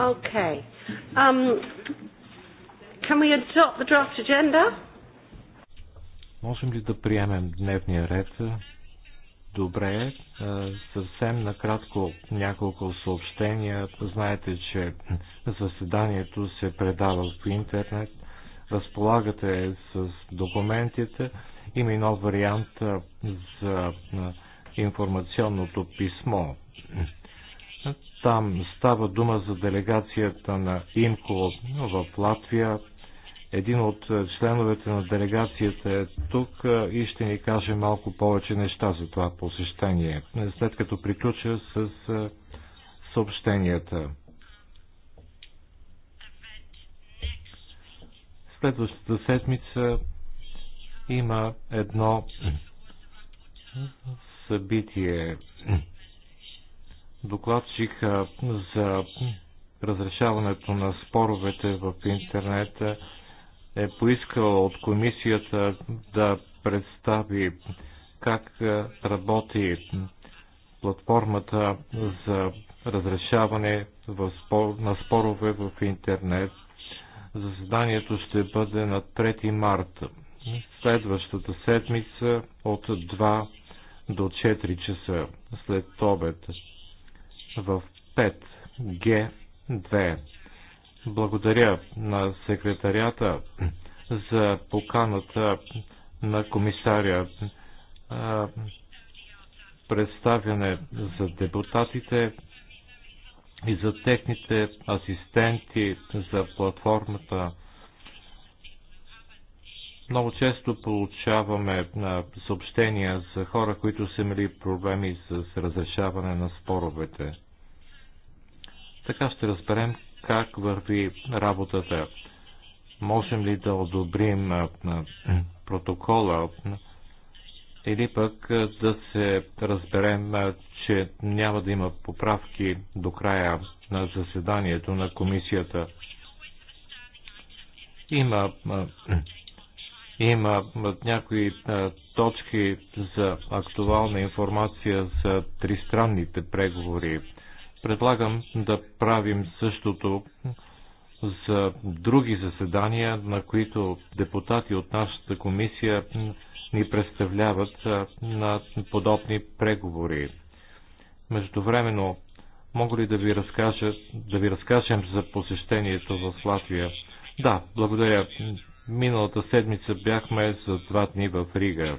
Okay. Um, can we adopt the draft agenda? Можем ли да приемем дневния ред? Добре, е, съвсем накратко няколко съобщения. Знаете, че заседанието се предава по интернет. Разполагате с документите. Има и нов вариант за е, информационното писмо там става дума за делегацията на ИМКО в Латвия. Един от членовете на делегацията е тук и ще ни каже малко повече неща за това посещение, след като приключа с съобщенията. Следващата седмица има едно събитие докладчик за разрешаването на споровете в интернет е поискал от комисията да представи как работи платформата за разрешаване на спорове в интернет. Заседанието ще бъде на 3 марта, следващата седмица от 2 до 4 часа след обед в 5G2. Благодаря на секретарята за поканата на комисаря представяне за депутатите и за техните асистенти за платформата много често получаваме съобщения за хора, които са имали проблеми с разрешаване на споровете. Така ще разберем как върви работата. Можем ли да одобрим протокола или пък да се разберем, че няма да има поправки до края на заседанието на комисията. Има има някои точки за актуална информация за тристранните преговори. Предлагам да правим същото за други заседания, на които депутати от нашата комисия ни представляват на подобни преговори. Междувременно, мога ли да ви, разкажа, да ви разкажем за посещението в Латвия? Да, благодаря. Миналата седмица бяхме за два дни в Рига.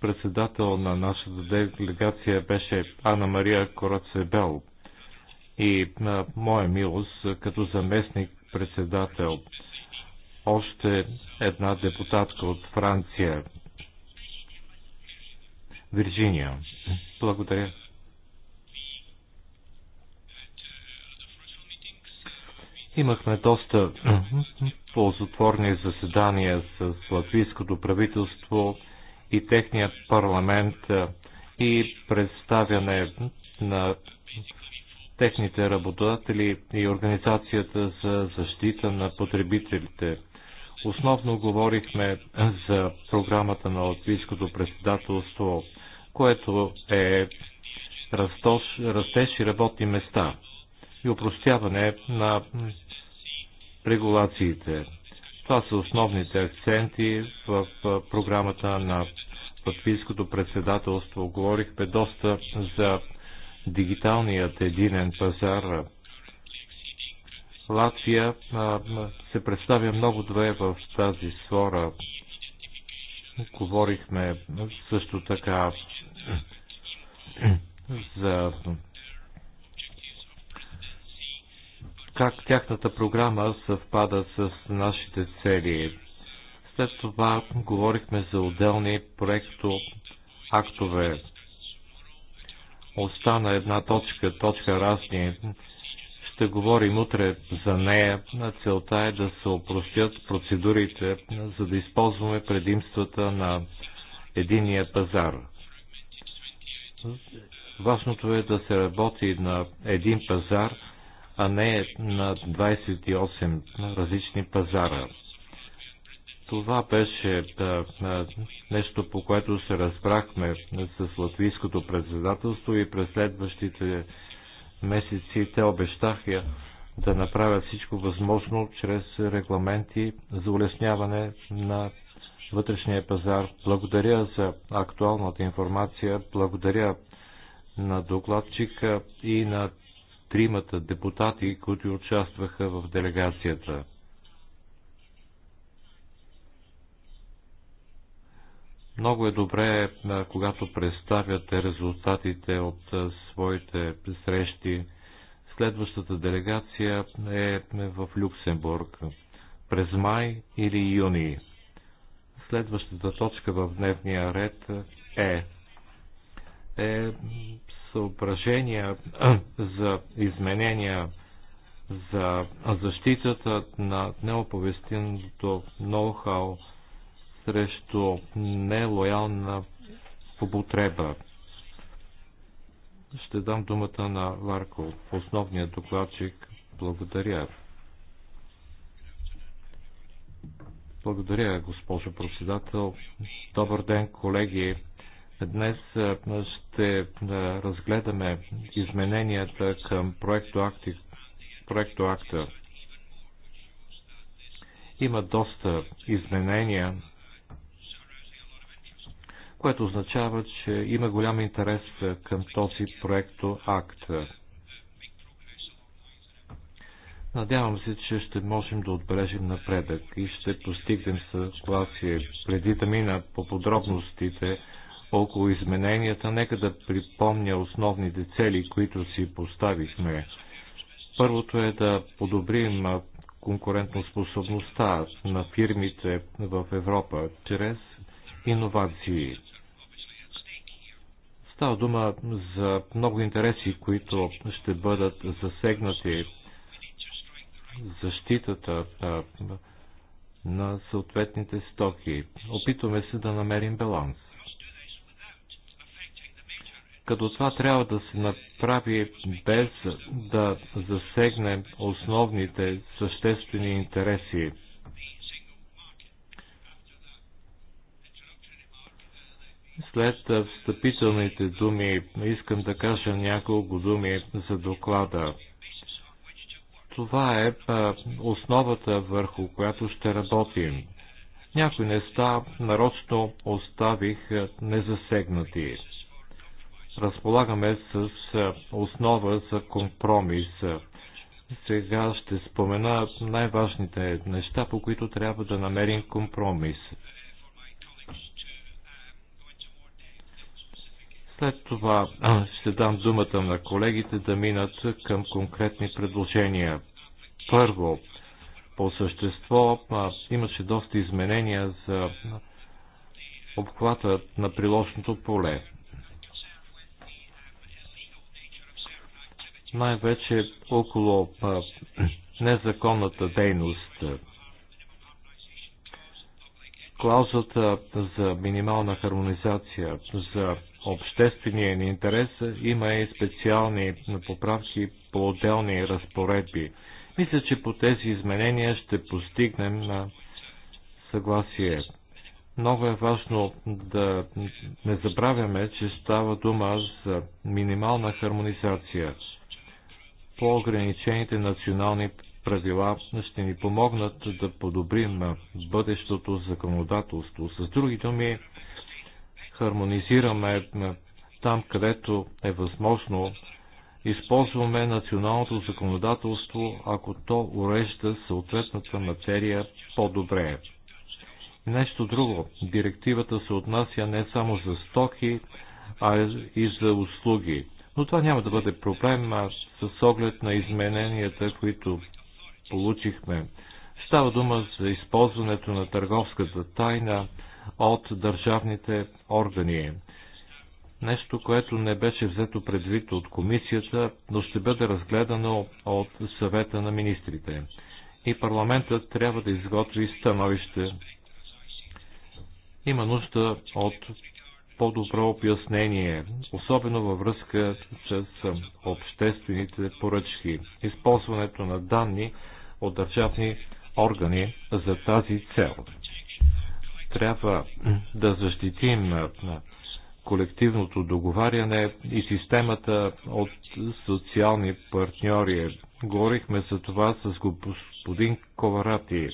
Председател на нашата делегация беше Анна Мария Корацебел и на моя милост като заместник председател още една депутатка от Франция. Вирджиния. Благодаря. Имахме доста ползотворни заседания с латвийското правителство и техният парламент и представяне на техните работодатели и Организацията за защита на потребителите. Основно говорихме за програмата на латвийското председателство, което е растеж и работни места и упростяване на регулациите. Това са основните акценти в програмата на Латвийското председателство. Говорихме доста за дигиталният единен пазар. Латвия се представя много добре в тази сфора. Говорихме също така за как тяхната програма съвпада с нашите цели. След това говорихме за отделни проекто актове. Остана една точка, точка разни. Ще говорим утре за нея. Целта е да се опростят процедурите, за да използваме предимствата на единия пазар. Важното е да се работи на един пазар – а не на 28 различни пазара. Това беше да, нещо, по което се разбрахме с латвийското председателство и през следващите месеци те обещаха да направят всичко възможно чрез регламенти за улесняване на вътрешния пазар. Благодаря за актуалната информация, благодаря на докладчика и на тримата депутати, които участваха в делегацията. Много е добре, когато представяте резултатите от своите срещи. Следващата делегация е, е в Люксембург през май или юни. Следващата точка в дневния ред е, е съображения за изменения за защитата на неоповестиното ноу-хау срещу нелоялна употреба. Ще дам думата на Варко, основния докладчик. Благодаря. Благодаря, госпожо председател. Добър ден, колеги. Днес ще разгледаме измененията към проекто, акта. Има доста изменения, което означава, че има голям интерес към този акт. Надявам се, че ще можем да отбележим напредък и ще постигнем съгласие. Преди да мина по подробностите, около измененията, нека да припомня основните цели, които си поставихме. Първото е да подобрим конкурентоспособността на фирмите в Европа чрез иновации. Става дума за много интереси, които ще бъдат засегнати защитата на съответните стоки. Опитваме се да намерим баланс като това трябва да се направи без да засегне основните съществени интереси. След встъпителните думи искам да кажа няколко думи за доклада. Това е основата върху която ще работим. Някои неща нарочно оставих незасегнати разполагаме с е, основа за компромис. Сега ще спомена най-важните неща, по които трябва да намерим компромис. След това ще дам думата на колегите да минат към конкретни предложения. Първо, по същество имаше доста изменения за обхвата на приложното поле. най-вече около незаконната дейност. Клаузата за минимална хармонизация за обществения ни интерес има и специални поправки по отделни разпоредби. Мисля, че по тези изменения ще постигнем на съгласие. Много е важно да не забравяме, че става дума за минимална хармонизация по-ограничените национални правила ще ни помогнат да подобрим бъдещото законодателство. С други думи, хармонизираме там, където е възможно, използваме националното законодателство, ако то урежда съответната материя по-добре. Нещо друго. Директивата се отнася не само за стоки, а и за услуги. Но това няма да бъде проблем а с оглед на измененията, които получихме. Става дума за използването на търговската тайна от държавните органи. Нещо, което не беше взето предвид от комисията, но ще бъде разгледано от съвета на министрите. И парламентът трябва да изготви становище. Има нужда от по-добро обяснение, особено във връзка с обществените поръчки. Използването на данни от държавни органи за тази цел. Трябва да защитим колективното договаряне и системата от социални партньори. Говорихме за това с господин Коварати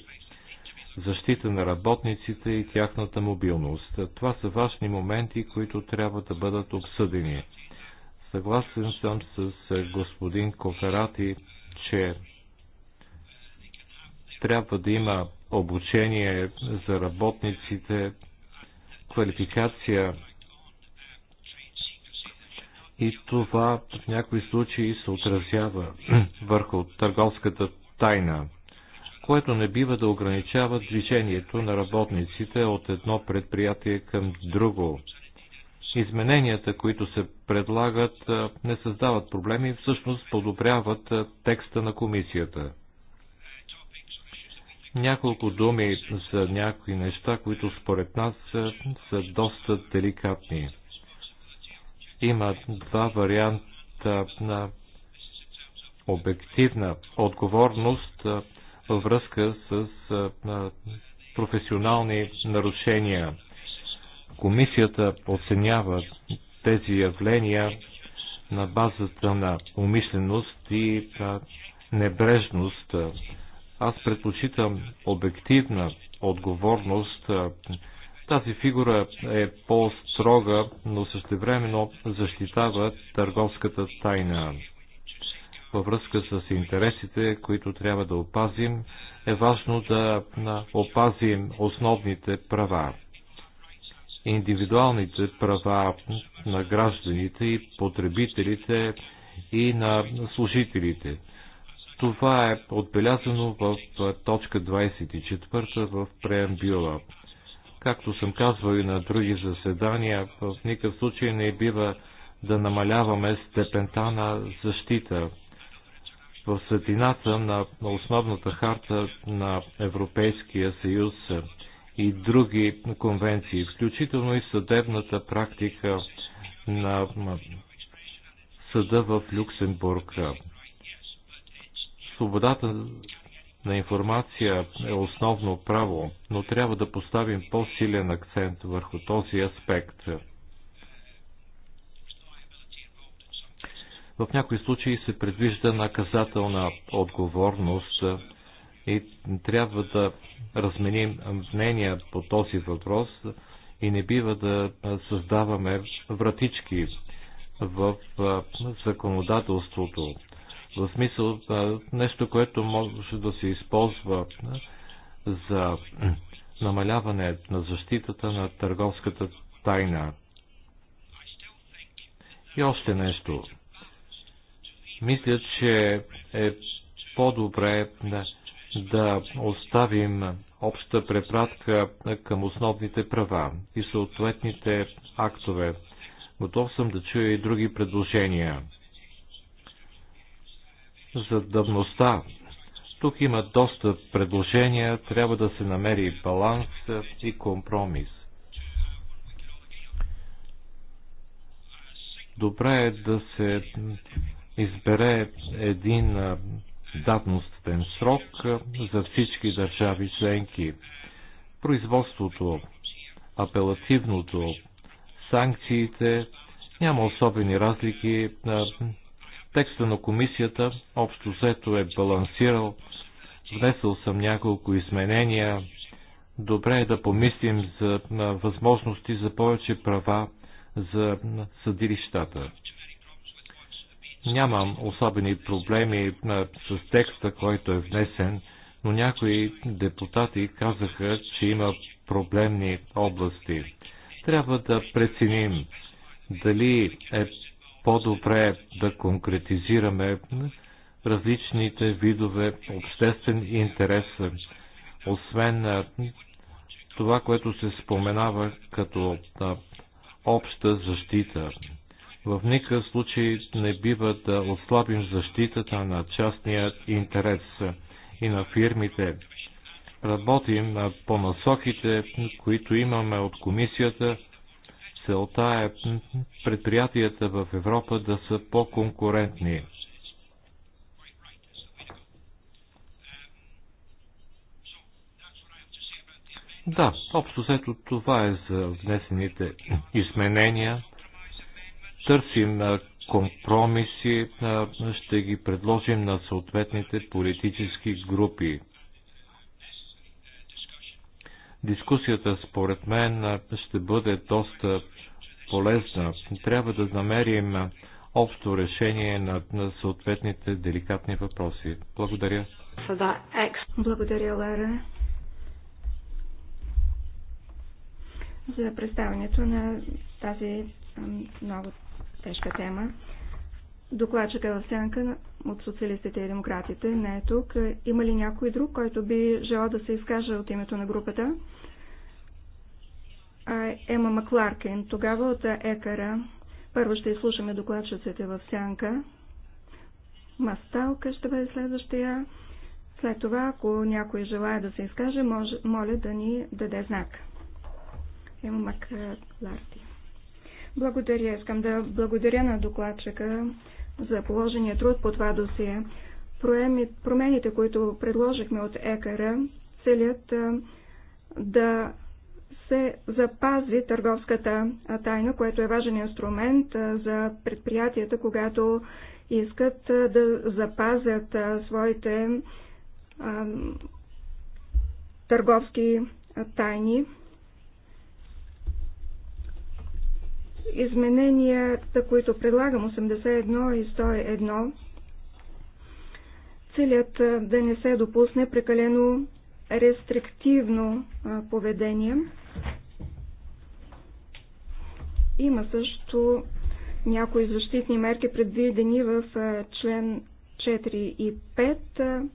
защита на работниците и тяхната мобилност. Това са важни моменти, които трябва да бъдат обсъдени. Съгласен съм с господин Коферати, че трябва да има обучение за работниците, квалификация и това в някои случаи се отразява върху търговската тайна което не бива да ограничава движението на работниците от едно предприятие към друго. Измененията, които се предлагат, не създават проблеми, всъщност подобряват текста на комисията. Няколко думи за някои неща, които според нас са, са доста деликатни. Има два варианта на обективна отговорност във връзка с професионални нарушения. Комисията оценява тези явления на базата на умишленост и а, небрежност. Аз предпочитам обективна отговорност. Тази фигура е по-строга, но същевременно защитава търговската тайна във връзка с интересите, които трябва да опазим, е важно да опазим основните права. Индивидуалните права на гражданите и потребителите и на служителите. Това е отбелязано в точка 24 в преамбюла. Както съм казвал и на други заседания, в никакъв случай не бива да намаляваме степента на защита в светлината на основната харта на Европейския съюз и други конвенции, включително и съдебната практика на съда в Люксембург. Свободата на информация е основно право, но трябва да поставим по-силен акцент върху този аспект. В някои случаи се предвижда наказателна отговорност и трябва да разменим мнения по този въпрос и не бива да създаваме вратички в законодателството. В смисъл нещо, което може да се използва за намаляване на защитата на търговската тайна. И още нещо – мисля, че е по-добре да оставим обща препратка към основните права и съответните актове. Готов съм да чуя и други предложения. За давността. Тук има доста предложения, трябва да се намери баланс и компромис. Добре е да се избере един датностен срок за всички държави членки. Производството, апелативното, санкциите, няма особени разлики. Текста на комисията общо взето е балансирал. Внесъл съм няколко изменения. Добре е да помислим за възможности за повече права за съдилищата. Нямам особени проблеми с текста, който е внесен, но някои депутати казаха, че има проблемни области. Трябва да преценим дали е по-добре да конкретизираме различните видове обществен интерес, освен това, което се споменава като обща защита в никакъв случай не бива да отслабим защитата на частния интерес и на фирмите. Работим по насоките, които имаме от комисията. Целта е предприятията в Европа да са по-конкурентни. Да, общо сето това е за внесените изменения търсим компромиси, ще ги предложим на съответните политически групи. Дискусията, според мен, ще бъде доста полезна. Трябва да намерим общо решение на, на съответните деликатни въпроси. Благодаря. Благодаря, Лера, за представянето на тази много тежка тема. Докладчика е в сянка от социалистите и демократите не е тук. Има ли някой друг, който би желал да се изкаже от името на групата? Ема Макларкен, тогава от Екара. Първо ще изслушаме докладчиците в сянка. Масталка ще бъде следващия. След това, ако някой желая да се изкаже, може, моля да ни даде знак. Ема Макларкен. Благодаря. Искам да благодаря на докладчика за положения труд по това досие. Промените, които предложихме от ЕКР, целят да се запази търговската тайна, което е важен инструмент за предприятията, когато искат да запазят своите търговски тайни Измененията, които предлагам, 81 и 101, целят да не се допусне прекалено рестриктивно поведение. Има също някои защитни мерки, предвидени в член 4 и 5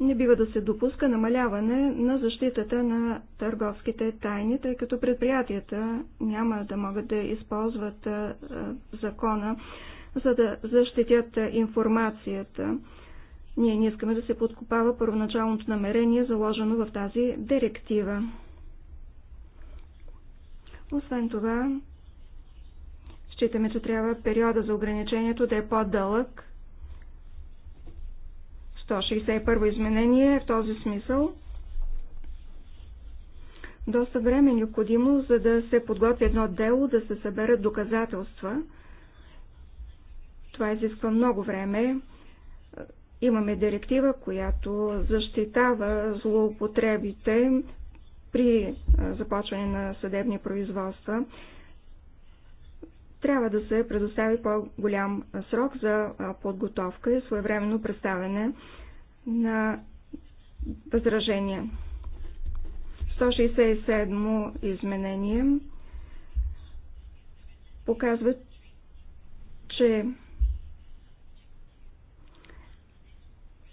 Не бива да се допуска намаляване на защитата на търговските тайни, тъй като предприятията няма да могат да използват закона, за да защитят информацията. Ние не искаме да се подкопава първоначалното намерение, заложено в тази директива. Освен това, считаме, че трябва периода за ограничението да е по-дълъг 161 изменение в този смисъл. Доста време е необходимо, за да се подготви едно дело, да се съберат доказателства. Това изисква много време. Имаме директива, която защитава злоупотребите при започване на съдебни производства. Трябва да се предостави по-голям срок за подготовка и своевременно представяне на възражения. 167 изменение показва, че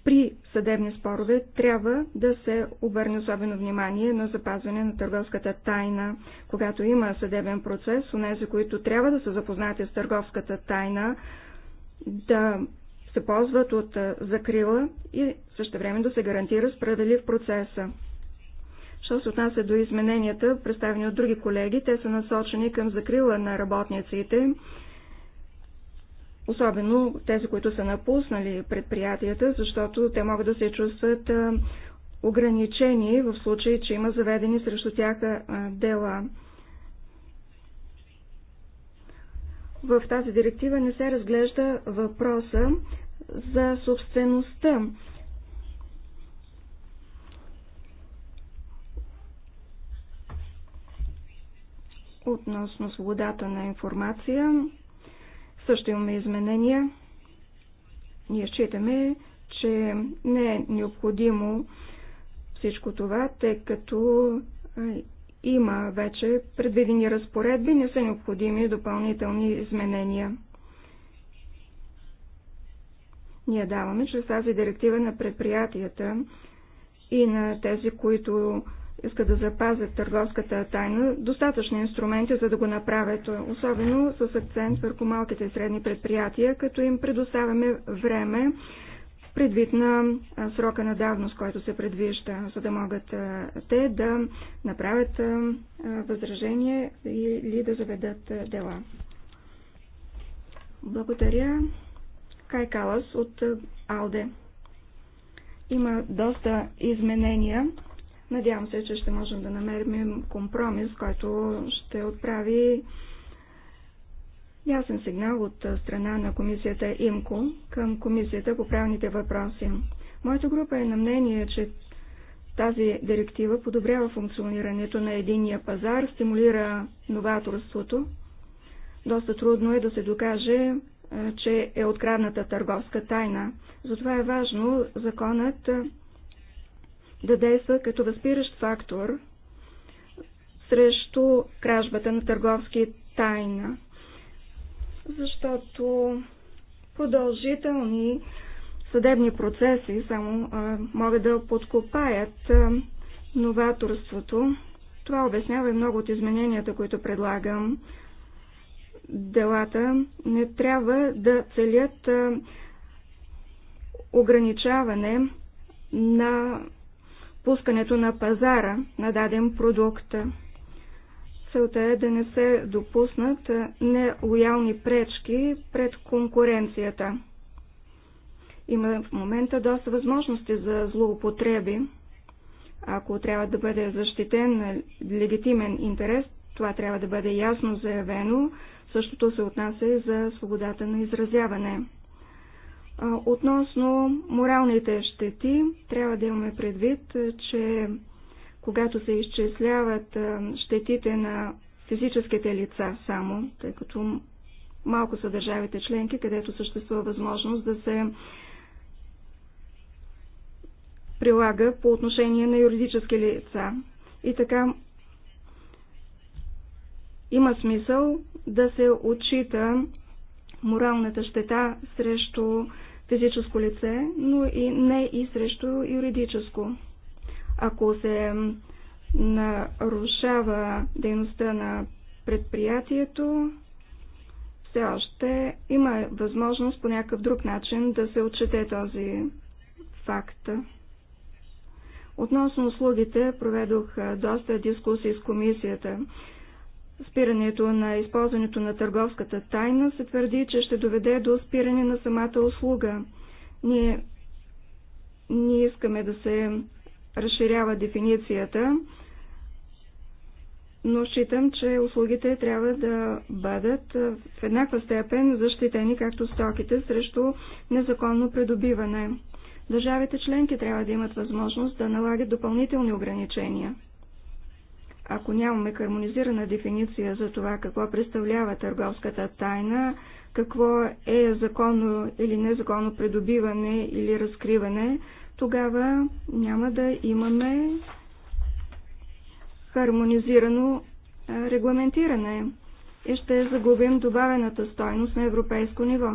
при съдебни спорове трябва да се обърне особено внимание на запазване на търговската тайна. Когато има съдебен процес, нези, които трябва да са запознати с търговската тайна, да се ползват от закрила и също време да се гарантира справедлив процеса. Що се отнася до измененията, представени от други колеги, те са насочени към закрила на работниците, особено тези, които са напуснали предприятията, защото те могат да се чувстват ограничени в случай, че има заведени срещу тях дела. В тази директива не се разглежда въпроса за собствеността. Относно свободата на информация, също имаме изменения. Ние считаме, че не е необходимо всичко това, тъй като има вече предвидени разпоредби, не са необходими допълнителни изменения ние даваме чрез тази директива на предприятията и на тези, които искат да запазят търговската тайна, достатъчни инструменти, за да го направят, особено с акцент върху малките и средни предприятия, като им предоставяме време предвид на срока на давност, който се предвижда, за да могат те да направят възражение или да заведат дела. Благодаря. Кай Калас от е, Алде. Има доста изменения. Надявам се, че ще можем да намерим компромис, който ще отправи ясен сигнал от е, страна на комисията ИМКО към комисията по правните въпроси. Моята група е на мнение, че тази директива подобрява функционирането на единия пазар, стимулира новаторството. Доста трудно е да се докаже че е открадната търговска тайна. Затова е важно законът да действа като възпиращ фактор срещу кражбата на търговски тайна. Защото продължителни съдебни процеси само могат да подкопаят новаторството. Това обяснява и много от измененията, които предлагам делата не трябва да целят ограничаване на пускането на пазара на даден продукт. Целта е да не се допуснат нелоялни пречки пред конкуренцията. Има в момента доста възможности за злоупотреби. Ако трябва да бъде защитен легитимен интерес, това трябва да бъде ясно заявено, Същото се отнася и за свободата на изразяване. Относно моралните щети, трябва да имаме предвид, че когато се изчисляват щетите на физическите лица само, тъй като малко са държавите членки, където съществува възможност да се прилага по отношение на юридически лица. И така има смисъл да се отчита моралната щета срещу физическо лице, но и не и срещу юридическо. Ако се нарушава дейността на предприятието, все още има възможност по някакъв друг начин да се отчете този факт. Относно услугите проведох доста дискусии с комисията спирането на използването на търговската тайна се твърди, че ще доведе до спиране на самата услуга. Ние, ние искаме да се разширява дефиницията, но считам, че услугите трябва да бъдат в еднаква степен защитени, както стоките, срещу незаконно придобиване. Държавите членки трябва да имат възможност да налагат допълнителни ограничения ако нямаме хармонизирана дефиниция за това какво представлява търговската тайна, какво е законно или незаконно придобиване или разкриване, тогава няма да имаме хармонизирано регламентиране и ще загубим добавената стойност на европейско ниво.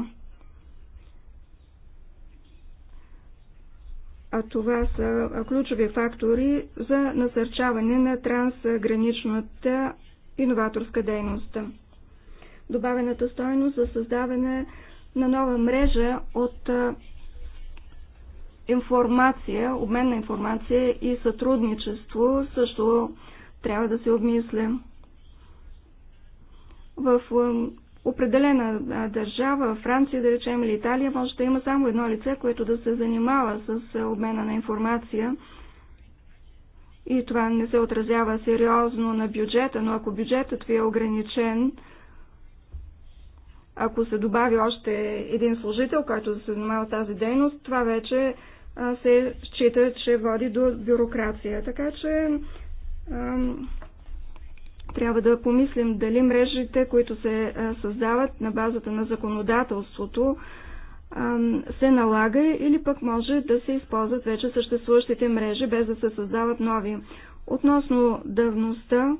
а това са ключови фактори за насърчаване на трансграничната иноваторска дейност. Добавената стойност за създаване на нова мрежа от информация, обмен на информация и сътрудничество също трябва да се обмисля. В определена държава, Франция, да речем, или Италия, може да има само едно лице, което да се занимава с обмена на информация. И това не се отразява сериозно на бюджета, но ако бюджетът ви е ограничен, ако се добави още един служител, който да се занимава тази дейност, това вече се счита, че води до бюрокрация. Така че трябва да помислим дали мрежите, които се създават на базата на законодателството, се налага или пък може да се използват вече съществуващите мрежи, без да се създават нови. Относно давността,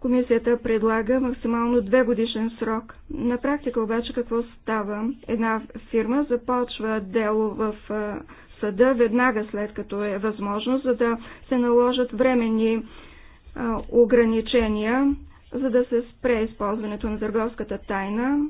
комисията предлага максимално две годишен срок. На практика обаче какво става? Една фирма започва дело в съда веднага след като е възможно, за да се наложат временни ограничения, за да се спре използването на търговската тайна.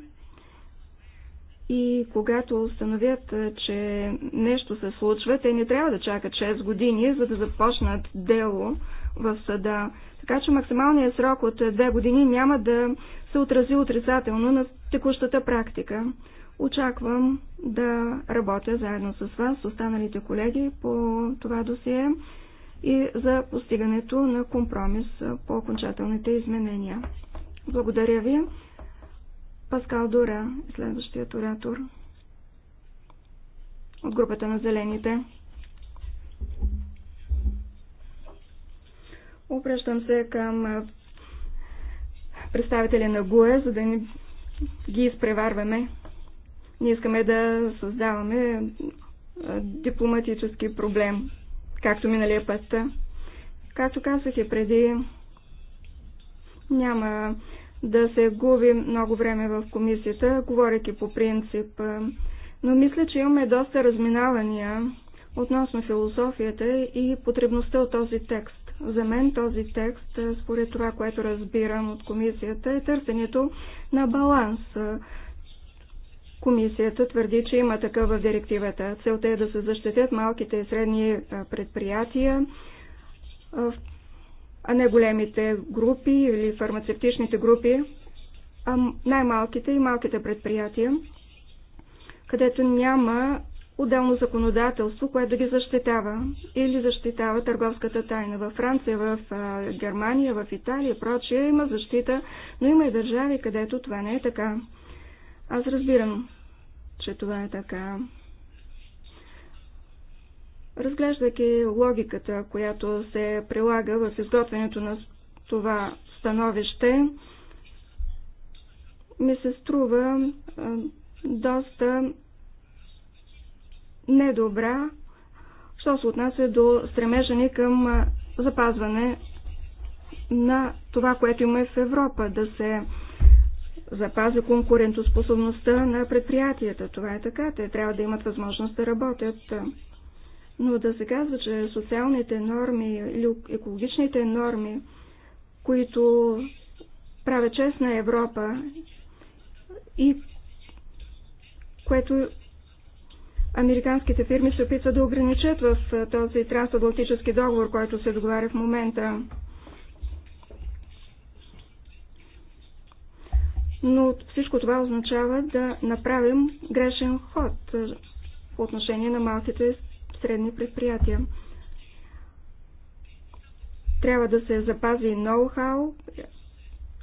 И когато установят, че нещо се случва, те не трябва да чакат 6 години, за да започнат дело в съда. Така че максималният срок от 2 години няма да се отрази отрицателно на текущата практика. Очаквам да работя заедно с вас, с останалите колеги по това досие и за постигането на компромис по окончателните изменения. Благодаря ви. Паскал Дора, следващият оратор от групата на зелените. Обръщам се към представители на ГУЕ, за да не ги изпреварваме. Не искаме да създаваме дипломатически проблем както миналия път. Както казах и преди, няма да се губи много време в комисията, говоряки по принцип. Но мисля, че имаме доста разминавания относно философията и потребността от този текст. За мен този текст, според това, което разбирам от комисията, е търсенето на баланс Комисията твърди, че има такъв в директивата. Целта е да се защитят малките и средни предприятия, а не големите групи или фармацевтичните групи, а най-малките и малките предприятия, където няма отделно законодателство, което да ги защитава или защитава търговската тайна. Във Франция, в Германия, в Италия и прочие има защита, но има и държави, където това не е така. Аз разбирам, че това е така. Разглеждайки логиката, която се прилага в изготвянето на това становище, ми се струва доста недобра, що се отнася до стремежени към запазване на това, което има в Европа, да се запази конкурентоспособността на предприятията. Това е така. Те трябва да имат възможност да работят. Но да се казва, че социалните норми или екологичните норми, които правят чест на Европа и което американските фирми се опитват да ограничат в този трансатлантически договор, който се договаря в момента. но всичко това означава да направим грешен ход по отношение на малките средни предприятия. Трябва да се запази ноу-хау,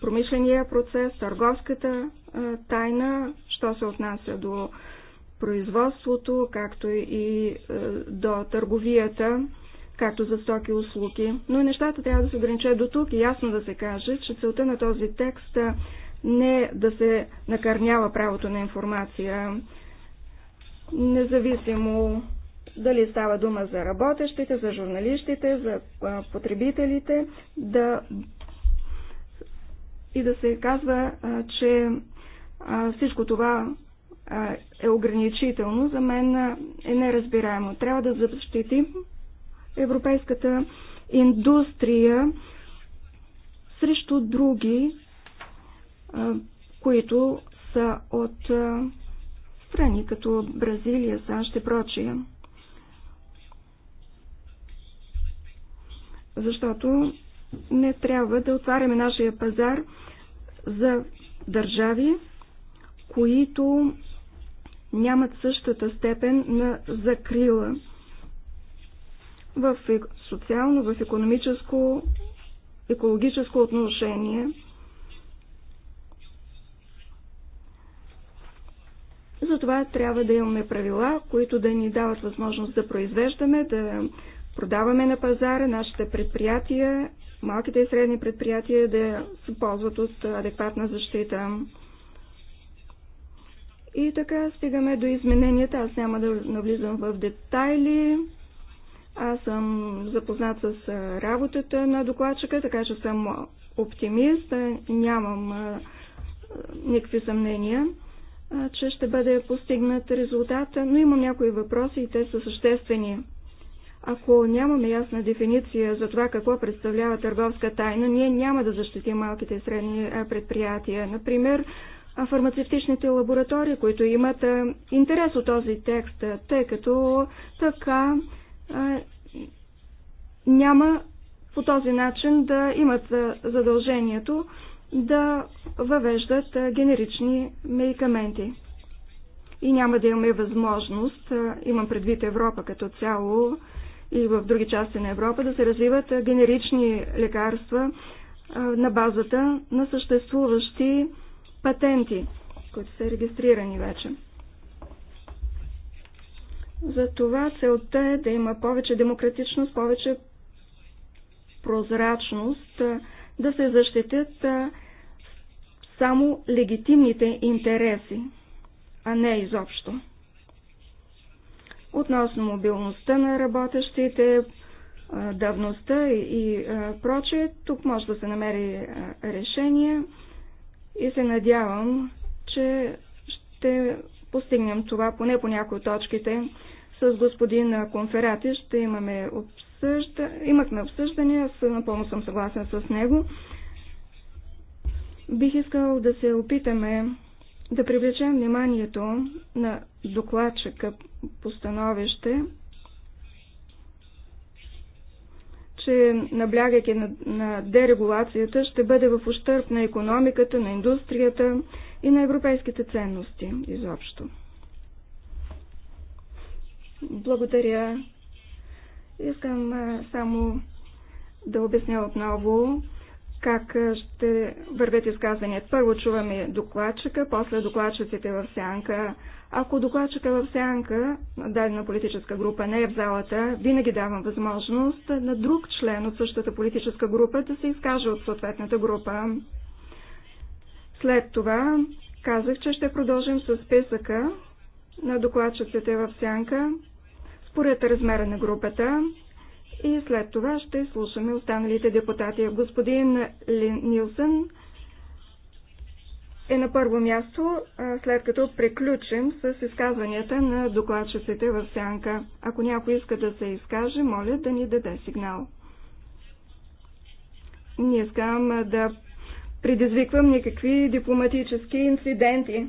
промишления процес, търговската тайна, що се отнася до производството, както и до търговията, както за стоки и услуги. Но нещата трябва да се ограничат до тук и ясно да се каже, че целта на този текст не да се накърнява правото на информация, независимо дали става дума за работещите, за журналистите, за потребителите, да и да се казва, че всичко това е ограничително, за мен е неразбираемо. Трябва да защитим европейската индустрия срещу други които са от страни като Бразилия, САЩ и прочие. Защото не трябва да отваряме нашия пазар за държави, които нямат същата степен на закрила в социално, в економическо, екологическо отношение – Затова трябва да имаме правила, които да ни дават възможност да произвеждаме, да продаваме на пазара нашите предприятия, малките и средни предприятия да се ползват от адекватна защита. И така стигаме до измененията. Аз няма да навлизам в детайли. Аз съм запознат с работата на докладчика, така че съм оптимист, нямам никакви съмнения че ще бъде постигнат резултата, но имам някои въпроси и те са съществени. Ако нямаме ясна дефиниция за това какво представлява търговска тайна, ние няма да защитим малките и средни предприятия. Например, фармацевтичните лаборатории, които имат интерес от този текст, тъй като така няма по този начин да имат задължението да въвеждат генерични медикаменти. И няма да имаме възможност, имам предвид Европа като цяло и в други части на Европа, да се развиват генерични лекарства на базата на съществуващи патенти, които са регистрирани вече. За това целта е да има повече демократичност, повече прозрачност да се защитят само легитимните интереси, а не изобщо. Относно мобилността на работещите, давността и прочее, тук може да се намери решение и се надявам, че ще постигнем това поне по някои точките. С господин Конферати ще имаме обсъжда, имахме обсъждане, аз напълно съм съгласен с него. Бих искал да се опитаме да привлечем вниманието на докладчика по становище, че наблягайки на, на дерегулацията ще бъде в ущърп на економиката, на индустрията и на европейските ценности изобщо. Благодаря Искам само да обясня отново как ще вървят изказванията. Първо чуваме докладчика, после докладчиците в сянка. Ако докладчика в сянка, на дадена политическа група не е в залата, винаги давам възможност на друг член от същата политическа група да се изкаже от съответната група. След това казах, че ще продължим с списъка на докладчиците в сянка според размера на групата и след това ще слушаме останалите депутати. Господин Лин Нилсън е на първо място, след като приключим с изказванията на докладчиците в сянка. Ако някой иска да се изкаже, моля да ни даде сигнал. Не искам да предизвиквам никакви дипломатически инциденти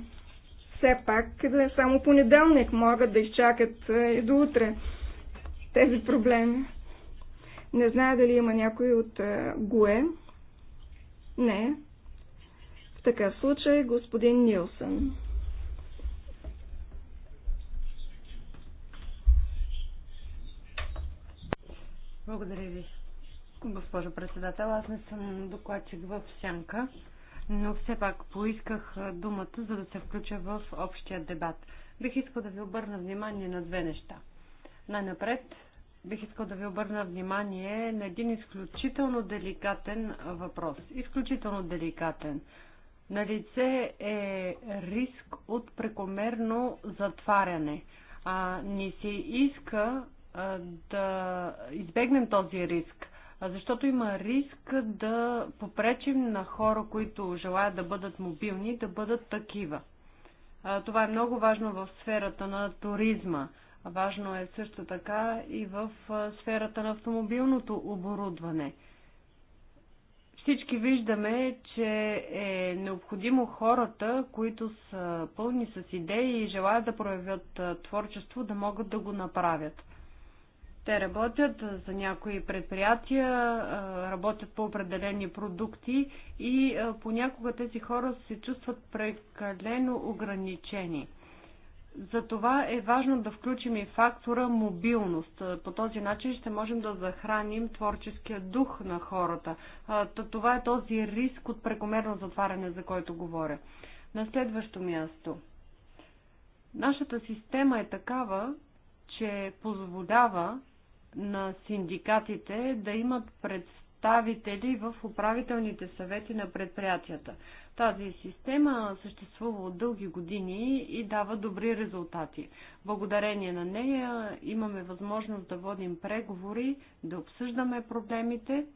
все пак да само понеделник, могат да изчакат е, и до утре тези проблеми. Не знае дали има някой от е, ГУЕ. Не. В такъв случай господин Нилсън. Благодаря ви, госпожо председател. Аз не съм докладчик в Сянка но все пак поисках думата, за да се включа в общия дебат. Бих искал да ви обърна внимание на две неща. Най-напред бих искал да ви обърна внимание на един изключително деликатен въпрос. Изключително деликатен. На лице е риск от прекомерно затваряне. А, ни се иска а, да избегнем този риск защото има риск да попречим на хора, които желаят да бъдат мобилни, да бъдат такива. Това е много важно в сферата на туризма. Важно е също така и в сферата на автомобилното оборудване. Всички виждаме, че е необходимо хората, които са пълни с идеи и желаят да проявят творчество, да могат да го направят. Те работят за някои предприятия, работят по определени продукти и понякога тези хора се чувстват прекалено ограничени. Затова е важно да включим и фактора мобилност. По този начин ще можем да захраним творческия дух на хората. Това е този риск от прекомерно затваряне, за който говоря. На следващо място. Нашата система е такава, че позволява на синдикатите да имат представители в управителните съвети на предприятията. Тази система съществува от дълги години и дава добри резултати. Благодарение на нея имаме възможност да водим преговори, да обсъждаме проблемите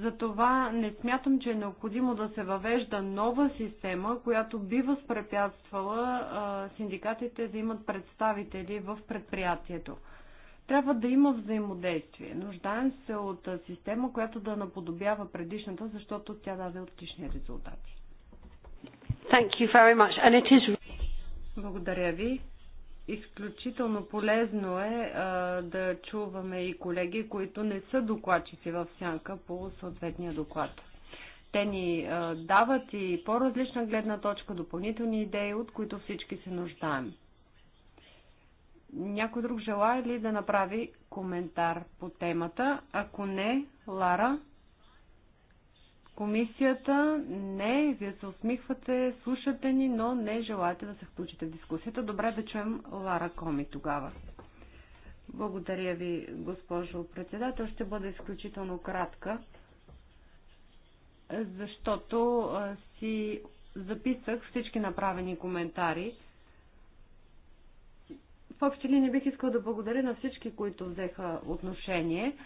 затова не смятам, че е необходимо да се въвежда нова система, която би възпрепятствала синдикатите да имат представители в предприятието. Трябва да има взаимодействие. Нуждаем се от система, която да наподобява предишната, защото тя даде отлични резултати. Thank you very much. And it is... Благодаря ви. Изключително полезно е а, да чуваме и колеги, които не са докладчици в сянка по съответния доклад. Те ни а, дават и по-различна гледна точка, допълнителни идеи, от които всички се нуждаем. Някой друг желая ли да направи коментар по темата? Ако не, Лара, комисията. Не, вие се усмихвате, слушате ни, но не желаете да се включите в дискусията. Добре да чуем Лара Коми тогава. Благодаря ви, госпожо председател. Ще бъда изключително кратка, защото си записах всички направени коментари. В общи не бих искал да благодаря на всички, които взеха отношение.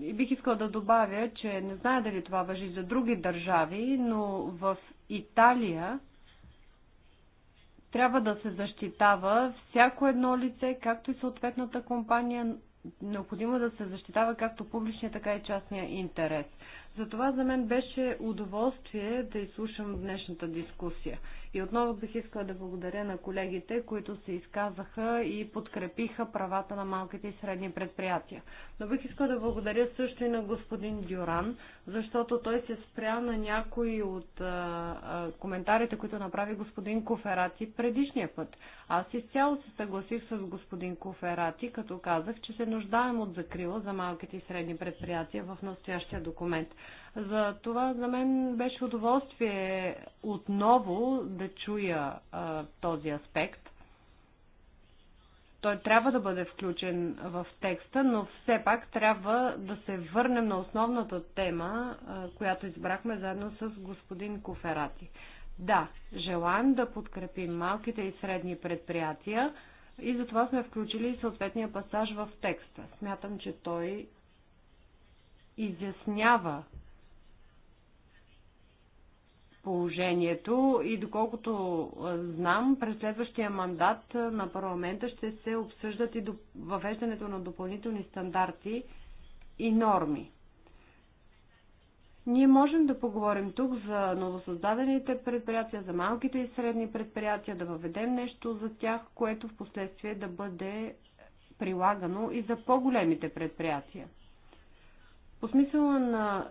И бих искала да добавя, че не зная дали това въжи за други държави, но в Италия трябва да се защитава всяко едно лице, както и съответната компания. Необходимо е да се защитава както публичния, така и частния интерес. Затова за мен беше удоволствие да изслушам днешната дискусия. И отново бих искала да благодаря на колегите, които се изказаха и подкрепиха правата на малките и средни предприятия. Но бих искала да благодаря също и на господин Дюран, защото той се спря на някои от а, а, коментарите, които направи господин Коферати предишния път. Аз изцяло се съгласих с господин Коферати, като казах, че се нуждаем от закрила за малките и средни предприятия в настоящия документ. За това за мен беше удоволствие отново да чуя а, този аспект. Той трябва да бъде включен в текста, но все пак трябва да се върнем на основната тема, а, която избрахме заедно с господин Коферати. Да, желаем да подкрепим малките и средни предприятия и затова сме включили съответния пасаж в текста. Смятам, че той изяснява положението и доколкото знам, през следващия мандат на парламента ще се обсъждат и въвеждането на допълнителни стандарти и норми. Ние можем да поговорим тук за новосъздадените предприятия, за малките и средни предприятия, да въведем нещо за тях, което в последствие да бъде прилагано и за по-големите предприятия. По смисъла на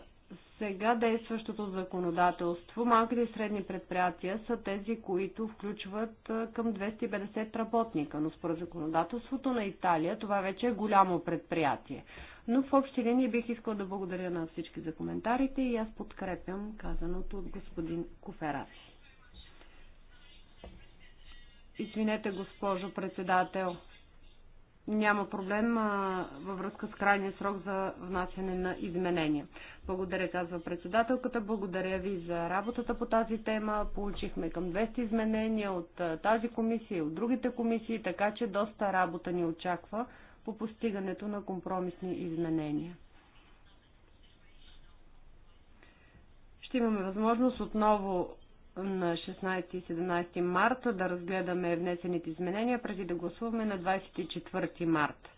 сега действащото законодателство, малките и средни предприятия са тези, които включват към 250 работника, но според законодателството на Италия това вече е голямо предприятие. Но в общи линии бих искал да благодаря на всички за коментарите и аз подкрепям казаното от господин Коферати. Извинете, госпожо председател няма проблем а, във връзка с крайния срок за внасяне на изменения. Благодаря, казва председателката. Благодаря ви за работата по тази тема. Получихме към 200 изменения от а, тази комисия и от другите комисии, така че доста работа ни очаква по постигането на компромисни изменения. Ще имаме възможност отново на 16 и 17 марта да разгледаме внесените изменения, преди да гласуваме на 24 марта.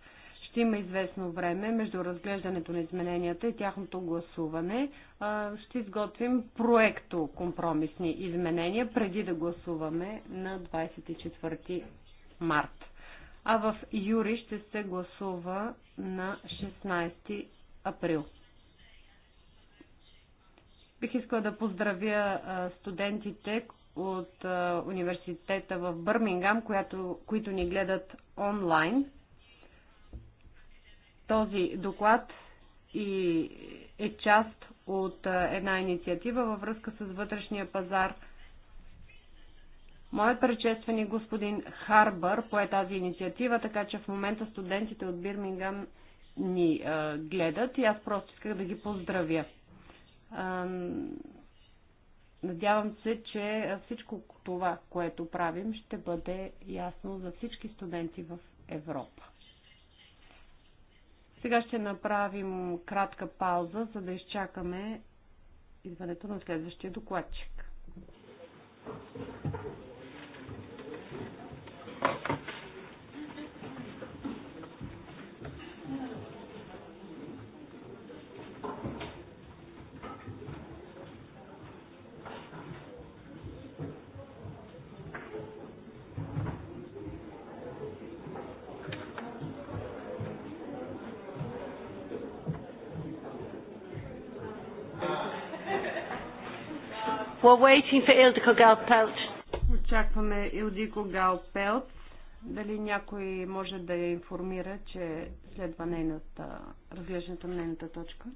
Ще има известно време между разглеждането на измененията и тяхното гласуване. Ще изготвим проекто компромисни изменения, преди да гласуваме на 24 март. А в Юри ще се гласува на 16 април. Бих искала да поздравя студентите от университета в Бърмингам, която, които ни гледат онлайн. Този доклад и е част от една инициатива във връзка с вътрешния пазар. Моят предшественик господин Харбър пое тази инициатива, така че в момента студентите от Бирмингам ни гледат и аз просто исках да ги поздравя. Надявам се, че всичко това, което правим, ще бъде ясно за всички студенти в Европа. Сега ще направим кратка пауза, за да изчакаме идването на следващия докладчик. We're waiting for Ildiko Galpelt. Очакваме Илдико Галпелт. Дали някой може да я информира, че следва нейната, разглеждането на нейната точка?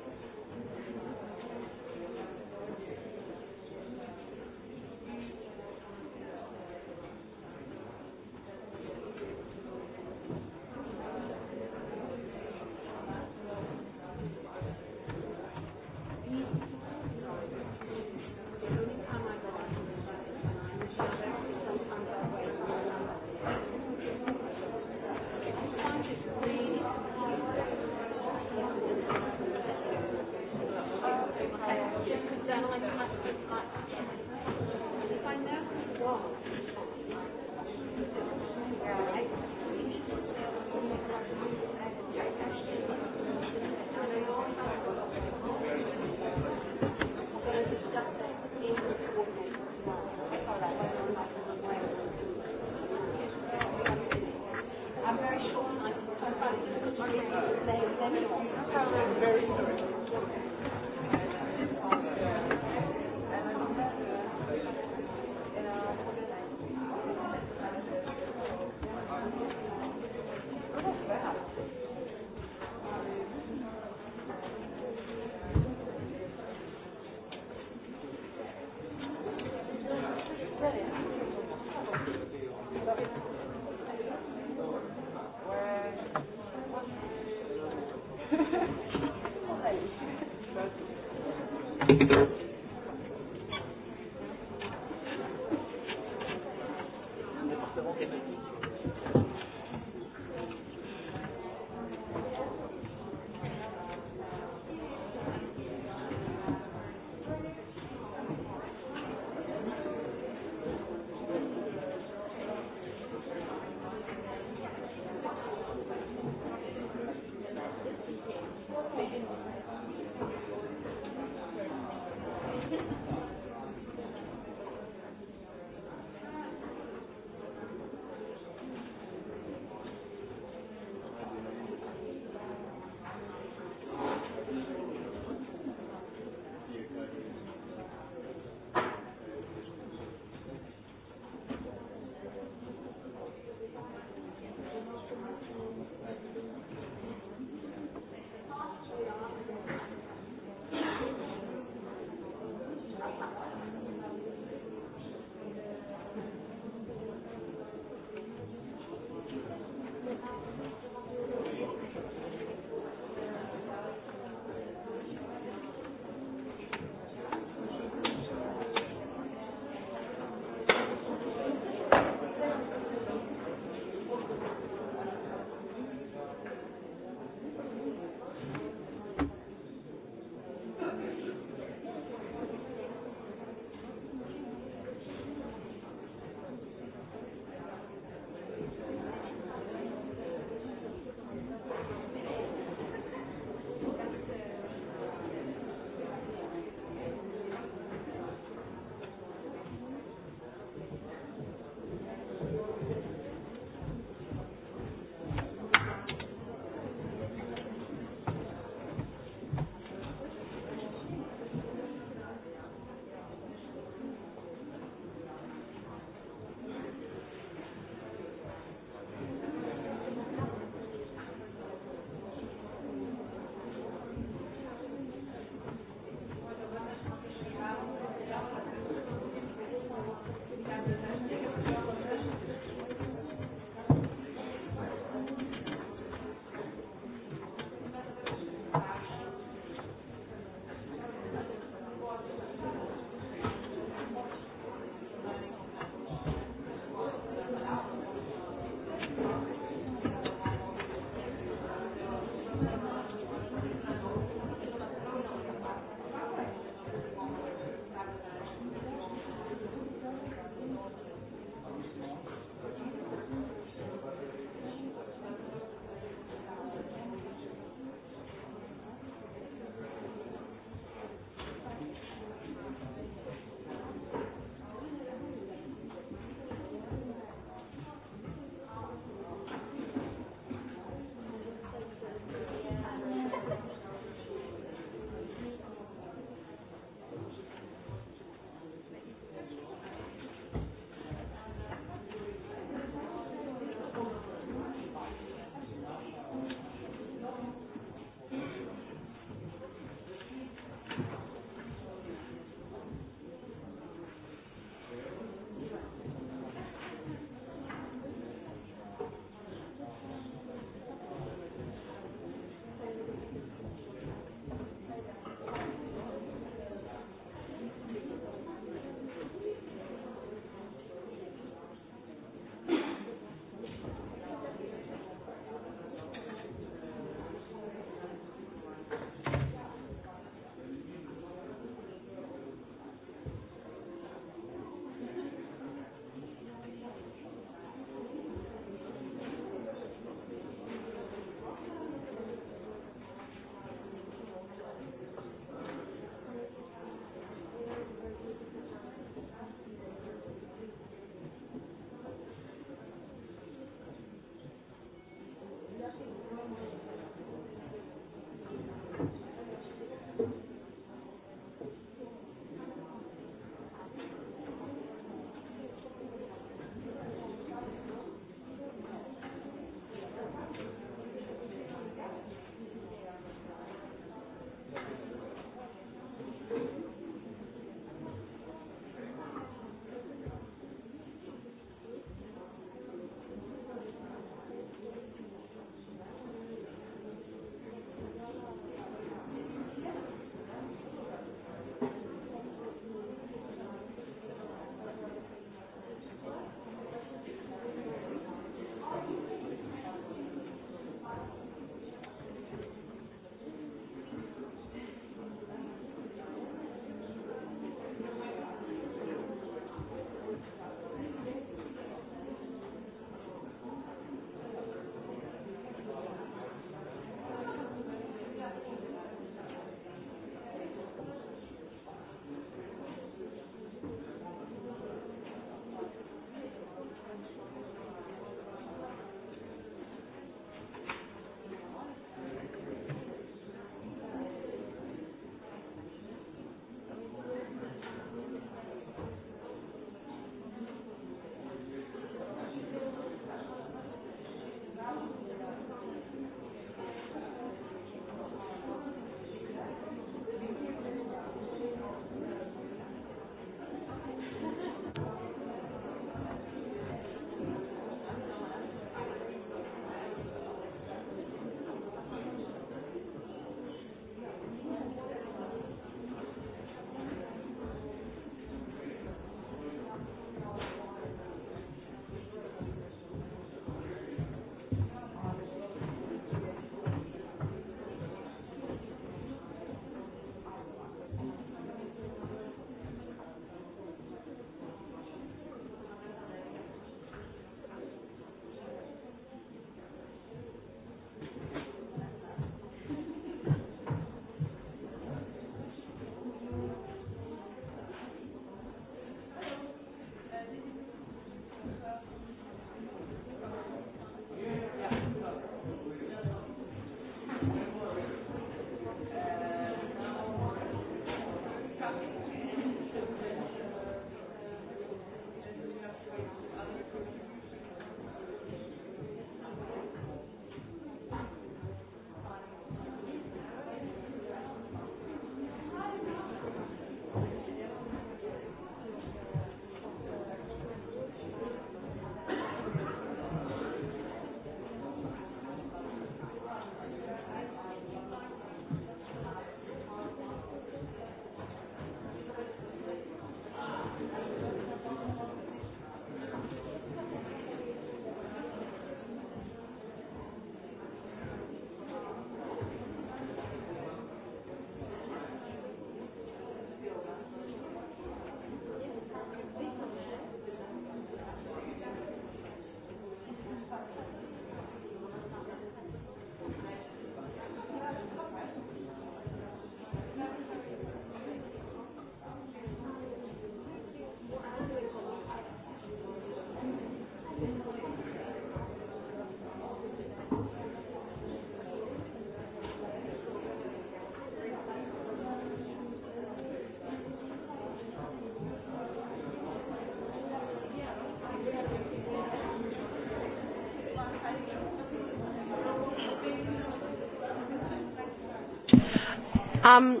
Um,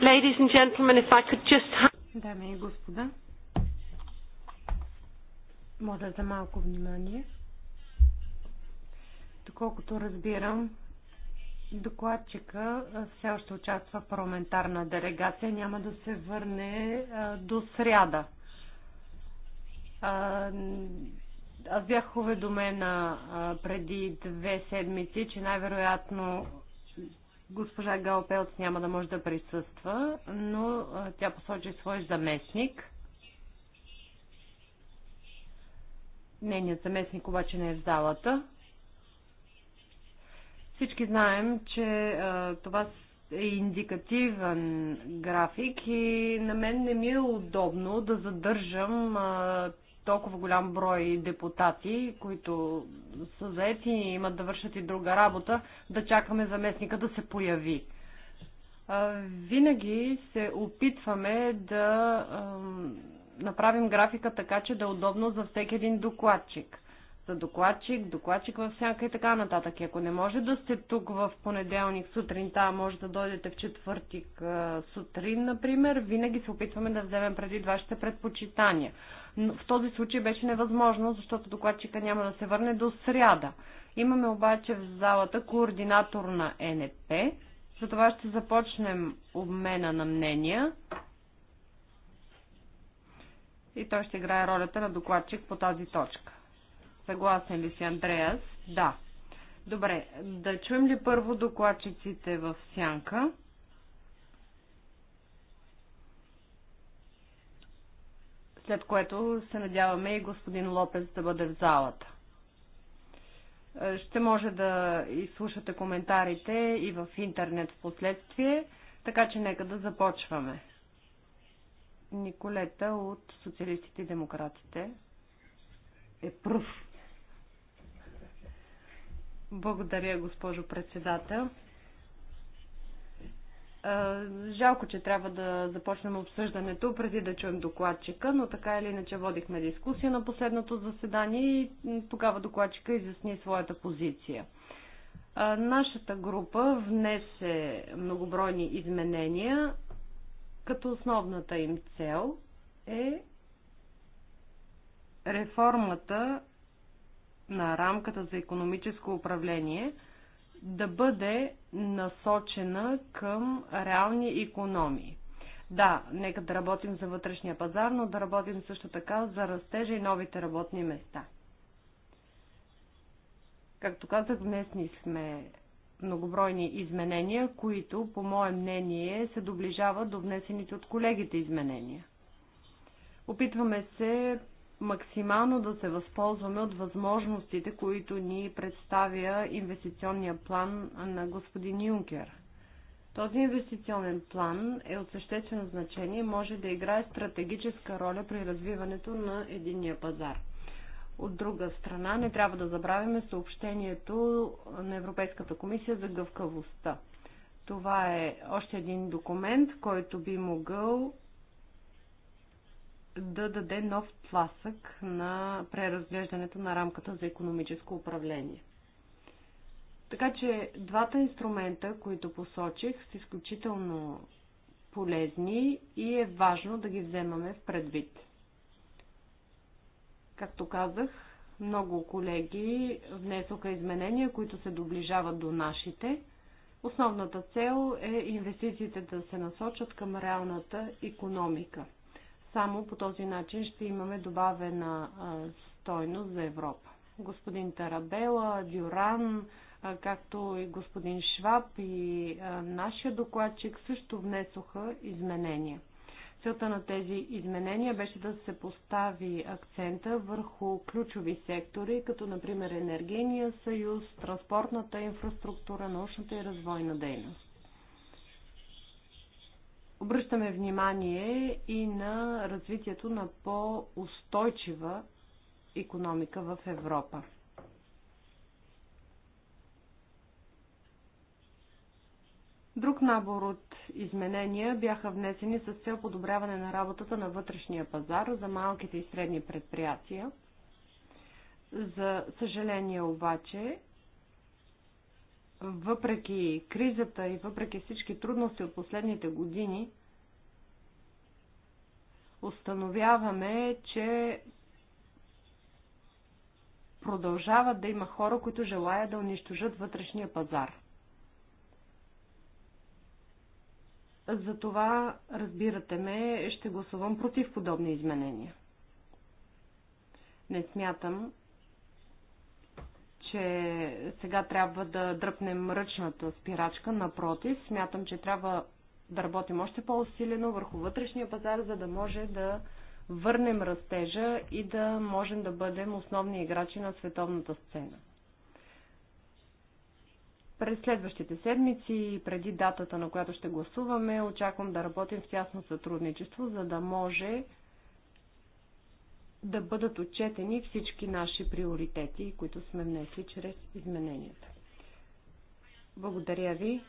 ladies and gentlemen, if I could just... Дами и господа, моля за малко внимание. Доколкото разбирам, докладчика все още участва в парламентарна делегация, няма да се върне до сряда. Аз бях уведомена преди две седмици, че най-вероятно Госпожа Галпелц няма да може да присъства, но тя посочи свой заместник. Нейният заместник обаче не е в залата. Всички знаем, че а, това е индикативен график и на мен не ми е удобно да задържам а, толкова голям брой депутати, които са заети и имат да вършат и друга работа, да чакаме заместника да се появи. Винаги се опитваме да направим графика така, че да е удобно за всеки един докладчик. За докладчик, докладчик в сянка и така нататък. И ако не може да сте тук в понеделник сутринта, може да дойдете в четвъртик сутрин, например, винаги се опитваме да вземем преди вашите предпочитания. Но в този случай беше невъзможно, защото докладчика няма да се върне до сряда. Имаме обаче в залата координатор на НП. Затова ще започнем обмена на мнения. И той ще играе ролята на докладчик по тази точка. Съгласен ли си, Андреас? Да. Добре, да чуем ли първо докладчиците в сянка? след което се надяваме и господин Лопес да бъде в залата. Е, ще може да изслушате коментарите и в интернет в последствие, така че нека да започваме. Николета от Социалистите и Демократите е пръв. Благодаря, госпожо председател. Жалко, че трябва да започнем обсъждането преди да чуем докладчика, но така или иначе водихме дискусия на последното заседание и тогава докладчика изясни своята позиция. Нашата група внесе многобройни изменения, като основната им цел е реформата на рамката за економическо управление – да бъде насочена към реални економии. Да, нека да работим за вътрешния пазар, но да работим също така за растежа и новите работни места. Както казах, ни сме многобройни изменения, които, по мое мнение, се доближават до внесените от колегите изменения. Опитваме се максимално да се възползваме от възможностите, които ни представя инвестиционния план на господин Юнкер. Този инвестиционен план е от съществено значение и може да играе стратегическа роля при развиването на единния пазар. От друга страна, не трябва да забравяме съобщението на Европейската комисия за гъвкавостта. Това е още един документ, който би могъл да даде нов тласък на преразглеждането на рамката за економическо управление. Така че двата инструмента, които посочих, са изключително полезни и е важно да ги вземаме в предвид. Както казах, много колеги внесоха изменения, които се доближават до нашите. Основната цел е инвестициите да се насочат към реалната економика – само по този начин ще имаме добавена стойност за Европа. Господин Тарабела, Дюран, както и господин Шваб и нашия докладчик също внесоха изменения. Целта на тези изменения беше да се постави акцента върху ключови сектори, като например енергийния съюз, транспортната инфраструктура, научната и развойна дейност обръщаме внимание и на развитието на по-устойчива економика в Европа. Друг набор от изменения бяха внесени с цел подобряване на работата на вътрешния пазар за малките и средни предприятия. За съжаление обаче, въпреки кризата и въпреки всички трудности от последните години, установяваме, че продължават да има хора, които желаят да унищожат вътрешния пазар. Затова, разбирате ме, ще гласувам против подобни изменения. Не смятам, че сега трябва да дръпнем ръчната спирачка. Напротив, смятам, че трябва да работим още по-усилено върху вътрешния пазар, за да може да върнем растежа и да можем да бъдем основни играчи на световната сцена. През следващите седмици и преди датата, на която ще гласуваме, очаквам да работим в тясно сътрудничество, за да може да бъдат отчетени всички наши приоритети, които сме внесли чрез измененията. Благодаря ви.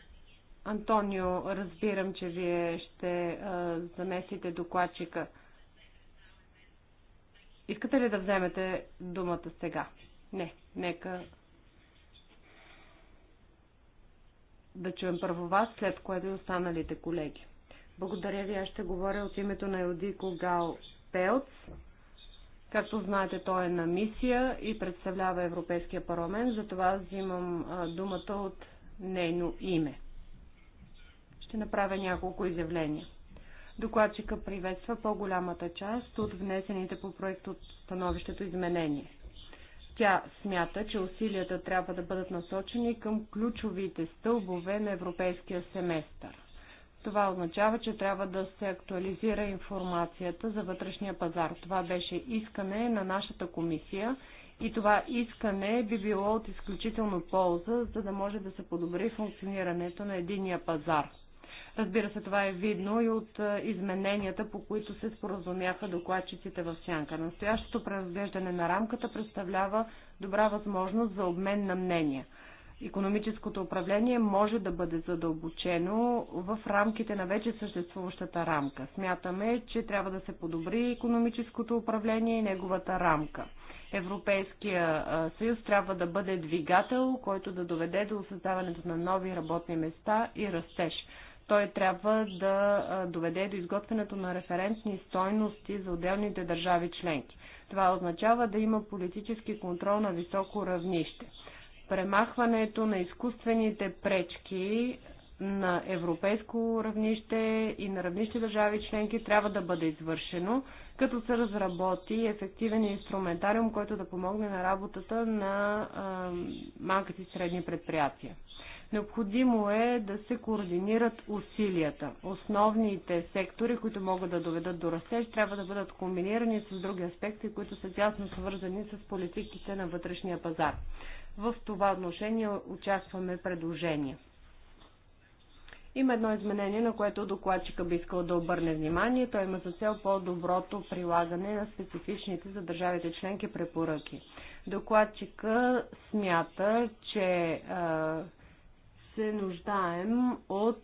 Антонио, разбирам, че вие ще а, замесите докладчика. Искате ли да вземете думата сега? Не, нека да чуем първо вас, след което и останалите колеги. Благодаря ви, аз ще говоря от името на Елдико Гал Пелц. Както знаете, той е на мисия и представлява Европейския парламент, затова взимам думата от нейно име. Ще направя няколко изявления. Докладчика приветства по-голямата част от внесените по проект от становището изменения. Тя смята, че усилията трябва да бъдат насочени към ключовите стълбове на европейския семестър. Това означава, че трябва да се актуализира информацията за вътрешния пазар. Това беше искане на нашата комисия и това искане би било от изключително полза, за да може да се подобри функционирането на единия пазар. Разбира се, това е видно и от измененията, по които се споразумяха докладчиците в Сянка. Настоящото преразглеждане на рамката представлява добра възможност за обмен на мнения економическото управление може да бъде задълбочено в рамките на вече съществуващата рамка. Смятаме, че трябва да се подобри економическото управление и неговата рамка. Европейския съюз трябва да бъде двигател, който да доведе до създаването на нови работни места и растеж. Той трябва да доведе до изготвянето на референтни стойности за отделните държави членки. Това означава да има политически контрол на високо равнище премахването на изкуствените пречки на европейско равнище и на равнище държави членки трябва да бъде извършено, като се разработи ефективен инструментариум, който да помогне на работата на малките и средни предприятия. Необходимо е да се координират усилията. Основните сектори, които могат да доведат до растеж, трябва да бъдат комбинирани с други аспекти, които са тясно свързани с политиките на вътрешния пазар. В това отношение участваме предложения. Има едно изменение, на което докладчика би искал да обърне внимание. Той има за цел по-доброто прилагане на специфичните за държавите членки препоръки. Докладчика смята, че се нуждаем от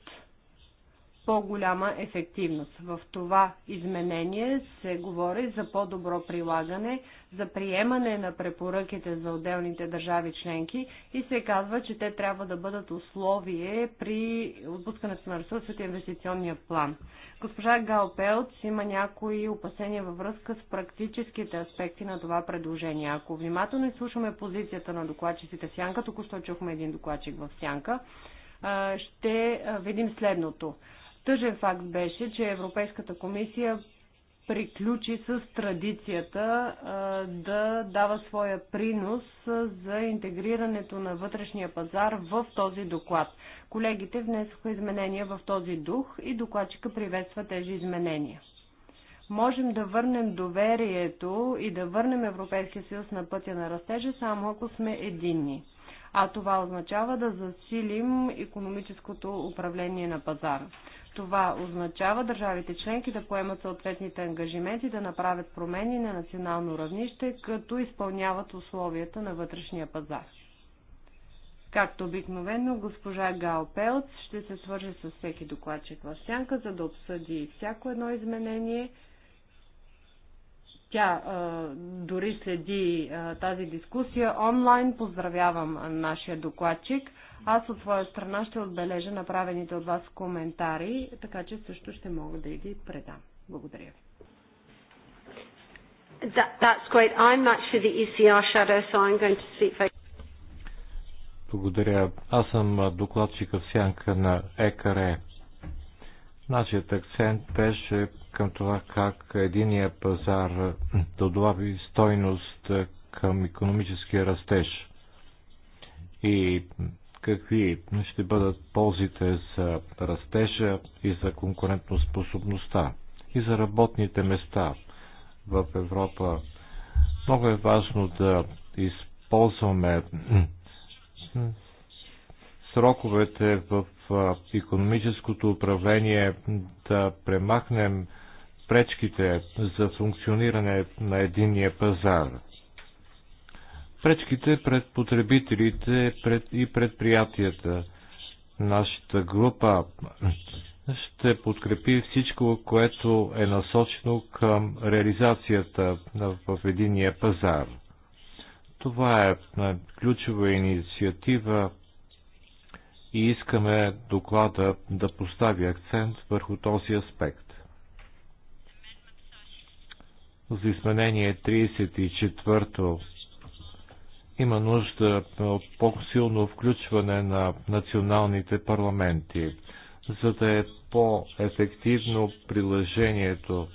по-голяма ефективност. В това изменение се говори за по-добро прилагане, за приемане на препоръките за отделните държави членки и се казва, че те трябва да бъдат условие при отпускането на ресурсите и инвестиционния план. Госпожа Галпелц има някои опасения във връзка с практическите аспекти на това предложение. Ако внимателно изслушаме позицията на докладчиците в Сянка, току-що чухме един докладчик в Сянка, ще видим следното Тъжен факт беше, че Европейската комисия приключи с традицията да дава своя принос за интегрирането на вътрешния пазар в този доклад. Колегите внесоха изменения в този дух и докладчика приветства тези изменения. Можем да върнем доверието и да върнем Европейския съюз на пътя на растежа само ако сме единни. А това означава да засилим економическото управление на пазара. Това означава държавите членки да поемат съответните ангажименти да направят промени на национално равнище, като изпълняват условията на вътрешния пазар. Както обикновено, госпожа Гал Пелц ще се свърже с всеки докладчик в сянка, за да обсъди всяко едно изменение. Тя а, дори следи а, тази дискусия онлайн. Поздравявам нашия докладчик – аз от своя страна ще отбележа направените от вас коментари, така че също ще мога да ги предам. Благодаря ви. E Благодаря. Аз съм докладчика в сянка на ЕКРЕ. Нашият акцент беше към това как единия пазар да добави стойност към економическия растеж. И какви ще бъдат ползите за растежа и за конкурентоспособността и за работните места в Европа. Много е важно да използваме сроковете в економическото управление, да премахнем пречките за функциониране на единния пазар пречките пред потребителите пред и предприятията. Нашата група ще подкрепи всичко, което е насочено към реализацията в единия пазар. Това е, е ключова инициатива и искаме доклада да постави акцент върху този аспект. За изменение 34 има нужда от по-силно включване на националните парламенти, за да е по-ефективно приложението.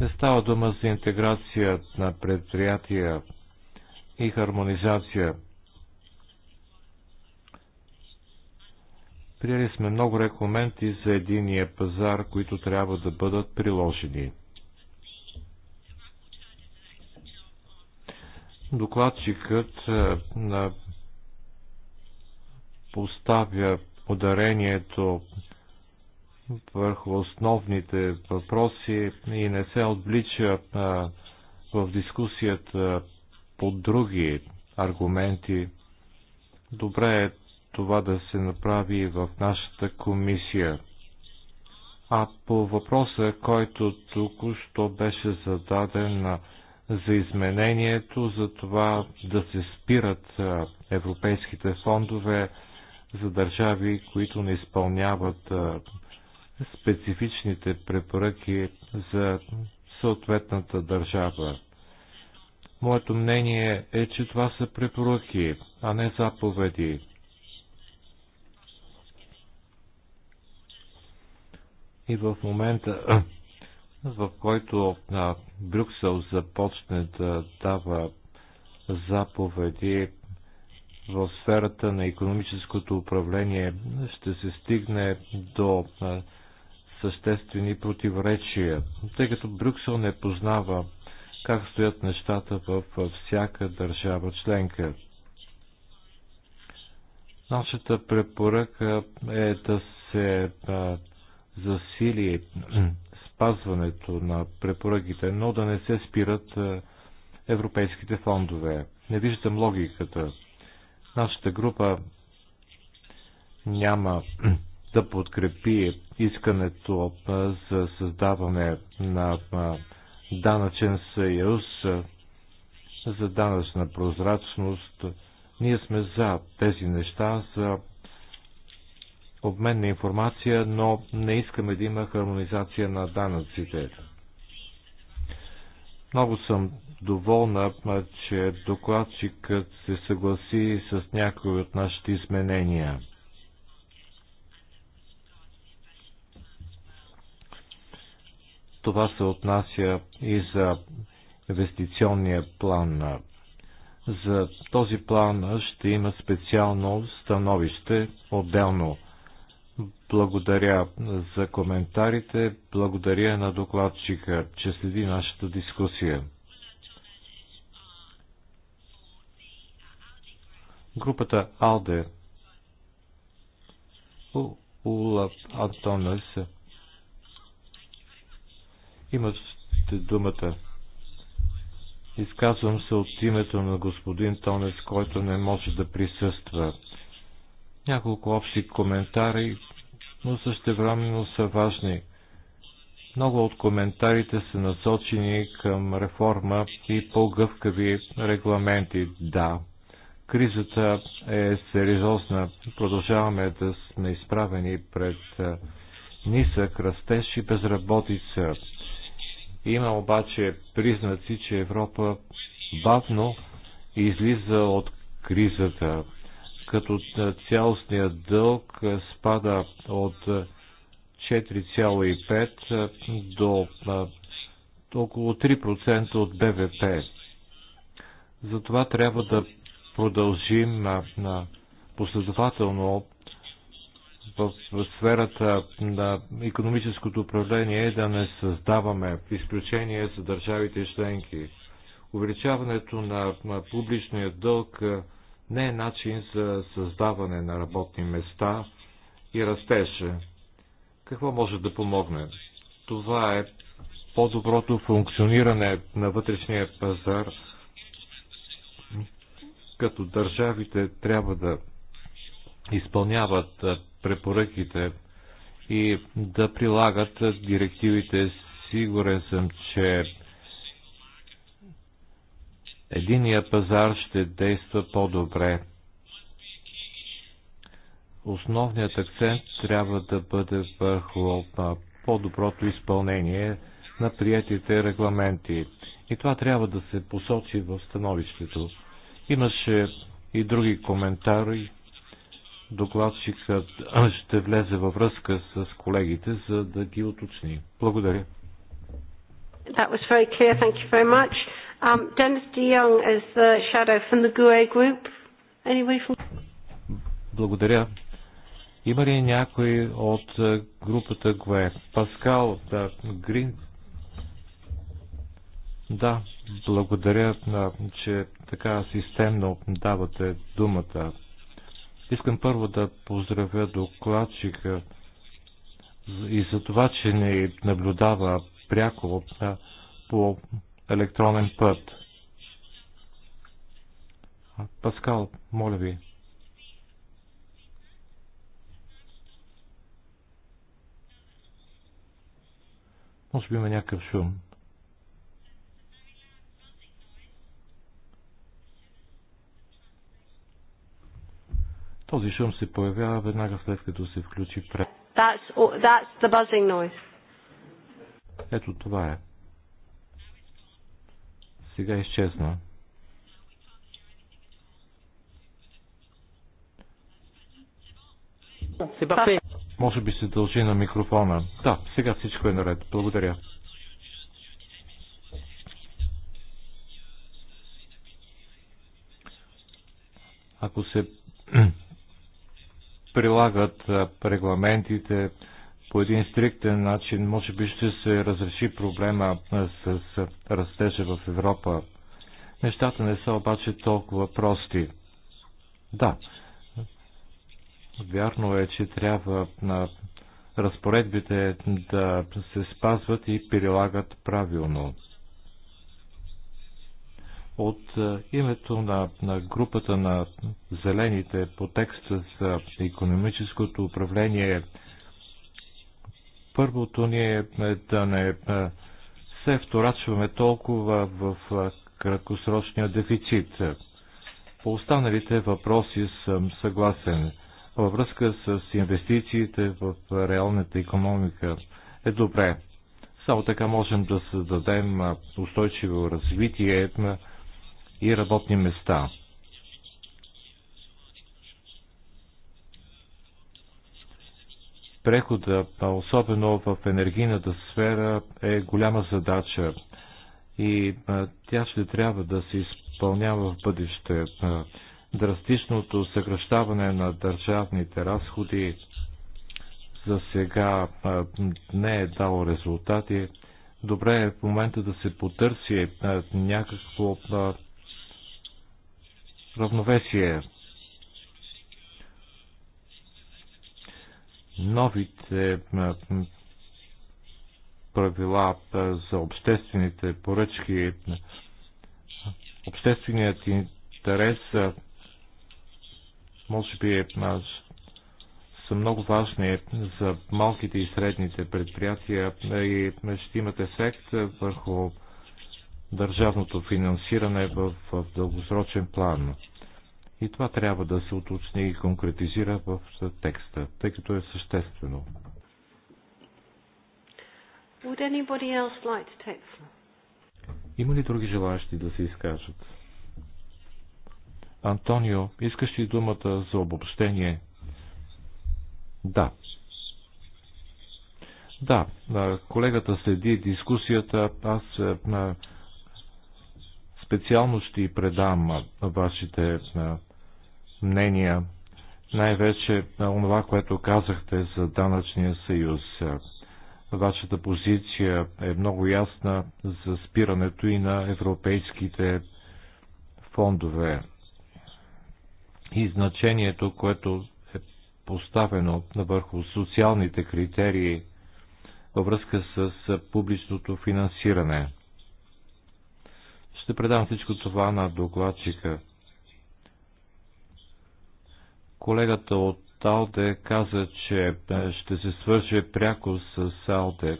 Не става дума за интеграция на предприятия и хармонизация. Приели сме много рекоменти за единия пазар, които трябва да бъдат приложени. Докладчикът е, поставя ударението върху основните въпроси и не се отвлича е, в дискусията по други аргументи. Добре е това да се направи в нашата комисия. А по въпроса, който току-що беше зададен на за изменението за това да се спират европейските фондове за държави, които не изпълняват специфичните препоръки за съответната държава. Моето мнение е, че това са препоръки, а не заповеди. И в момента в който а, Брюксел започне да дава заповеди в сферата на економическото управление, ще се стигне до а, съществени противоречия, тъй като Брюксел не познава как стоят нещата в всяка държава членка. Нашата препоръка е да се а, засили спазването на препоръките, но да не се спират е, европейските фондове. Не виждам логиката. Нашата група няма да подкрепи искането е, за създаване на е, данъчен съюз за данъчна прозрачност. Ние сме за тези неща, за обмен на информация, но не искаме да има хармонизация на данъците. Много съм доволна, че докладчикът се съгласи с някои от нашите изменения. Това се отнася и за инвестиционния план. За този план ще има специално становище отделно благодаря за коментарите, благодаря на докладчика, че следи нашата дискусия. Групата АЛДЕ Ула Антонес имате думата. Изказвам се от името на господин Тонес, който не може да присъства. Няколко общи коментари но същевременно са важни. Много от коментарите са насочени към реформа и по-гъвкави регламенти. Да, кризата е сериозна. Продължаваме да сме изправени пред нисък растеж и безработица. Има обаче признаци, че Европа бавно излиза от кризата като цялостният дълг спада от 4,5 до около 3% от БВП. Затова трябва да продължим на, на последователно в, в сферата на економическото управление е да не създаваме изключение за държавите членки. Увеличаването на, на публичния дълг не е начин за създаване на работни места и растеше. Какво може да помогне? Това е по-доброто функциониране на вътрешния пазар, като държавите трябва да изпълняват препоръките и да прилагат директивите. Сигурен съм, че единия пазар ще действа по-добре. Основният акцент трябва да бъде върху по-доброто изпълнение на приятите регламенти. И това трябва да се посочи в становището. Имаше и други коментари. Докладчикът ще влезе във връзка с колегите, за да ги уточни. Благодаря. That was very clear. Thank you very much. Um, Dennis de Jong is the shadow from the GUE group. Anybody from... Благодаря. Има ли някой от е, групата ГУЕ? E? Паскал, да, Грин. Да, благодаря, че така системно давате думата. Искам първо да поздравя докладчика и за това, че не наблюдава пряко по електронен път. Паскал, моля ви. Може би има някакъв шум. Този шум се появява веднага след като се включи пред. That's, that's the buzzing noise. Ето това е сега изчезна. Може би се дължи на микрофона. Да, сега всичко е наред. Благодаря. Ако се прилагат регламентите, по един стриктен начин може би ще се разреши проблема с растежа в Европа. Нещата не са обаче толкова прости. Да, вярно е, че трябва на разпоредбите да се спазват и прилагат правилно. От името на, на групата на зелените по текста за економическото управление Първото ни е да не е, се вторачваме толкова в е, краткосрочния дефицит. По останалите въпроси съм съгласен. Във връзка с инвестициите в реалната економика е добре. Само така можем да създадем е, устойчиво развитие и работни места. Прехода, особено в енергийната сфера, е голяма задача и тя ще трябва да се изпълнява в бъдеще. Драстичното съкръщаване на държавните разходи за сега не е дало резултати. Добре е в момента да се потърси някакво равновесие новите правила за обществените поръчки, общественият интерес може би е, са много важни за малките и средните предприятия и ще имат ефект върху държавното финансиране в, в дългосрочен план. И това трябва да се уточни и конкретизира в текста, тъй като е съществено. Like Има ли други желаящи да се изкажат? Антонио, искаш ли думата за обобщение? Да. Да, колегата следи дискусията. Аз специално ще предам вашите мнения, най-вече онова, това, което казахте за данъчния съюз. Вашата позиция е много ясна за спирането и на европейските фондове и значението, което е поставено върху социалните критерии във връзка с публичното финансиране. Ще предам всичко това на докладчика. Колегата от Алде каза, че е, ще се свърже пряко с Алде,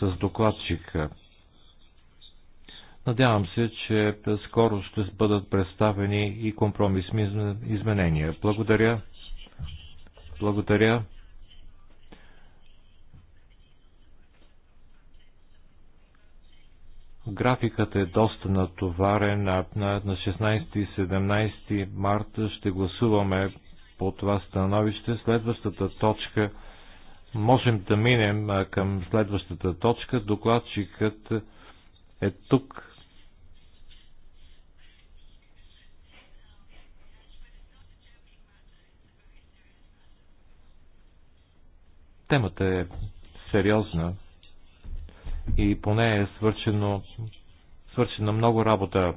с докладчика. Надявам се, че е, скоро ще бъдат представени и компромисни изменения. Благодаря. Благодаря. Графикът е доста натоварен. На 16 и 17 марта ще гласуваме по това становище. Следващата точка можем да минем към следващата точка. Докладчикът е тук. Темата е сериозна и поне е свършено, свършена много работа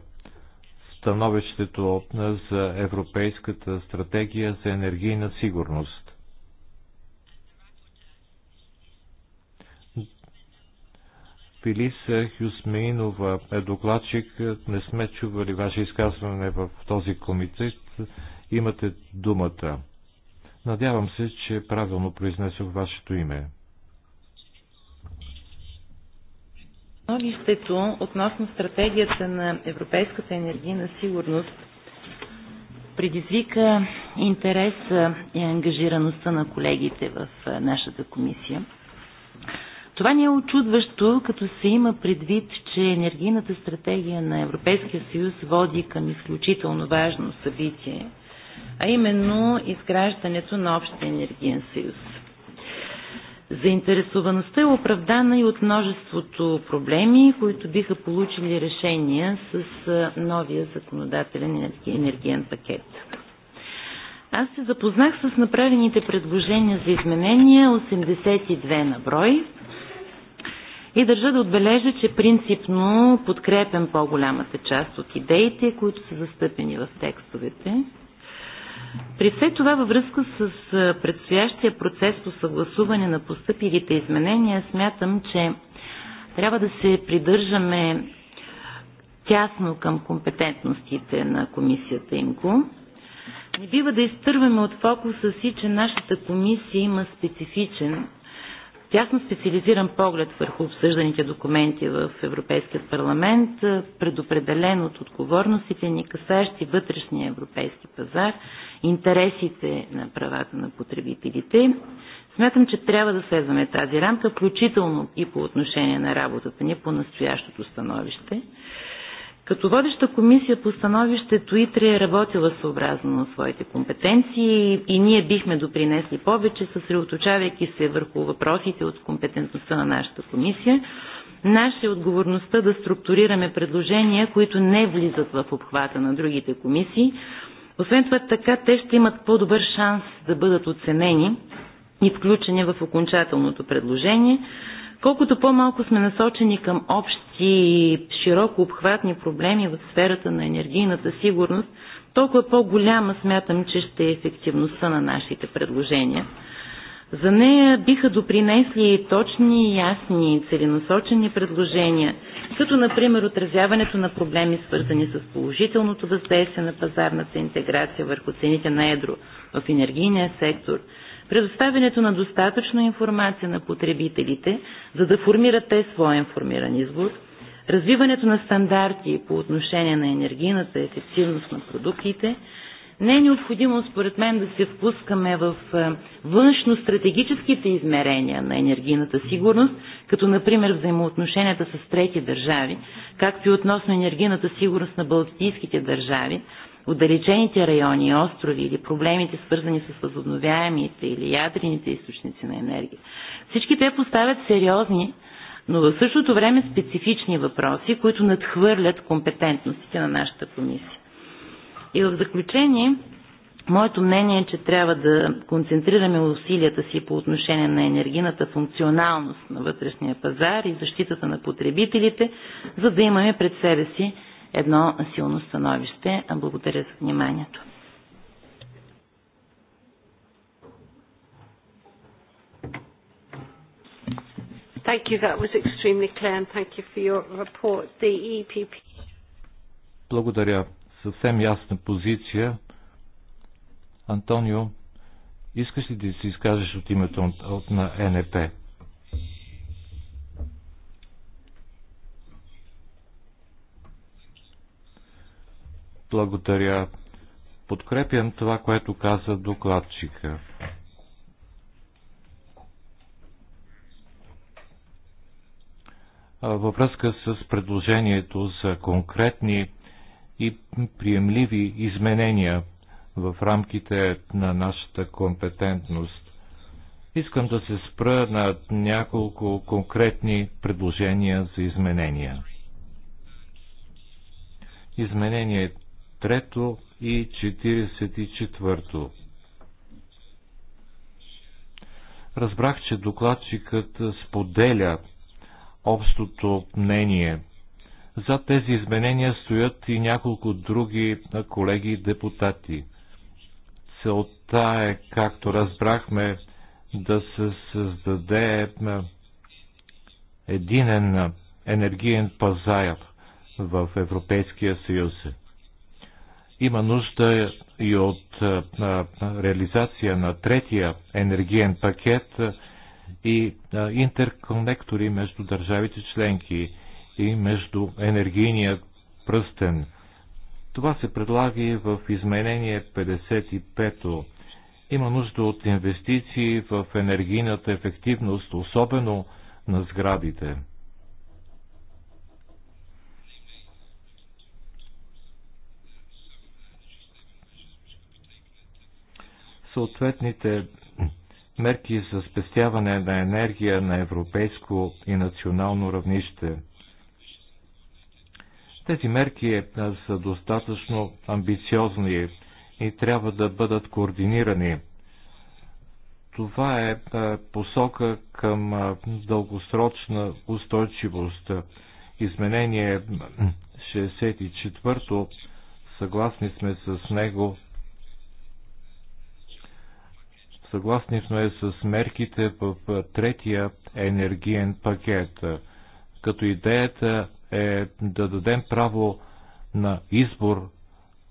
становището за Европейската стратегия за енергийна сигурност. Филиса Хюсмеинова е докладчик. Не сме чували ваше изказване в този комитет. Имате думата. Надявам се, че правилно произнесох вашето име. Становището относно стратегията на Европейската енергийна сигурност предизвика интереса и ангажираността на колегите в е, нашата комисия. Това не е очудващо, като се има предвид, че енергийната стратегия на Европейския съюз води към изключително важно събитие, а именно изграждането на общия енергиен съюз. Заинтересоваността е оправдана и от множеството проблеми, които биха получили решения с новия законодателен енергиен пакет. Аз се запознах с направените предложения за изменения 82 на брой и държа да отбележа, че принципно подкрепям по-голямата част от идеите, които са застъпени в текстовете. При все това във връзка с предстоящия процес по съгласуване на поступилите изменения, смятам, че трябва да се придържаме тясно към компетентностите на комисията ИМКО. Не бива да изтърваме от фокуса си, че нашата комисия има специфичен Тясно специализиран поглед върху обсъжданите документи в Европейския парламент, е, предопределен от отговорностите ни, касаещи вътрешния европейски пазар, интересите на правата на потребителите, смятам, че трябва да следваме тази рамка, включително и по отношение на работата ни по настоящото становище. Като водеща комисия по становището ИТРИ е работила съобразно своите компетенции и ние бихме допринесли повече, съсредоточавайки се върху въпросите от компетентността на нашата комисия. Наша е отговорността да структурираме предложения, които не влизат в обхвата на другите комисии. Освен това, така те ще имат по-добър шанс да бъдат оценени и включени в окончателното предложение. Колкото по-малко сме насочени към общи, широко обхватни проблеми в сферата на енергийната сигурност, толкова по-голяма смятам, че ще е ефективността на нашите предложения. За нея биха допринесли точни, ясни, целенасочени предложения, като например отразяването на проблеми, свързани с положителното въздействие на пазарната интеграция върху цените на едро в енергийния сектор – Предоставянето на достатъчно информация на потребителите, за да формират те своя информиран избор, развиването на стандарти по отношение на енергийната ефективност на продуктите, не е необходимо, според мен, да се впускаме в външно-стратегическите измерения на енергийната сигурност, като, например, взаимоотношенията с трети държави, както и относно енергийната сигурност на балтийските държави, Отдалечените райони, острови или проблемите свързани с възобновяемите или ядрените източници на енергия. Всички те поставят сериозни, но в същото време специфични въпроси, които надхвърлят компетентностите на нашата комисия. И в заключение, моето мнение е, че трябва да концентрираме усилията си по отношение на енергийната функционалност на вътрешния пазар и защитата на потребителите, за да имаме пред себе си едно силно становище. Благодаря за вниманието. E Благодаря. Съвсем ясна позиция. Антонио, искаш ли да се изкажеш от името на НП? Благодаря. Подкрепям това, което каза докладчика. Във връзка с предложението за конкретни и приемливи изменения в рамките на нашата компетентност. Искам да се спра на няколко конкретни предложения за изменения. Изменение 43 и 44. Разбрах, че докладчикът споделя общото мнение. За тези изменения стоят и няколко други колеги депутати. Целта е, както разбрахме, да се създаде единен енергиен пазаяв в Европейския съюз. Има нужда и от реализация на третия енергиен пакет и интерконектори между държавите членки и между енергийния пръстен. Това се предлага и в изменение 55-то. Има нужда от инвестиции в енергийната ефективност, особено на сградите. съответните мерки за спестяване на енергия на европейско и национално равнище. Тези мерки е, са достатъчно амбициозни и трябва да бъдат координирани. Това е посока към дългосрочна устойчивост. Изменение 64 то съгласни сме с него Съгласни сме с мерките в третия енергиен пакет, като идеята е да дадем право на избор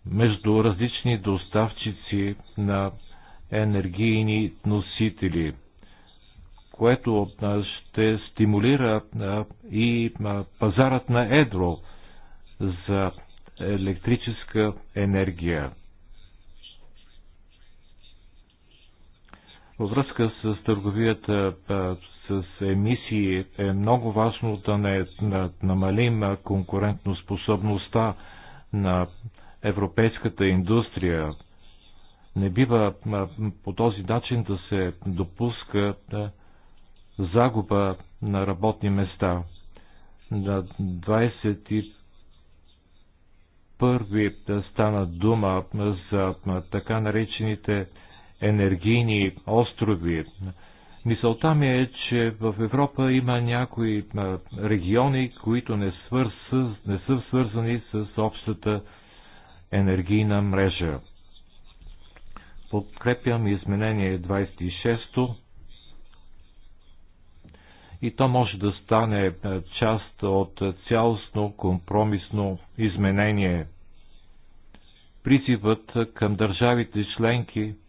между различни доставчици на енергийни носители, което ще стимулира и пазарът на едро за електрическа енергия. Във връзка с търговията с емисии е много важно да не намалим конкурентоспособността на европейската индустрия. Не бива по този начин да се допуска загуба на работни места. На 21 стана дума за така наречените енергийни острови. Мисълта ми е, че в Европа има някои региони, които не, свърз, не са свързани с общата енергийна мрежа. Подкрепям изменение 26 то и то може да стане част от цялостно компромисно изменение. Призивът към държавите членки –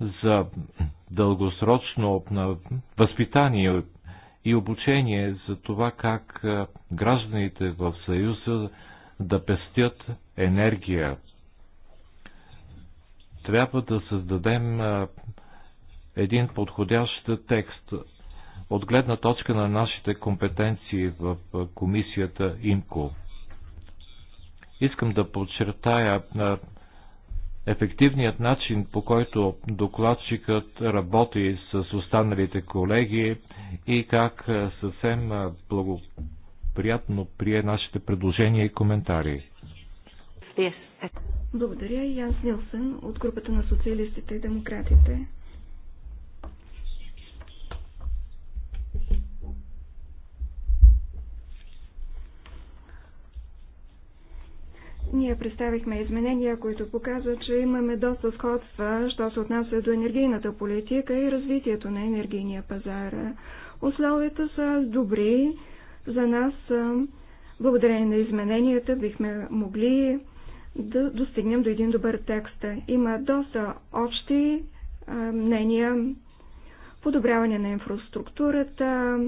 за дългосрочно възпитание и обучение за това как гражданите в Съюза да пестят енергия. Трябва да създадем един подходящ текст от гледна точка на нашите компетенции в комисията ИМКО. Искам да подчертая ефективният начин, по който докладчикът работи с останалите колеги и как съвсем благоприятно прие нашите предложения и коментари. Благодаря и аз Нилсън от групата на социалистите и демократите. Ние представихме изменения, които показват, че имаме доста сходства, що се отнася до енергийната политика и развитието на енергийния пазар. Условията са добри за нас. Благодарение на измененията бихме могли да достигнем до един добър текст. Има доста общи мнения, подобряване на инфраструктурата,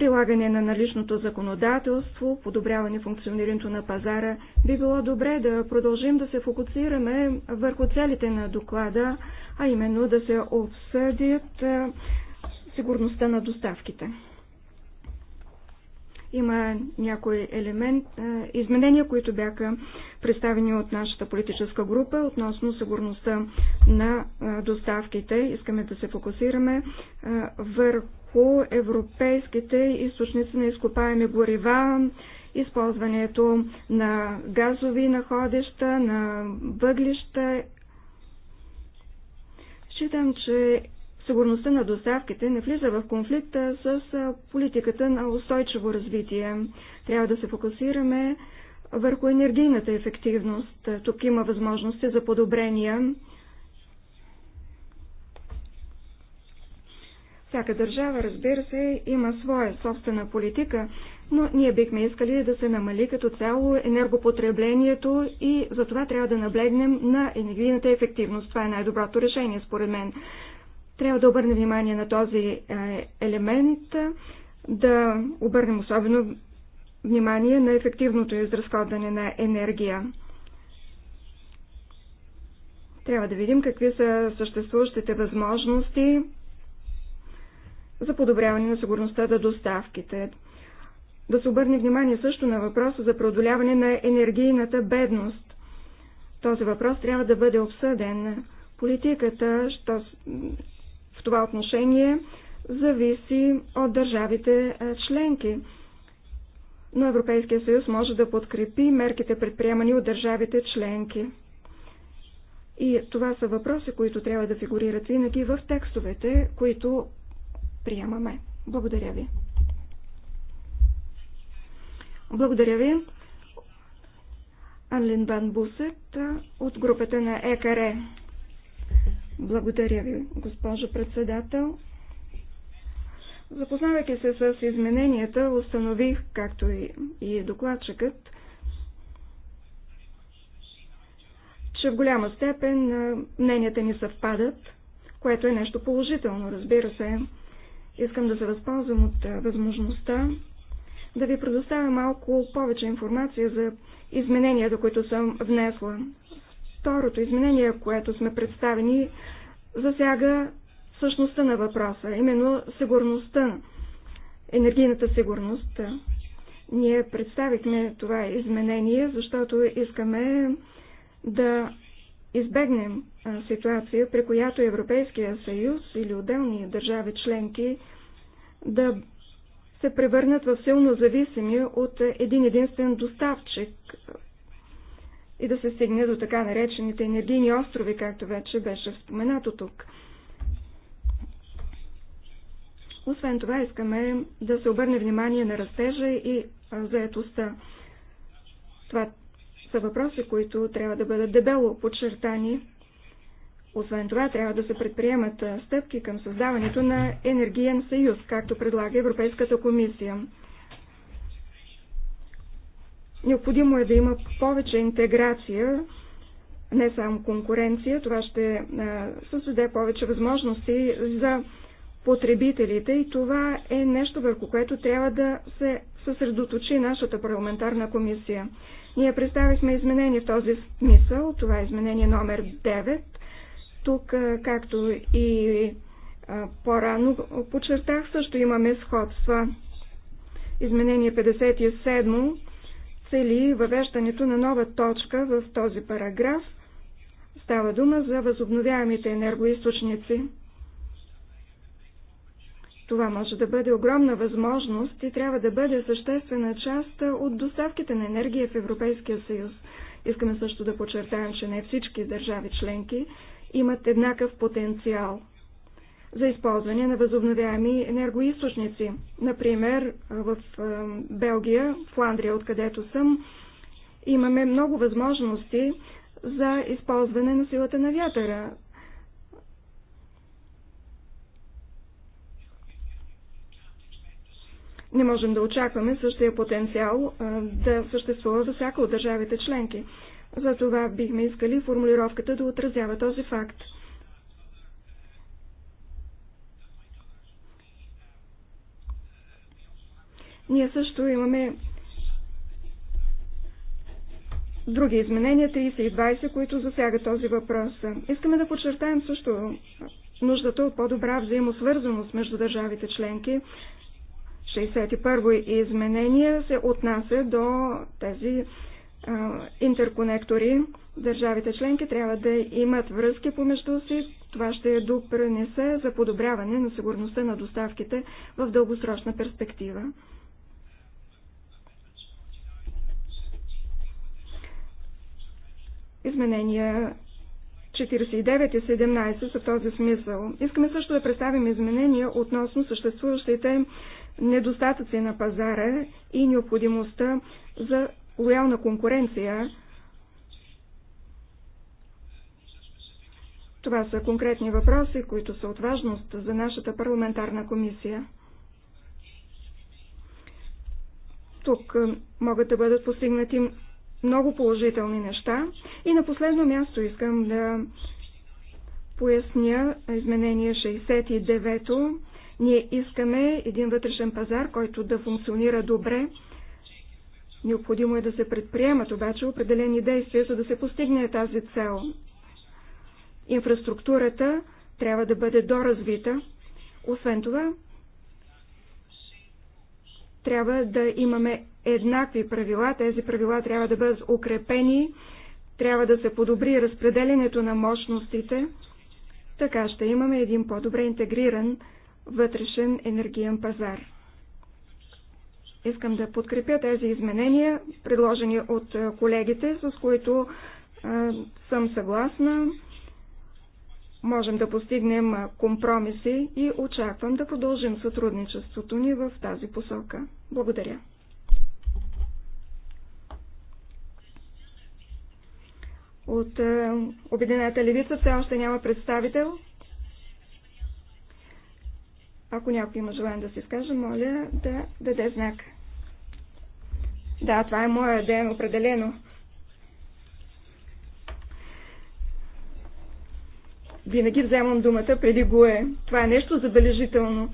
прилагане на наличното законодателство, подобряване функционирането на пазара, би било добре да продължим да се фокусираме върху целите на доклада, а именно да се обсъдят е, сигурността на доставките. Има някои елемент, е, изменения, които бяха представени от нашата политическа група относно сигурността на е, доставките. Искаме да се фокусираме върху по европейските източници на изкопаеми горива, използването на газови находища, на въглища. Считам, че сигурността на доставките не влиза в конфликт с политиката на устойчиво развитие. Трябва да се фокусираме върху енергийната ефективност. Тук има възможности за подобрения. Всяка държава, разбира се, има своя собствена политика, но ние бихме искали да се намали като цяло енергопотреблението и за това трябва да наблегнем на енергийната ефективност. Това е най-доброто решение, според мен. Трябва да обърнем внимание на този е, елемент, да обърнем особено внимание на ефективното изразходване на енергия. Трябва да видим какви са съществуващите възможности за подобряване на сигурността на доставките. Да се обърне внимание също на въпроса за преодоляване на енергийната бедност. Този въпрос трябва да бъде обсъден. Политиката що в това отношение зависи от държавите членки. Но Европейския съюз може да подкрепи мерките предприемани от държавите членки. И това са въпроси, които трябва да фигурират винаги в текстовете, които приемаме. Благодаря ви. Благодаря ви. Анлин Бан Бусет от групата на ЕКР. Благодаря ви, госпожо председател. Запознавайки се с измененията, установих, както и докладчикът, че в голяма степен мненията ни съвпадат, което е нещо положително, разбира се. Искам да се възползвам от възможността да ви предоставя малко повече информация за измененията, които съм внесла. Второто изменение, което сме представени, засяга същността на въпроса, именно сигурността, енергийната сигурност. Ние представихме това изменение, защото искаме да избегнем ситуация, при която Европейския съюз или отделни държави членки да се превърнат в силно зависими от един единствен доставчик и да се стигне до така наречените енергийни острови, както вече беше споменато тук. Освен това, искаме да се обърне внимание на растежа и заетостта. Това са въпроси, които трябва да бъдат дебело подчертани. Освен това, трябва да се предприемат стъпки към създаването на енергиен съюз, както предлага Европейската комисия. Необходимо е да има повече интеграция, не само конкуренция. Това ще създаде повече възможности за потребителите и това е нещо, върху което трябва да се съсредоточи нашата парламентарна комисия. Ние представихме изменение в този смисъл. Това е изменение номер 9. Тук, както и по-рано подчертах, също имаме сходства. Изменение 57 цели въвеждането на нова точка в този параграф. Става дума за възобновяемите енергоисточници. Това може да бъде огромна възможност и трябва да бъде съществена част от доставките на енергия в Европейския съюз. Искаме също да подчертаем, че не всички държави членки имат еднакъв потенциал за използване на възобновяеми енергоисточници. Например, в е, Белгия, Фландрия, откъдето съм, имаме много възможности за използване на силата на вятъра. Не можем да очакваме същия потенциал да съществува за всяка от държавите членки. Затова бихме искали формулировката да отразява този факт. Ние също имаме други изменения, 30 и 20, които засягат този въпрос. Искаме да подчертаем също нуждата от по-добра взаимосвързаност между държавите членки, 61 изменение се отнася до тези а, интерконектори. Държавите членки трябва да имат връзки помежду си. Това ще допренесе за подобряване на сигурността на доставките в дългосрочна перспектива. Изменения 49 и 17 са в този смисъл. Искаме също да представим изменения относно съществуващите недостатъци на пазара и необходимостта за лоялна конкуренция. Това са конкретни въпроси, които са от важност за нашата парламентарна комисия. Тук могат да бъдат постигнати много положителни неща. И на последно място искам да поясня изменение 69-то. Ние искаме един вътрешен пазар, който да функционира добре. Необходимо е да се предприемат обаче определени действия, за да се постигне тази цел. Инфраструктурата трябва да бъде доразвита. Освен това, трябва да имаме еднакви правила. Тези правила трябва да бъдат укрепени, трябва да се подобри разпределението на мощностите. Така ще имаме един по-добре интегриран вътрешен енергиен пазар. Искам да подкрепя тези изменения, предложени от колегите, с които е, съм съгласна. Можем да постигнем компромиси и очаквам да продължим сътрудничеството ни в тази посока. Благодаря. От е, Обединената левица все още няма представител. Ако някой има желание да се изкаже, моля да даде знак. Да, това е моя ден, определено. Винаги вземам думата преди го е. Това е нещо забележително.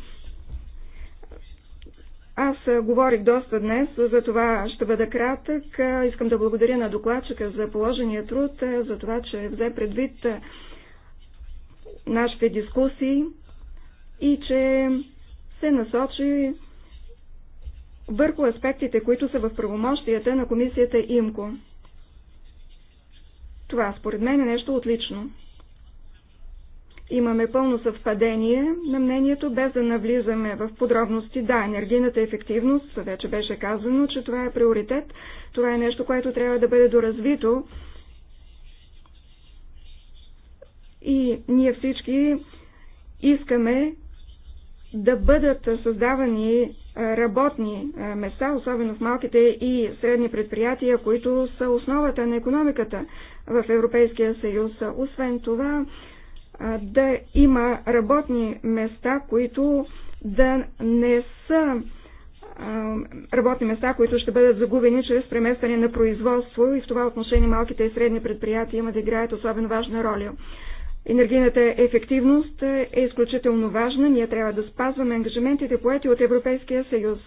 Аз говорих доста днес, за това ще бъда кратък. Искам да благодаря на докладчика за положения труд, за това, че взе предвид нашите дискусии и че се насочи върху аспектите, които са в правомощията на комисията ИМКО. Това според мен е нещо отлично имаме пълно съвпадение на мнението, без да навлизаме в подробности. Да, енергийната ефективност, вече беше казано, че това е приоритет. Това е нещо, което трябва да бъде доразвито. И ние всички искаме да бъдат създавани работни места, особено в малките и средни предприятия, които са основата на економиката в Европейския съюз. Освен това, да има работни места, които да не са работни места, които ще бъдат загубени чрез преместване на производство и в това отношение малките и средни предприятия имат да играят особено важна роля. Енергийната ефективност е изключително важна. Ние трябва да спазваме ангажиментите, поети от Европейския съюз.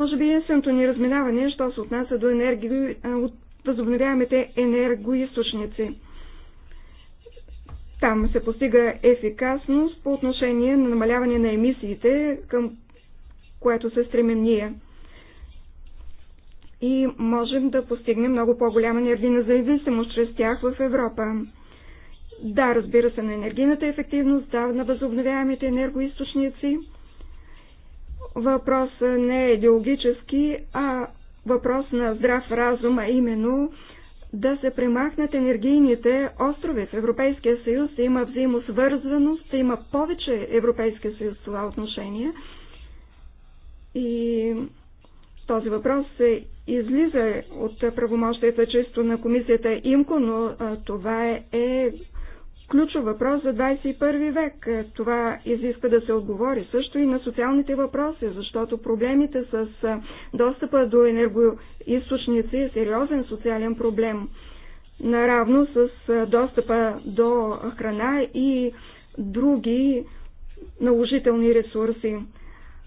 Може би единственото ни разминаване, що се отнася до енергии от възобновяемите енергоисточници. Там се постига ефикасност по отношение на намаляване на емисиите, към което се стремим ние. И можем да постигнем много по-голяма енергийна зависимост чрез тях в Европа. Да, разбира се, на енергийната ефективност, да, на възобновяемите енергоисточници. Въпрос не е идеологически, а въпрос на здрав разум, а именно да се премахнат енергийните острови в Европейския съюз, да има взаимосвързаност, да има повече Европейския съюз в това отношение. И този въпрос се излиза от правомощията чисто на комисията ИМКО, но това е, е ключов въпрос за 21 век. Това изисква да се отговори също и на социалните въпроси, защото проблемите с достъпа до енергоисточници е сериозен социален проблем. Наравно с достъпа до храна и други наложителни ресурси.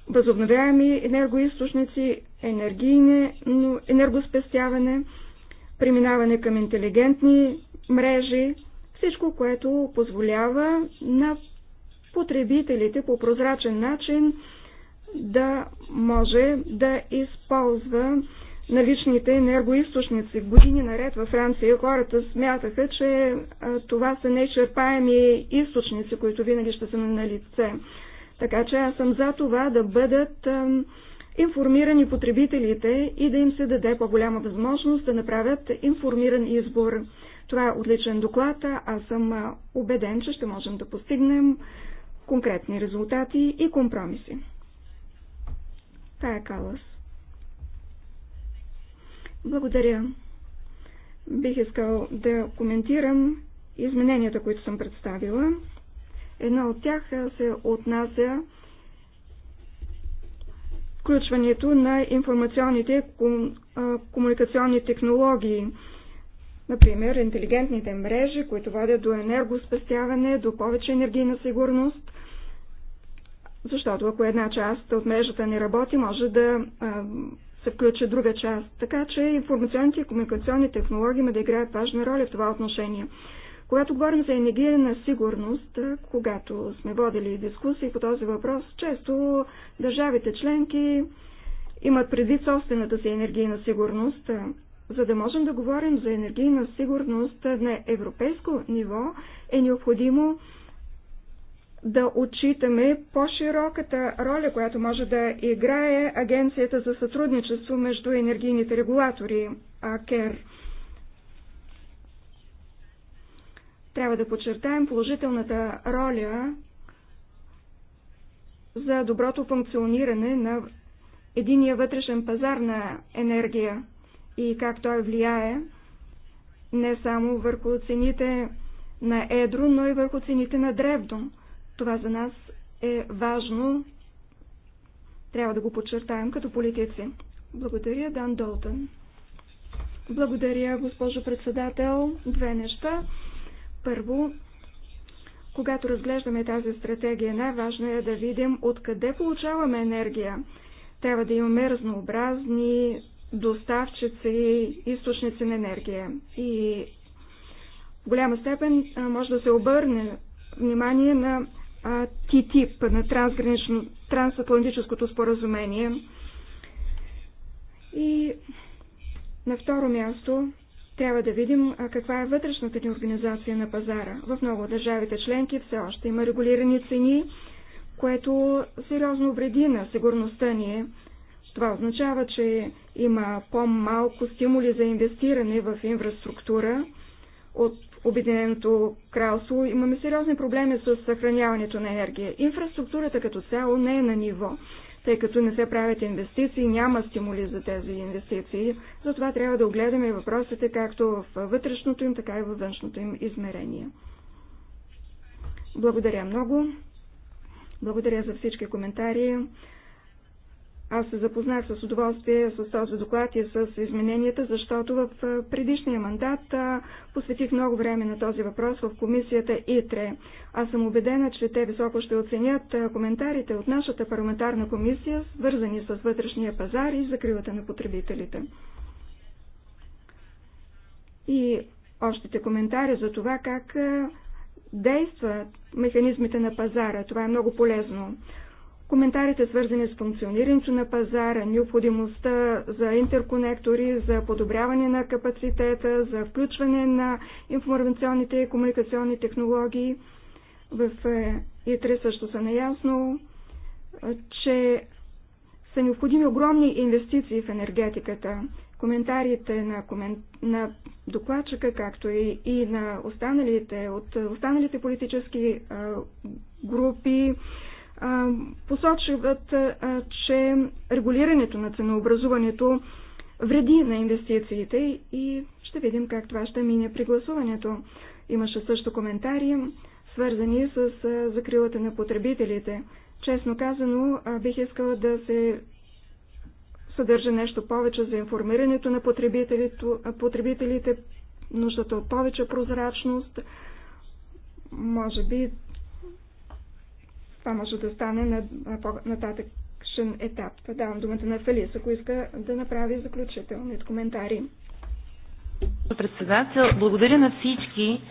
Възобновяеми енергоисточници, енергоспестяване, преминаване към интелигентни мрежи, всичко, което позволява на потребителите по прозрачен начин да може да използва наличните енергоисточници. Години наред във Франция хората смятаха, че това са неизчерпаеми източници, които винаги ще са на лице. Така че аз съм за това да бъдат информирани потребителите и да им се даде по-голяма възможност да направят информиран избор. Това е отличен доклад. Аз съм убеден, че ще можем да постигнем конкретни резултати и компромиси. Тая е Калас. Благодаря. Бих искал да коментирам измененията, които съм представила. Едно от тях се отнася включването на информационните кому... комуникационни технологии Например, интелигентните мрежи, които водят до енергоспестяване, до повече енергийна сигурност. Защото ако една част от мрежата не работи, може да а, се включи друга част. Така че информационните и комуникационни технологии има да играят важна роля в това отношение. Когато говорим за енергийна сигурност, когато сме водили дискусии по този въпрос, често държавите членки имат предвид собствената си енергийна сигурност, за да можем да говорим за енергийна сигурност на европейско ниво, е необходимо да отчитаме по-широката роля, която може да играе Агенцията за сътрудничество между енергийните регулатори, АКЕР. Трябва да подчертаем положителната роля за доброто функциониране на единия вътрешен пазар на енергия и как той влияе не само върху цените на едро, но и върху цените на древно. Това за нас е важно. Трябва да го подчертаем като политици. Благодаря, Дан Долтън. Благодаря, госпожо председател. Две неща. Първо, когато разглеждаме тази стратегия, най-важно е да видим откъде получаваме енергия. Трябва да имаме разнообразни доставчици и източници на енергия. И в голяма степен може да се обърне внимание на ТИТИП, на трансгранично, трансатлантическото споразумение. И на второ място трябва да видим каква е вътрешната ни организация на пазара. В много държавите членки все още има регулирани цени, което сериозно вреди на сигурността ни. Е това означава, че има по-малко стимули за инвестиране в инфраструктура от Обединеното кралство. Имаме сериозни проблеми с съхраняването на енергия. Инфраструктурата като цяло не е на ниво, тъй като не се правят инвестиции, няма стимули за тези инвестиции. Затова трябва да огледаме въпросите както в вътрешното им, така и във външното им измерение. Благодаря много. Благодаря за всички коментари. Аз се запознах с удоволствие с този доклад и с измененията, защото в предишния мандат посветих много време на този въпрос в комисията ИТРЕ. Аз съм убедена, че те високо ще оценят коментарите от нашата парламентарна комисия, свързани с вътрешния пазар и закривата на потребителите. И още коментари за това как действат механизмите на пазара. Това е много полезно. Коментарите, свързани с функционирането на пазара, необходимостта за интерконектори, за подобряване на капацитета, за включване на информационните и комуникационни технологии в е, И3 също са наясно, е, че са необходими огромни инвестиции в енергетиката. Коментарите на, комен... на докладчика, както и, и на останалите, от останалите политически а, е, групи, посочват, че регулирането на ценообразуването вреди на инвестициите и ще видим как това ще мине при гласуването. Имаше също коментари, свързани с закрилата на потребителите. Честно казано, бих искала да се съдържа нещо повече за информирането на потребителите, нуждата от повече прозрачност. Може би това може да стане на по-нататъкшен етап. Давам думата на Фелис, ако иска да направи заключителни коментари. Председател, благодаря на всички.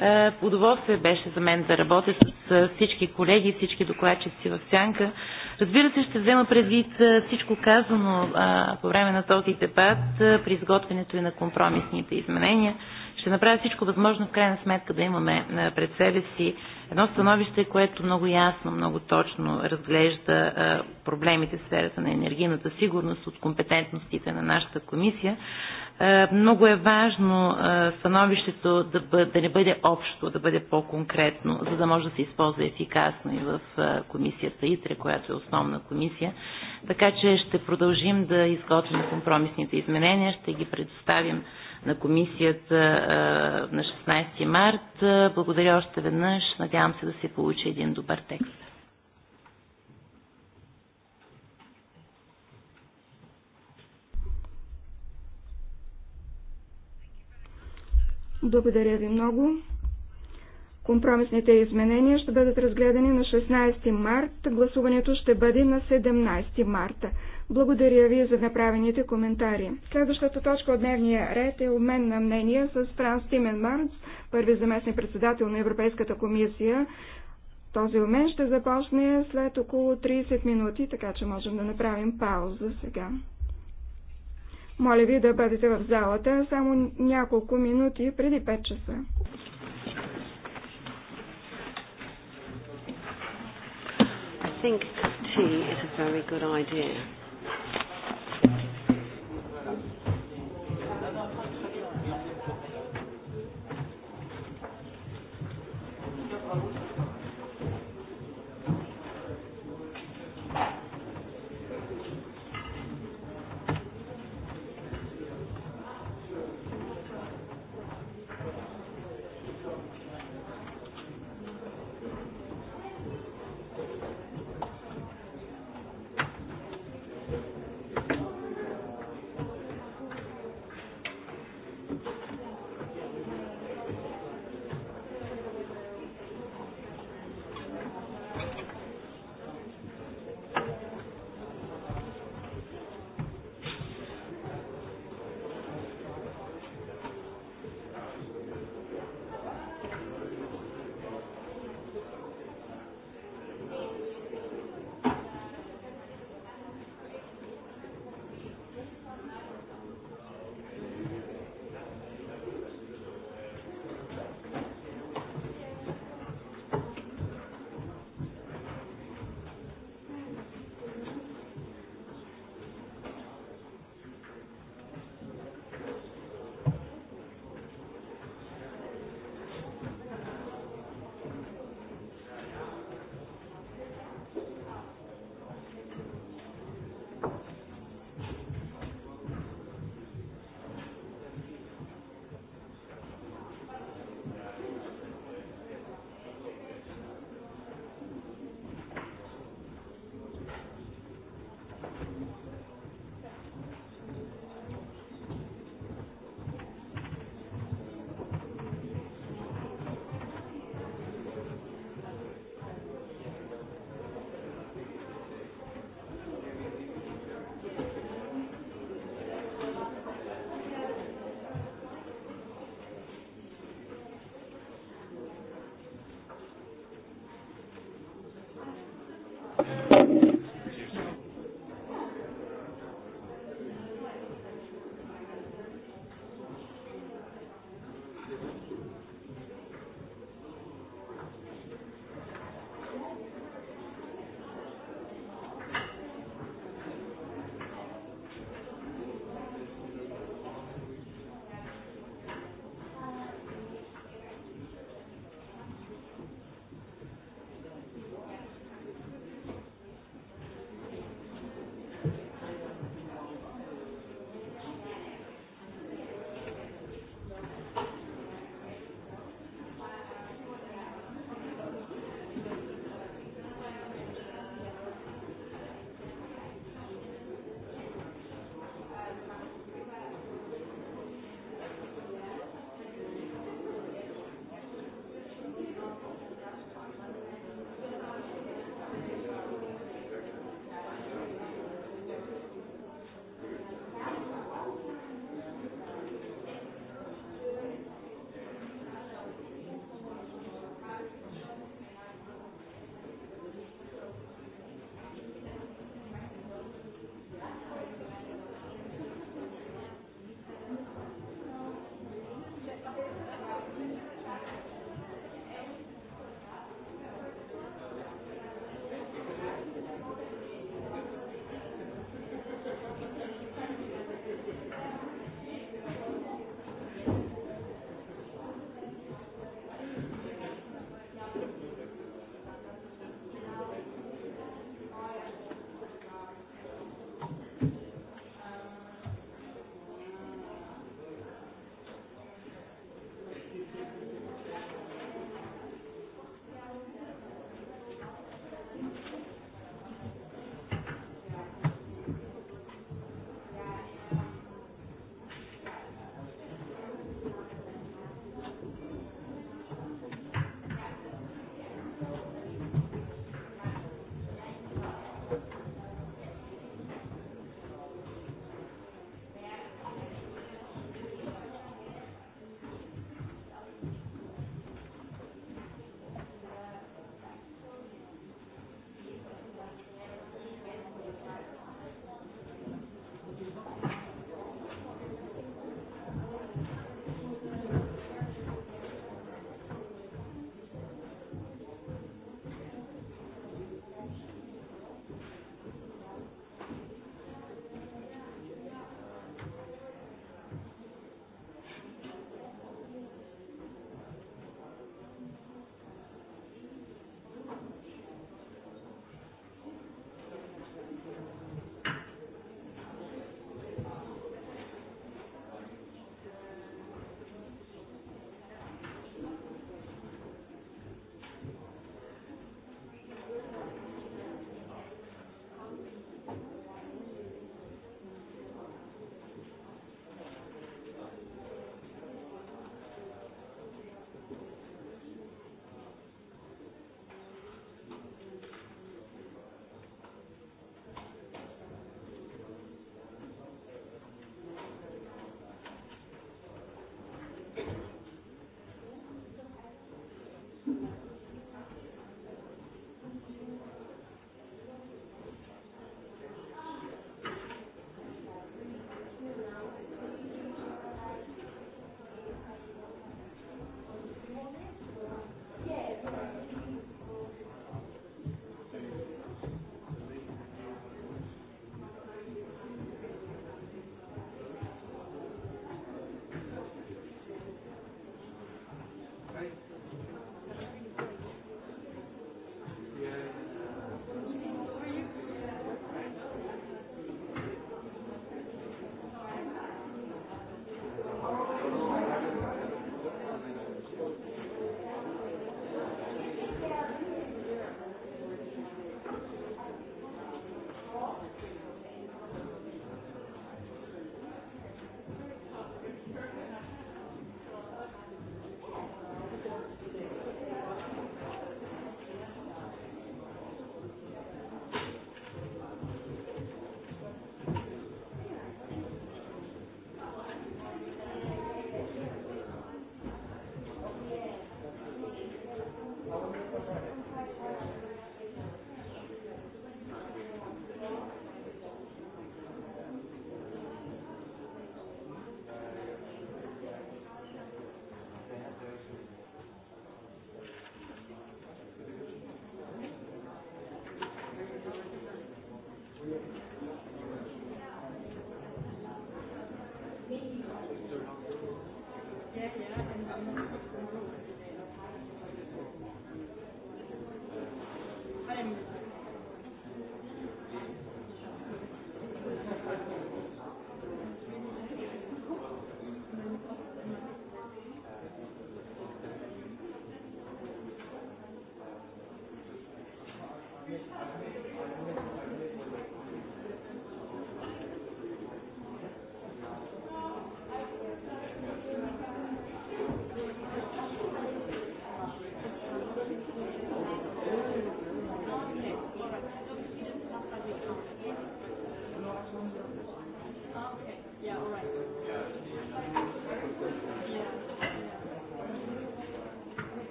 Е, удоволствие беше за мен да работя с всички колеги, всички докладчици в Сянка. Разбира се, ще взема предвид е, всичко казано е, по време на този дебат при изготвянето и на компромисните изменения. Ще направя всичко възможно в крайна сметка да имаме пред себе си Едно становище, което много ясно, много точно разглежда проблемите в сферата на енергийната сигурност от компетентностите на нашата комисия. Много е важно становището да, бъде, да не бъде общо, да бъде по-конкретно, за да може да се използва ефикасно и в комисията ИТРЕ, която е основна комисия. Така че ще продължим да изготвим компромисните изменения, ще ги предоставим на комисията на 16 март. Благодаря още веднъж. Надявам се да се получи един добър текст. Благодаря ви много. Компромисните изменения ще бъдат разгледани на 16 март. Гласуването ще бъде на 17 марта. Благодаря ви за направените коментари. Следващата точка от дневния ред е обмен на мнения с Франс Тименманс, първи заместник председател на Европейската комисия. Този обмен ще започне след около 30 минути, така че можем да направим пауза сега. Моля ви да бъдете в залата само няколко минути преди 5 часа. I think tea is a very good idea. Thank you.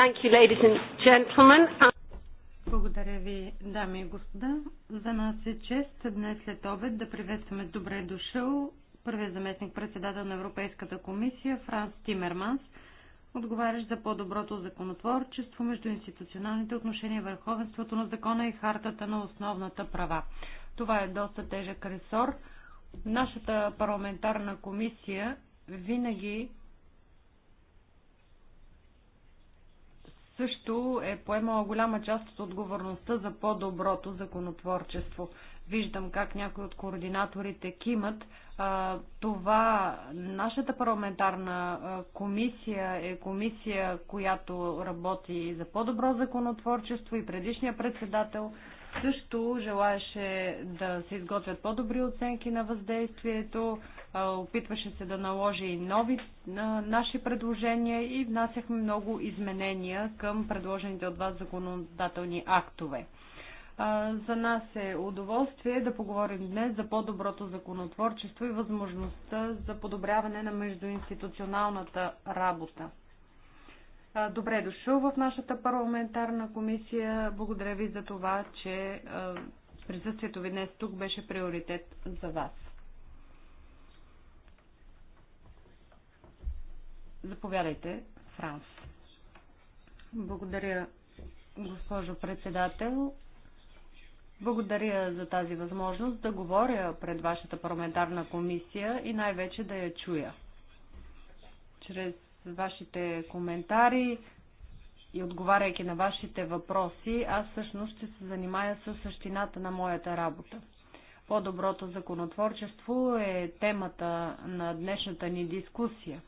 Thank you, ladies and gentlemen. Благодаря ви, дами и господа. За нас е чест днес след обед да приветстваме добре дошъл първият заместник председател на Европейската комисия Франс Тимерманс, отговарящ за по-доброто законотворчество между институционалните отношения, върховенството на закона и хартата на основната права. Това е доста тежък ресор. Нашата парламентарна комисия винаги също е поемала голяма част от отговорността за по-доброто законотворчество. Виждам как някои от координаторите кимат. Това нашата парламентарна комисия е комисия, която работи за по-добро законотворчество и предишния председател също желаеше да се изготвят по-добри оценки на въздействието, опитваше се да наложи и нови наши предложения и внасяхме много изменения към предложените от вас законодателни актове. За нас е удоволствие да поговорим днес за по-доброто законотворчество и възможността за подобряване на междуинституционалната работа. Добре е дошъл в нашата парламентарна комисия. Благодаря ви за това, че присъствието ви днес тук беше приоритет за вас. Заповядайте, Франс. Благодаря, госпожо председател. Благодаря за тази възможност да говоря пред вашата парламентарна комисия и най-вече да я чуя. Чрез с вашите коментари и отговаряйки на вашите въпроси, аз всъщност ще се занимая с същината на моята работа. По-доброто законотворчество е темата на днешната ни дискусия.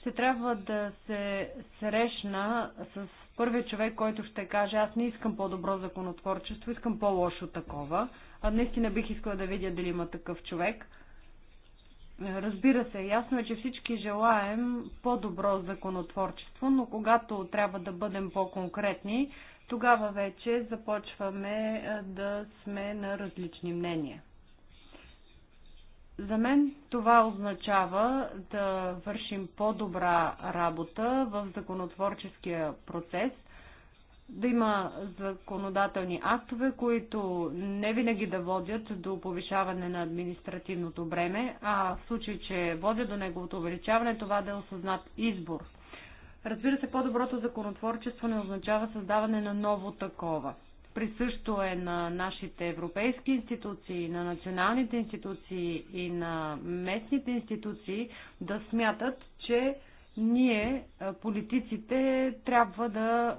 Ще трябва да се срещна с първия човек, който ще каже, аз не искам по-добро законотворчество, искам по-лошо такова. А наистина бих искала да видя дали има такъв човек – Разбира се, ясно е, че всички желаем по-добро законотворчество, но когато трябва да бъдем по-конкретни, тогава вече започваме е, да сме на различни мнения. За мен това означава да вършим по-добра работа в законотворческия процес да има законодателни актове, които не винаги да водят до повишаване на административното бреме, а в случай, че водят до неговото увеличаване, това да е осъзнат избор. Разбира се, по-доброто законотворчество не означава създаване на ново такова. Присъщо е на нашите европейски институции, на националните институции и на местните институции да смятат, че ние, политиците, трябва да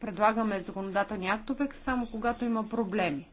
предлагаме законодателни актове само когато има проблеми.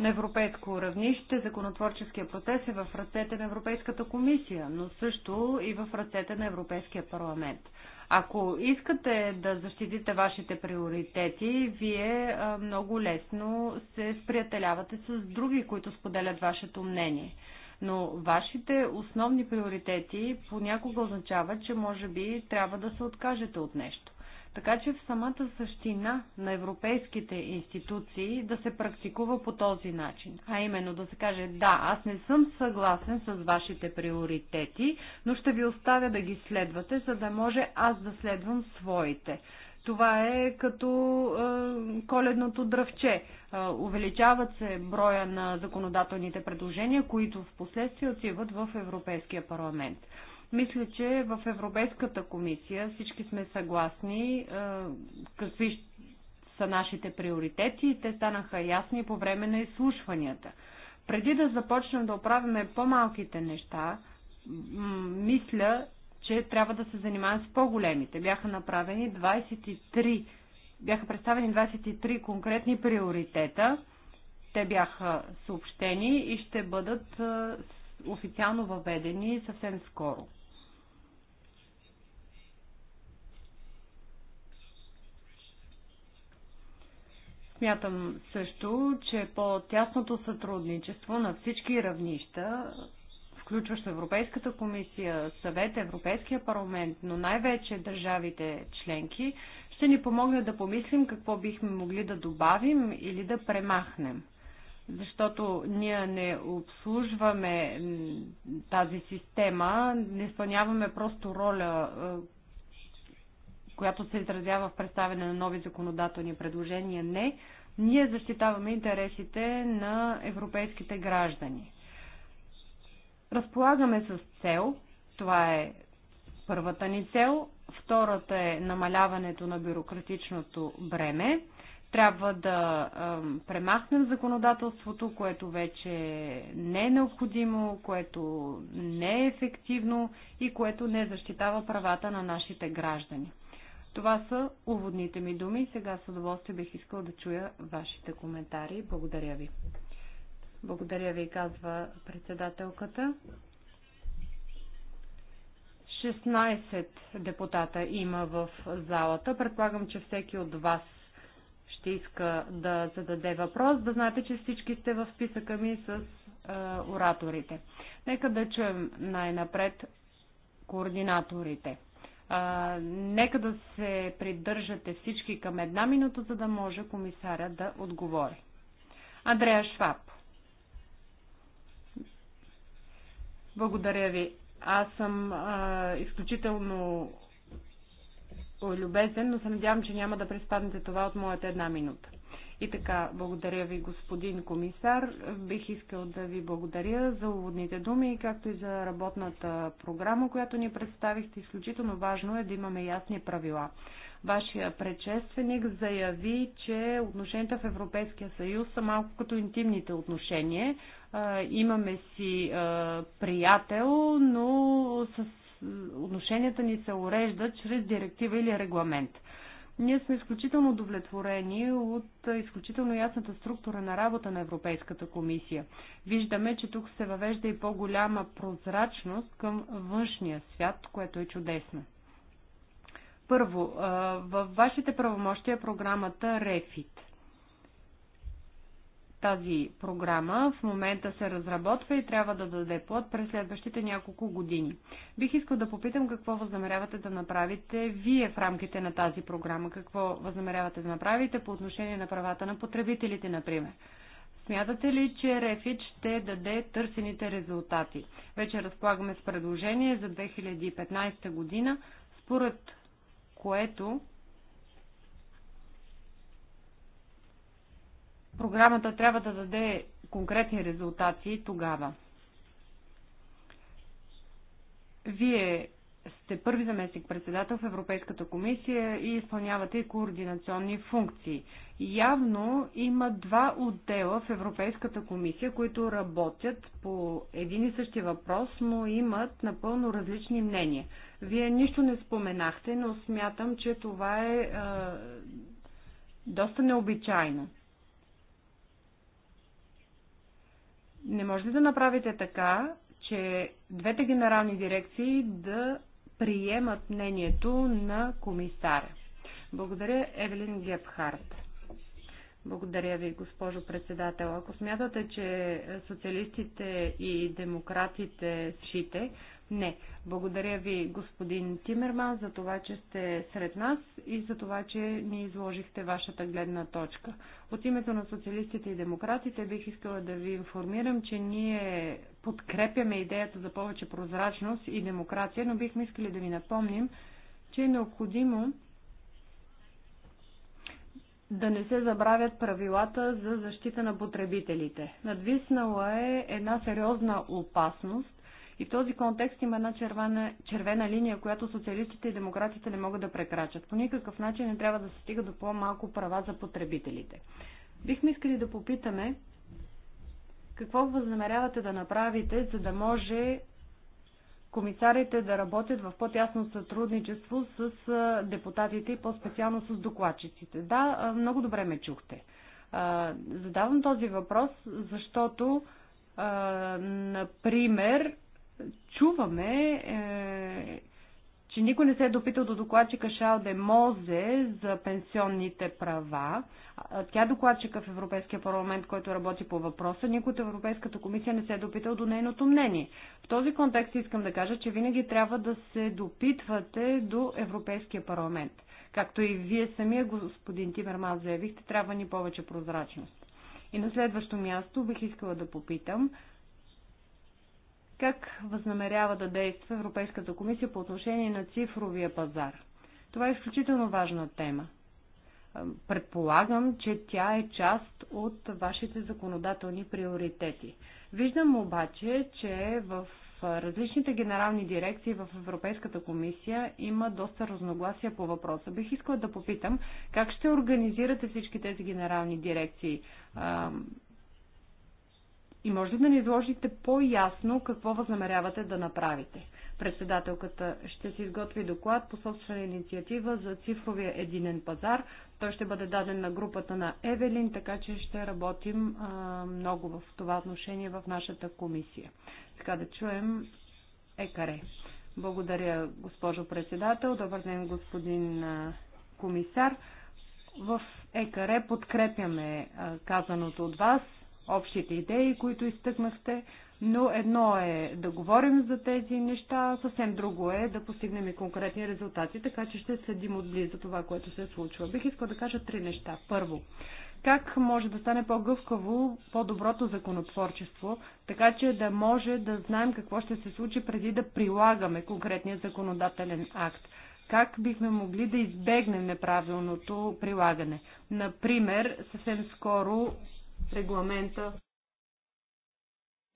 На европейско равнище законотворческия процес е в ръцете на Европейската комисия, но също и в ръцете на Европейския парламент. Ако искате да защитите вашите приоритети, вие много лесно се сприятелявате с други, които споделят вашето мнение. Но вашите основни приоритети понякога означават, че може би трябва да се откажете от нещо. Така че в самата същина на европейските институции да се практикува по този начин. А именно да се каже, да, аз не съм съгласен с вашите приоритети, но ще ви оставя да ги следвате, за да може аз да следвам своите. Това е като е, коледното дръвче. Е, увеличават се броя на законодателните предложения, които в последствие отиват в Европейския парламент. Мисля, че в Европейската комисия всички сме съгласни е, какви са нашите приоритети и те станаха ясни по време на изслушванията. Преди да започнем да оправяме по-малките неща, мисля, че трябва да се занимаваме с по-големите. Бяха направени 23, бяха представени 23 конкретни приоритета. Те бяха съобщени и ще бъдат е, официално въведени съвсем скоро. Смятам също, че по-тясното сътрудничество на всички равнища, включващо Европейската комисия, съвет, Европейския парламент, но най-вече държавите членки, ще ни помогне да помислим какво бихме могли да добавим или да премахнем защото ние не обслужваме тази система, не изпълняваме просто роля, е, която се изразява в представяне на нови законодателни предложения. Не, ние защитаваме интересите на европейските граждани. Разполагаме с цел, това е първата ни цел, втората е намаляването на бюрократичното бреме трябва да премахнем законодателството, което вече не е необходимо, което не е ефективно и което не защитава правата на нашите граждани. Това са уводните ми думи. Сега с удоволствие бих искал да чуя вашите коментари. Благодаря ви. Благодаря ви, казва председателката. 16 депутата има в залата. Предполагам, че всеки от вас ще иска да зададе въпрос, да знаете, че всички сте в списъка ми с а, е, ораторите. Нека да чуем най-напред координаторите. А, нека да се придържате всички към една минута, за да може комисаря да отговори. Андрея Шваб. Благодаря ви. Аз съм а, изключително любезен, но се надявам, че няма да преспаднете това от моята една минута. И така, благодаря ви, господин комисар. Бих искал да ви благодаря за уводните думи, както и за работната програма, която ни представихте. Изключително важно е да имаме ясни правила. Вашия предшественик заяви, че отношенията в Европейския съюз са малко като интимните отношения. Имаме си приятел, но с отношенията ни се уреждат чрез директива или регламент. Ние сме изключително удовлетворени от изключително ясната структура на работа на Европейската комисия. Виждаме, че тук се въвежда и по-голяма прозрачност към външния свят, което е чудесно. Първо, във вашите правомощия е програмата REFIT. Тази програма в момента се разработва и трябва да даде плод през следващите няколко години. Бих искал да попитам какво възнамерявате да направите вие в рамките на тази програма, какво възнамерявате да направите по отношение на правата на потребителите, например. Смятате ли, че Рефит ще даде търсените резултати? Вече разполагаме с предложение за 2015 година, според което програмата трябва да даде конкретни резултати тогава. Вие сте първи заместник председател в Европейската комисия и изпълнявате и координационни функции. Явно има два отдела в Европейската комисия, които работят по един и същи въпрос, но имат напълно различни мнения. Вие нищо не споменахте, но смятам, че това е, е доста необичайно. Не може ли да направите така, че двете генерални дирекции да приемат мнението на комисаря. Благодаря, Евелин Гепхарт. Благодаря ви, госпожо председател. Ако смятате, че социалистите и демократите шите не. Благодаря ви, господин Тимерман, за това, че сте сред нас и за това, че ни изложихте вашата гледна точка. От името на социалистите и демократите бих искала да ви информирам, че ние подкрепяме идеята за повече прозрачност и демокрация, но бихме искали да ви напомним, че е необходимо да не се забравят правилата за защита на потребителите. Надвиснала е една сериозна опасност и в този контекст има една червена, червена линия, която социалистите и демократите не могат да прекрачат. По никакъв начин не трябва да се стига до по-малко права за потребителите. Бихме искали да попитаме какво възнамерявате да направите, за да може комисарите да работят в по-тясно сътрудничество с депутатите и по-специално с докладчиците. Да, много добре ме чухте. Задавам този въпрос, защото, например, чуваме, е, че никой не се е допитал до докладчика Шал де Мозе за пенсионните права. Тя е докладчика в Европейския парламент, който работи по въпроса. Никой от Европейската комисия не се е допитал до нейното мнение. В този контекст искам да кажа, че винаги трябва да се допитвате до Европейския парламент. Както и вие самия, господин Тимерман, заявихте, трябва ни повече прозрачност. И на следващо място бих искала да попитам, как възнамерява да действа Европейската комисия по отношение на цифровия пазар? Това е изключително важна тема. Предполагам, че тя е част от вашите законодателни приоритети. Виждам обаче, че в различните генерални дирекции в Европейската комисия има доста разногласия по въпроса. Бих искала да попитам как ще организирате всички тези генерални дирекции и може да ни изложите по-ясно какво възнамерявате да направите. Председателката ще се изготви доклад по собствена инициатива за цифровия единен пазар. Той ще бъде даден на групата на Евелин, така че ще работим а, много в това отношение в нашата комисия. Така да чуем Екаре. Благодаря, госпожо председател. Добър ден, господин комисар. В ЕКАРЕ подкрепяме казаното от вас общите идеи, които изтъкнахте, но едно е да говорим за тези неща, съвсем друго е да постигнем и конкретни резултати, така че ще следим отблизо това, което се случва. Бих искал да кажа три неща. Първо, как може да стане по-гъвкаво, по-доброто законотворчество, така че да може да знаем какво ще се случи преди да прилагаме конкретния законодателен акт как бихме могли да избегнем неправилното прилагане. Например, съвсем скоро регламента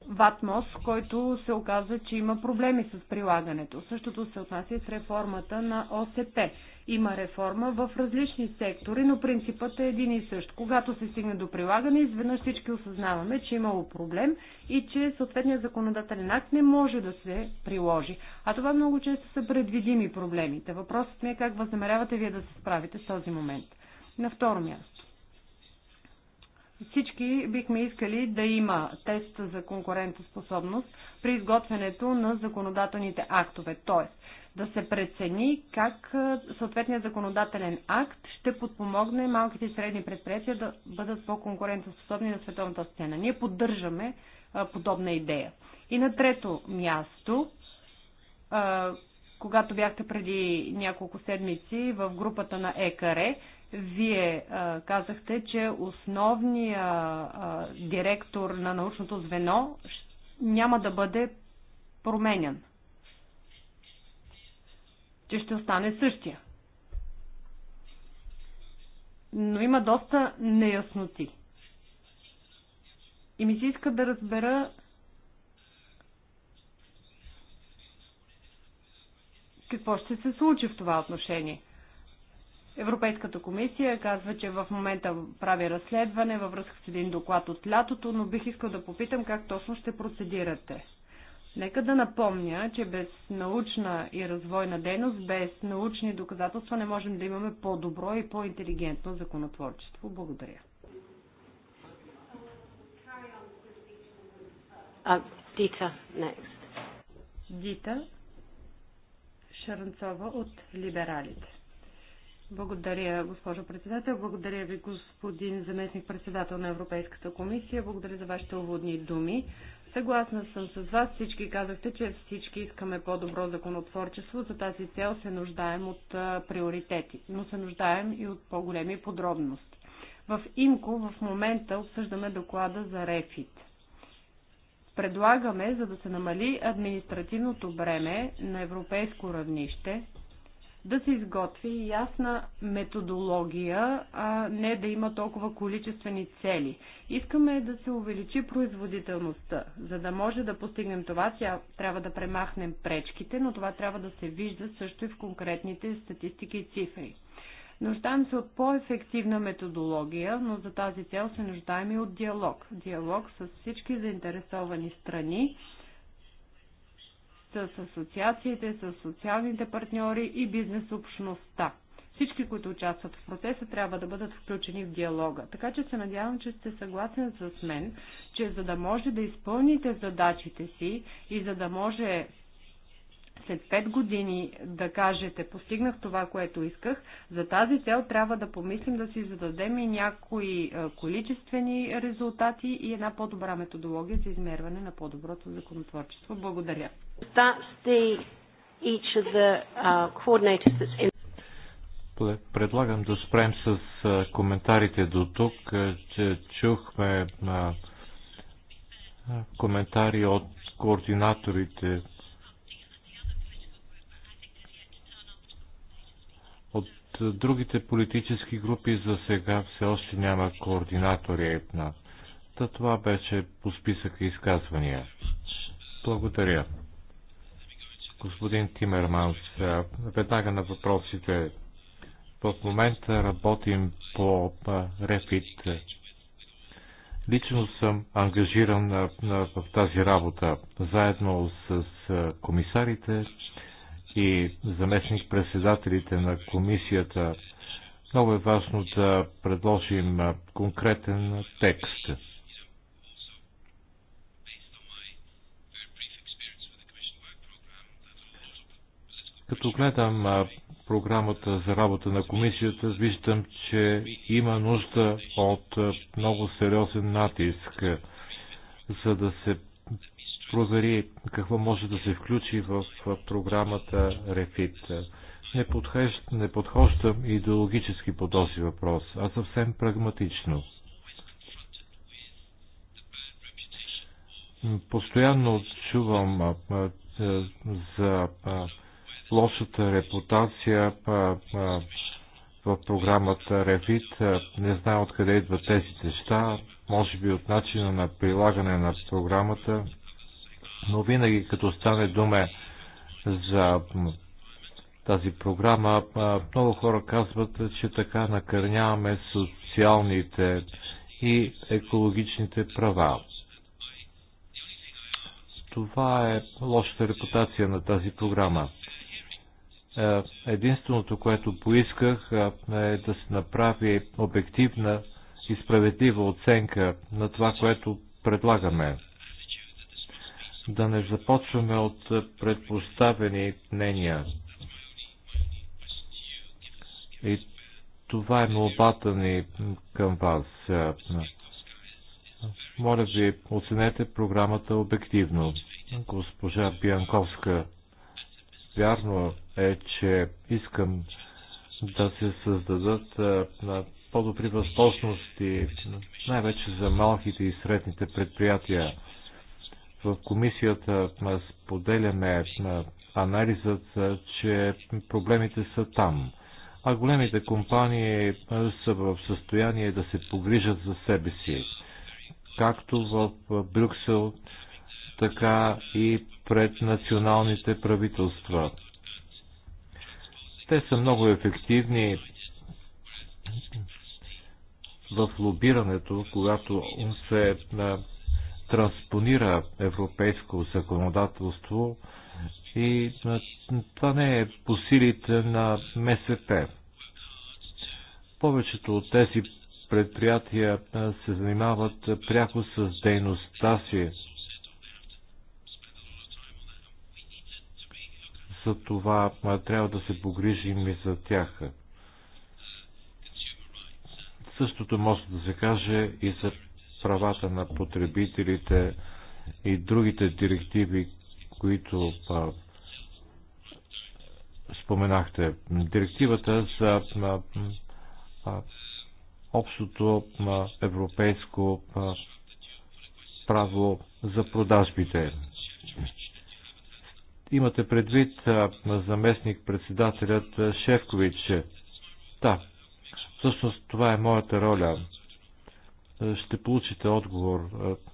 ВАТМОС, който се оказва, че има проблеми с прилагането. Същото се отнася с реформата на ОСП. Има реформа в различни сектори, но принципът е един и същ. Когато се стигне до прилагане, изведнъж всички осъзнаваме, че е имало проблем и че съответният законодателен акт не може да се приложи. А това много често са предвидими проблемите. Въпросът ми е как възнамерявате вие да се справите с този момент. На второ място всички бихме искали да има тест за конкурентоспособност при изготвянето на законодателните актове, т.е. да се прецени как съответният законодателен акт ще подпомогне малките и средни предприятия да бъдат по-конкурентоспособни на световната сцена. Ние поддържаме подобна идея. И на трето място, когато бяхте преди няколко седмици в групата на ЕКАРЕ, вие а, казахте, че основният директор на научното звено няма да бъде променен. Че ще остане същия. Но има доста неясноти. И ми се иска да разбера какво ще се случи в това отношение. Европейската комисия казва, че в момента прави разследване във връзка с един доклад от лятото, но бих искал да попитам как точно ще процедирате. Нека да напомня, че без научна и развойна дейност, без научни доказателства не можем да имаме по-добро и по-интелигентно законотворчество. Благодаря. Дита, Дита Шаранцова от Либералите. Благодаря, госпожо председател. Благодаря ви, господин заместник председател на Европейската комисия. Благодаря за вашите уводни думи. Съгласна съм с вас. Всички казахте, че всички искаме по-добро законотворчество. За тази цел се нуждаем от приоритети, но се нуждаем и от по-големи подробности. В ИМКО в момента обсъждаме доклада за РЕФИТ. Предлагаме, за да се намали административното бреме на европейско равнище, да се изготви ясна методология, а не да има толкова количествени цели. Искаме да се увеличи производителността. За да може да постигнем това, трябва да премахнем пречките, но това трябва да се вижда също и в конкретните статистики и цифри. Нуждаем се от по-ефективна методология, но за тази цел се нуждаем и от диалог. Диалог с всички заинтересовани страни, с асоциациите, с социалните партньори и бизнес общността. Всички, които участват в процеса, трябва да бъдат включени в диалога. Така че се надявам, че сте съгласен с мен, че за да може да изпълните задачите си и за да може след 5 години да кажете, постигнах това, което исках, за тази цел трябва да помислим да си зададем и някои е, количествени резултати и една по-добра методология за измерване на по-доброто законотворчество. Благодаря. Uh, предлагам да спрем с коментарите до тук. че Чухме коментари от координаторите от другите политически групи за сега все още няма координатори е, на. Та това беше по списъка изказвания. Благодаря господин Тимерманс. Е, веднага на въпросите. В момента работим по Рефит. Лично съм ангажиран е, в тази работа, заедно с е, комисарите и заместник-председателите на комисията. Много е важно да предложим конкретен текст Като гледам програмата за работа на комисията, виждам, че има нужда от много сериозен натиск, за да се провери какво може да се включи в програмата Рефит. Не, не подхождам идеологически по този въпрос, а съвсем прагматично. Постоянно чувам за лошата репутация в програмата Revit. Не знае откъде идват тези неща, може би от начина на прилагане на програмата, но винаги като стане дума за тази програма, много хора казват, че така накърняваме социалните и екологичните права. Това е лошата репутация на тази програма. Е, единственото, което поисках е, е да се направи обективна и справедлива оценка на това, което предлагаме. Да не започваме от предпоставени мнения. И това е молбата ни към вас. Е, моля ви, оценете програмата обективно. Госпожа Бианковска, вярно, е, че искам да се създадат е, на по-добри възможности, най-вече за малките и средните предприятия. В комисията е, споделяме е, анализът, че проблемите са там, а големите компании са в състояние да се погрижат за себе си, както в Брюксел, така и пред националните правителства. Те са много ефективни в лобирането, когато се транспонира европейско законодателство и това не е по силите на МСП. Повечето от тези предприятия се занимават пряко с дейността си За това трябва да се погрижим и за тях. Същото може да се каже и за правата на потребителите и другите директиви, които па, споменахте. Директивата за а, а, общото а, европейско а, право за продажбите. Имате предвид на заместник председателят Шефкович. Да, всъщност това е моята роля. Ще получите отговор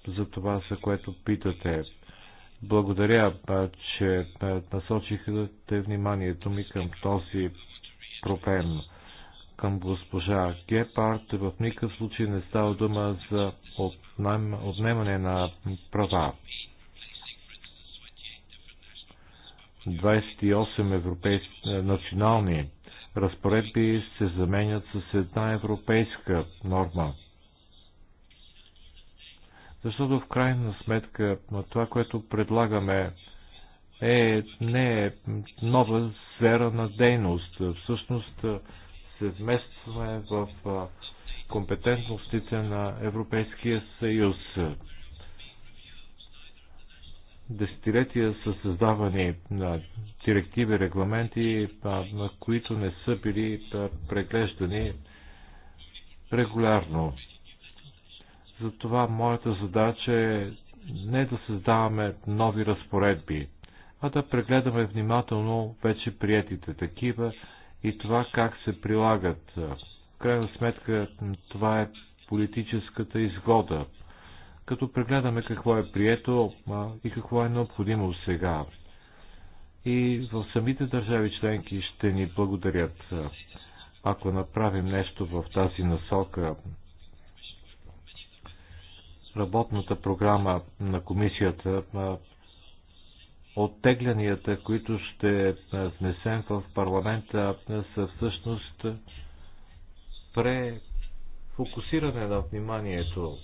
за това, за което питате. Благодаря, че насочихте вниманието ми към този проблем. Към госпожа Гепард в никакъв случай не става дума за отнемане на права. 28 европейски, е, национални разпоредби се заменят с една европейска норма. Защото в крайна сметка това, което предлагаме е, не е нова сфера на дейност. Всъщност е, се вместваме в е, компетентностите на Европейския съюз десетилетия са създавани на директиви, регламенти, на които не са били преглеждани регулярно. Затова моята задача е не да създаваме нови разпоредби, а да прегледаме внимателно вече приятите такива и това как се прилагат. В крайна сметка това е политическата изгода като прегледаме какво е прието и какво е необходимо сега. И в самите държави членки ще ни благодарят, ако направим нещо в тази насока. Работната програма на комисията оттеглянията, които ще внесем в парламента, са всъщност префокусиране на вниманието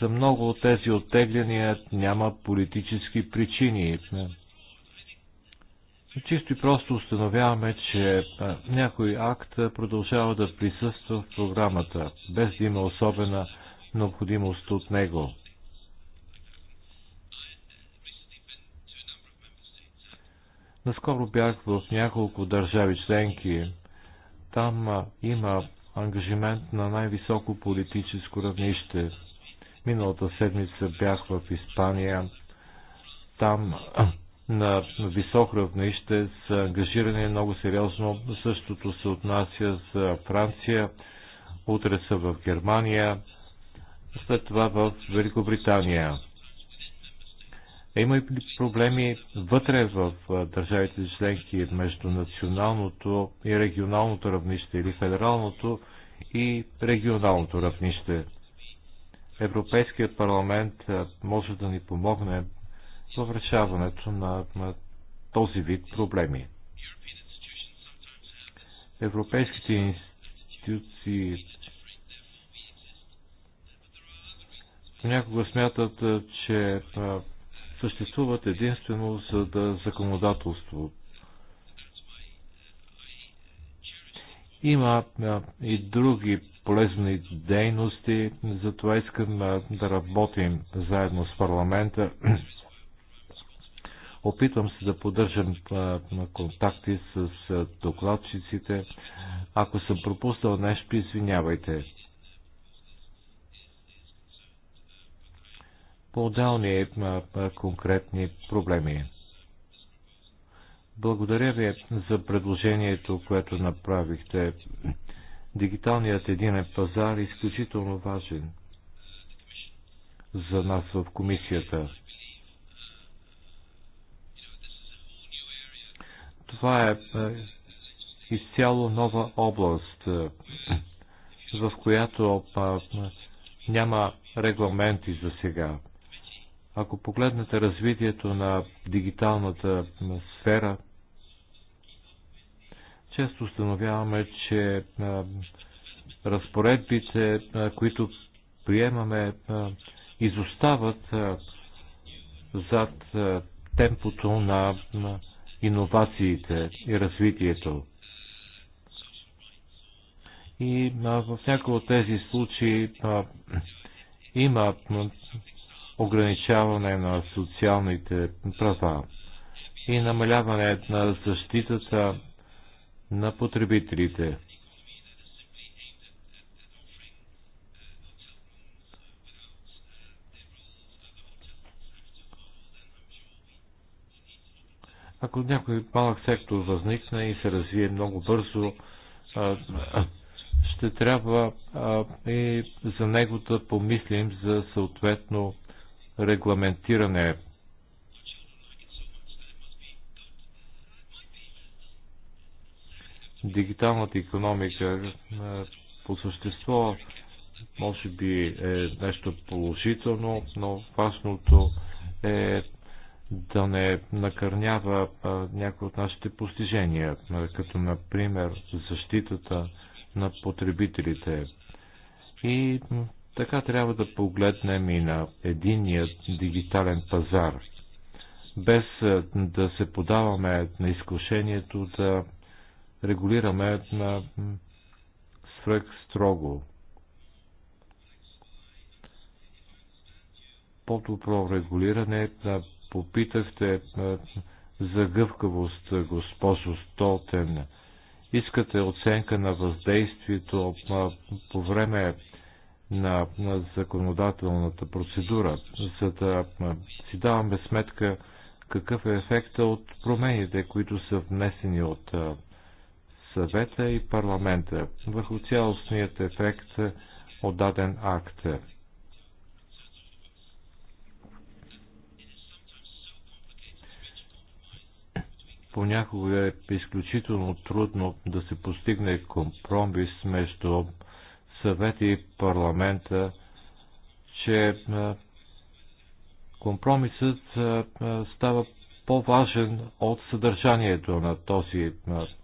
за много от тези оттегляния няма политически причини. Чисто и просто установяваме, че някой акт продължава да присъства в програмата, без да има особена необходимост от него. Наскоро бях в няколко държави членки. Там има ангажимент на най-високо политическо равнище Миналата седмица бях в Испания. Там на висок равнище са ангажирани много сериозно. Същото се отнася за Франция. Утре са в Германия. След това в Великобритания. Е, има и проблеми вътре в държавите членки между националното и регионалното равнище или федералното и регионалното равнище. Европейският парламент може да ни помогне в решаването на, на този вид проблеми. Европейските институции понякога смятат, че съществуват единствено за да законодателство. Има и други полезни дейности. Затова искам да работим заедно с парламента. Опитвам се да поддържам контакти с докладчиците. Ако съм пропуснал нещо, извинявайте. По-отделни конкретни проблеми. Благодаря ви за предложението, което направихте. Дигиталният единен пазар е изключително важен за нас в комисията. Това е, е изцяло нова област, е, в която е, няма регламенти за сега. Ако погледнете развитието на дигиталната сфера, често установяваме, че разпоредбите, които приемаме, изостават зад темпото на иновациите и развитието. И в някои от тези случаи има ограничаване на социалните права и намаляване на защитата на потребителите. Ако някой малък сектор възникне и се развие много бързо, ще трябва и за него да помислим за съответно регламентиране Дигиталната економика е, по същество може би е нещо положително, но важното е да не накърнява някои от нашите постижения, като например защитата на потребителите. И така трябва да погледнем и на единият дигитален пазар, без да се подаваме на изкушението да регулираме на свръх строго. По-добро регулиране на попитахте за гъвкавост, госпожо Столтен. Искате оценка на въздействието по време на, законодателната процедура, за да си даваме сметка какъв е ефекта от промените, които са внесени от съвета и парламента върху цялостният ефект от даден акт. Понякога е изключително трудно да се постигне компромис между съвета и парламента, че компромисът става по-важен от съдържанието на този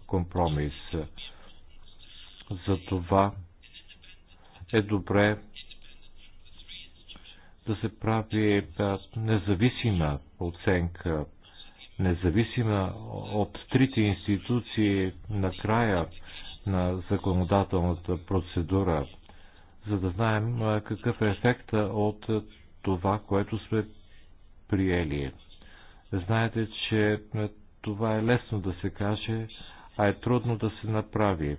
компромис. Затова е добре да се прави независима оценка, независима от трите институции на края на законодателната процедура, за да знаем какъв е ефекта от това, което сме приели. Знаете, че е, това е лесно да се каже, а е трудно да се направи.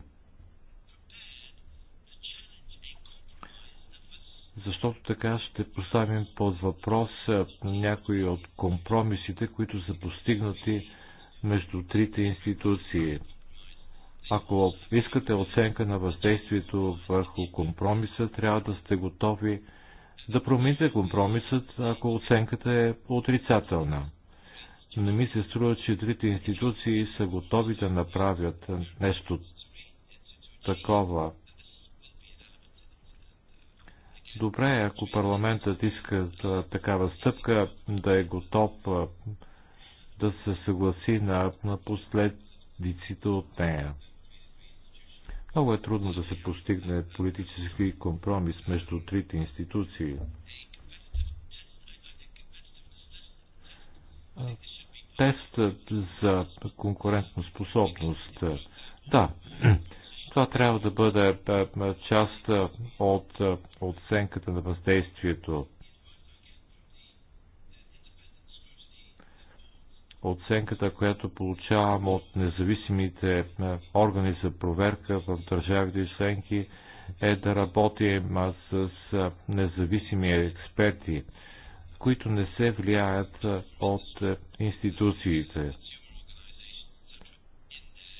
Защото така ще поставим под въпрос е, някои от компромисите, които са постигнати между трите институции. Ако искате оценка на въздействието върху компромиса, трябва да сте готови да промените компромисът, ако оценката е отрицателна не ми се струва, че трите институции са готови да направят нещо такова. Добре, ако парламентът иска да, такава стъпка, да е готов да се съгласи на, на последиците от нея. Много е трудно да се постигне политически компромис между трите институции тестът за способност. Да, това трябва да бъде е, е, част от е, оценката на въздействието. Оценката, която получавам от независимите органи за проверка в държавите членки, е да работим с независими експерти които не се влияят от институциите.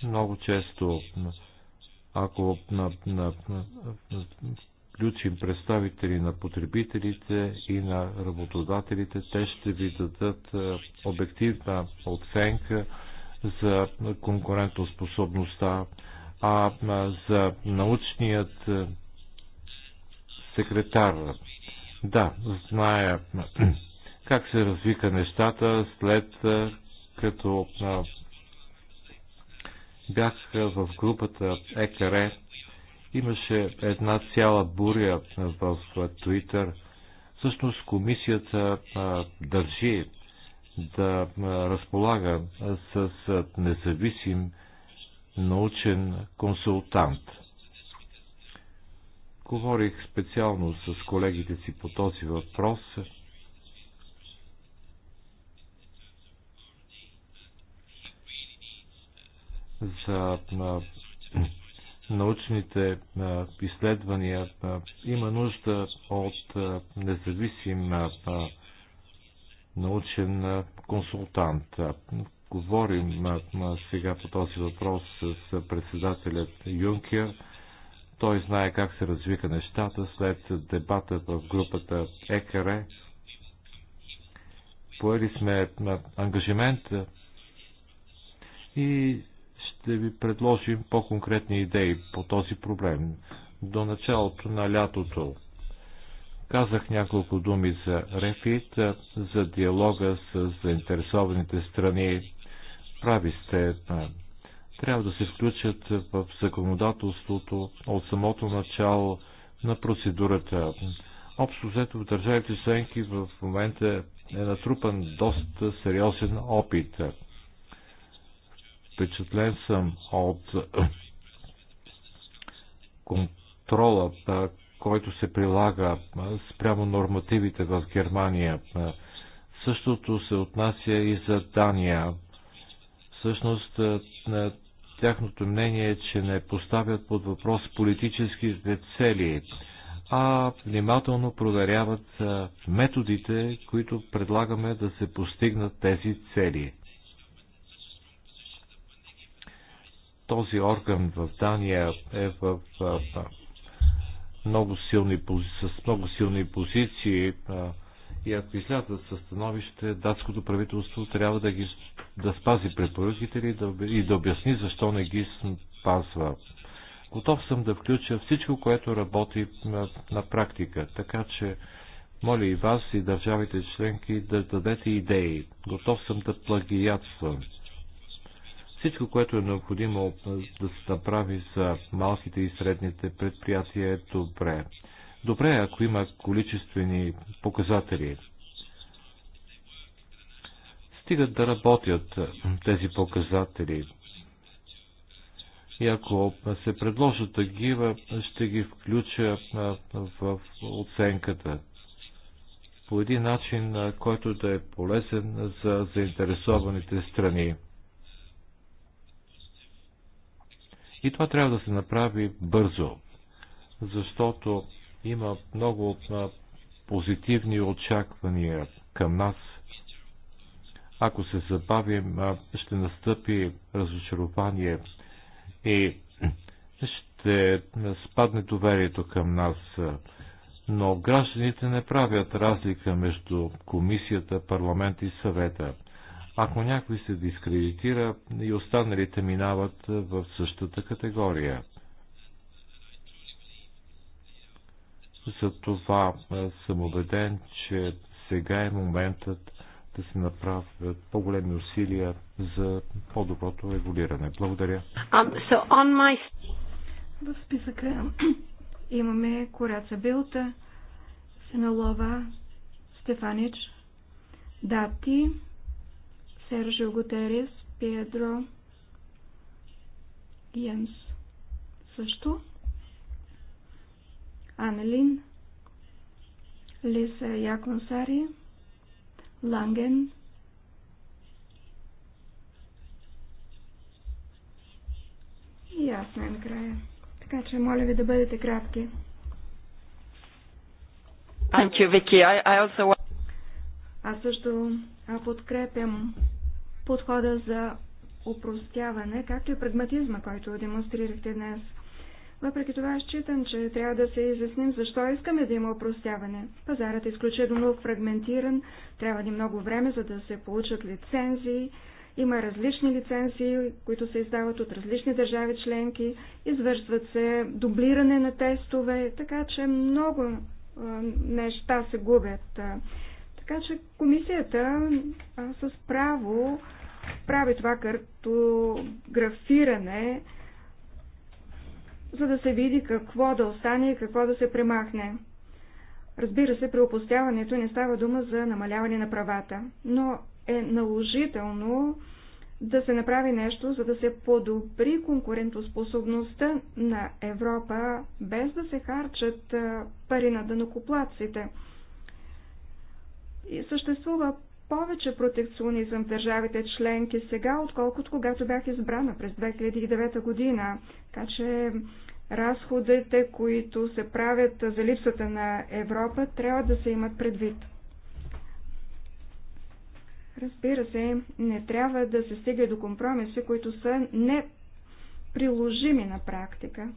Много често, ако на, на, на, включим представители на потребителите и на работодателите, те ще ви дадат обективна оценка за конкурентоспособността, а за научният секретар да, зная как се развиха нещата след като бях в групата ЕКР. Имаше една цяла буря в Твитър. Всъщност комисията държи да разполага с независим научен консултант – Говорих специално с колегите си по този въпрос. За научните изследвания има нужда от независим научен консултант. Говорим сега по този въпрос с председателят Юнкер той знае как се развиха нещата след дебата в групата ЕКРЕ. Поели сме ангажимент и ще ви предложим по-конкретни идеи по този проблем до началото на лятото. Казах няколко думи за Рефит, за диалога с заинтересованите страни. Прави сте трябва да се включат в законодателството от самото начало на процедурата. Общо взето в държавите членки в момента е натрупан доста сериозен опит. Впечатлен съм от контрола, който се прилага спрямо нормативите в Германия. Същото се отнася и за Дания. Всъщност Тяхното мнение е, че не поставят под въпрос политическите цели, а внимателно проверяват методите, които предлагаме да се постигнат тези цели. Този орган в Дания е в много силни, с много силни позиции и ако излязат със становище, датското правителство трябва да, ги, да спази препоръките и да, и да обясни защо не ги спазва. Готов съм да включа всичко, което работи на, на практика, така че моля и вас и държавите членки да дадете идеи. Готов съм да плагиятствам. Всичко, което е необходимо да се направи за малките и средните предприятия е добре. Добре, ако има количествени показатели, стигат да работят тези показатели. И ако се предложат такива, ще ги включа в оценката по един начин, който да е полезен за заинтересованите страни. И това трябва да се направи бързо, защото има много позитивни очаквания към нас. Ако се забавим, ще настъпи разочарование и ще спадне доверието към нас. Но гражданите не правят разлика между комисията, парламент и съвета. Ако някой се дискредитира, и останалите минават в същата категория. За това съм убеден, че сега е моментът да се направят по-големи усилия за по-доброто регулиране. Благодаря. Um, so on my... В списъка имаме коряца Билта, Сеналова, Стефанич, Дати, Сержио Готерис, Педро, Йенс също. Анелин, Лиса Яконсари, Ланген, и аз сме накрая. Така че моля ви да бъдете кратки. Thank you, Vicky. I, I also... Аз също подкрепям подхода за упростяване, както и прагматизма, който демонстрирахте днес – въпреки това считам, че трябва да се изясним защо искаме да има опростяване. Пазарът е изключително фрагментиран, трябва ни много време, за да се получат лицензии. Има различни лицензии, които се издават от различни държави членки, извършват се дублиране на тестове, така че много неща се губят. Така че комисията а, с право прави това картографиране, графиране за да се види какво да остане и какво да се премахне. Разбира се, при опустяването не става дума за намаляване на правата, но е наложително да се направи нещо, за да се подобри конкурентоспособността на Европа, без да се харчат пари на дънокоплаците. И съществува повече протекционизъм в държавите членки сега, отколкото когато бях избрана през 2009 година. Така че разходите, които се правят за липсата на Европа, трябва да се имат предвид. Разбира се, не трябва да се стига до компромиси, които са неприложими на практика.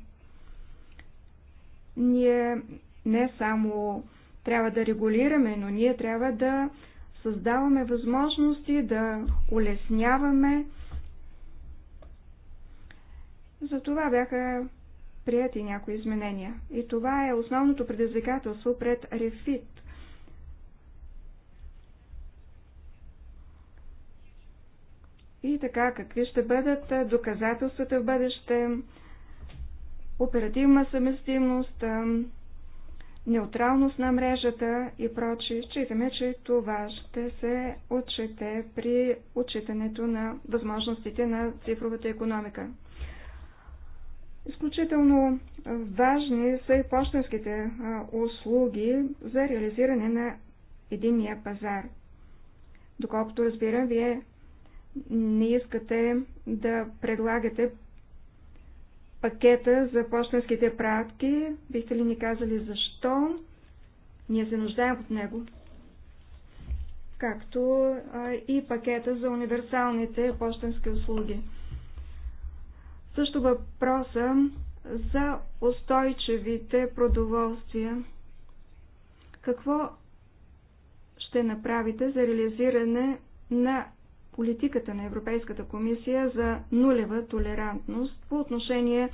Ние не само трябва да регулираме, но ние трябва да създаваме възможности да улесняваме. За това бяха прияти някои изменения. И това е основното предизвикателство пред Рефит. И така, какви ще бъдат доказателствата в бъдеще, оперативна съместимост, неутралност на мрежата и прочи. Считаме, че това ще се отчете при отчитането на възможностите на цифровата економика. Изключително важни са и почтенските услуги за реализиране на единния пазар. Доколкото разбирам, вие не искате да предлагате пакета за почтенските пратки. Бихте ли ни казали защо? Ние се нуждаем от него. Както и пакета за универсалните почтенски услуги. Също въпроса за устойчивите продоволствия. Какво ще направите за реализиране на политиката на Европейската комисия за нулева толерантност по отношение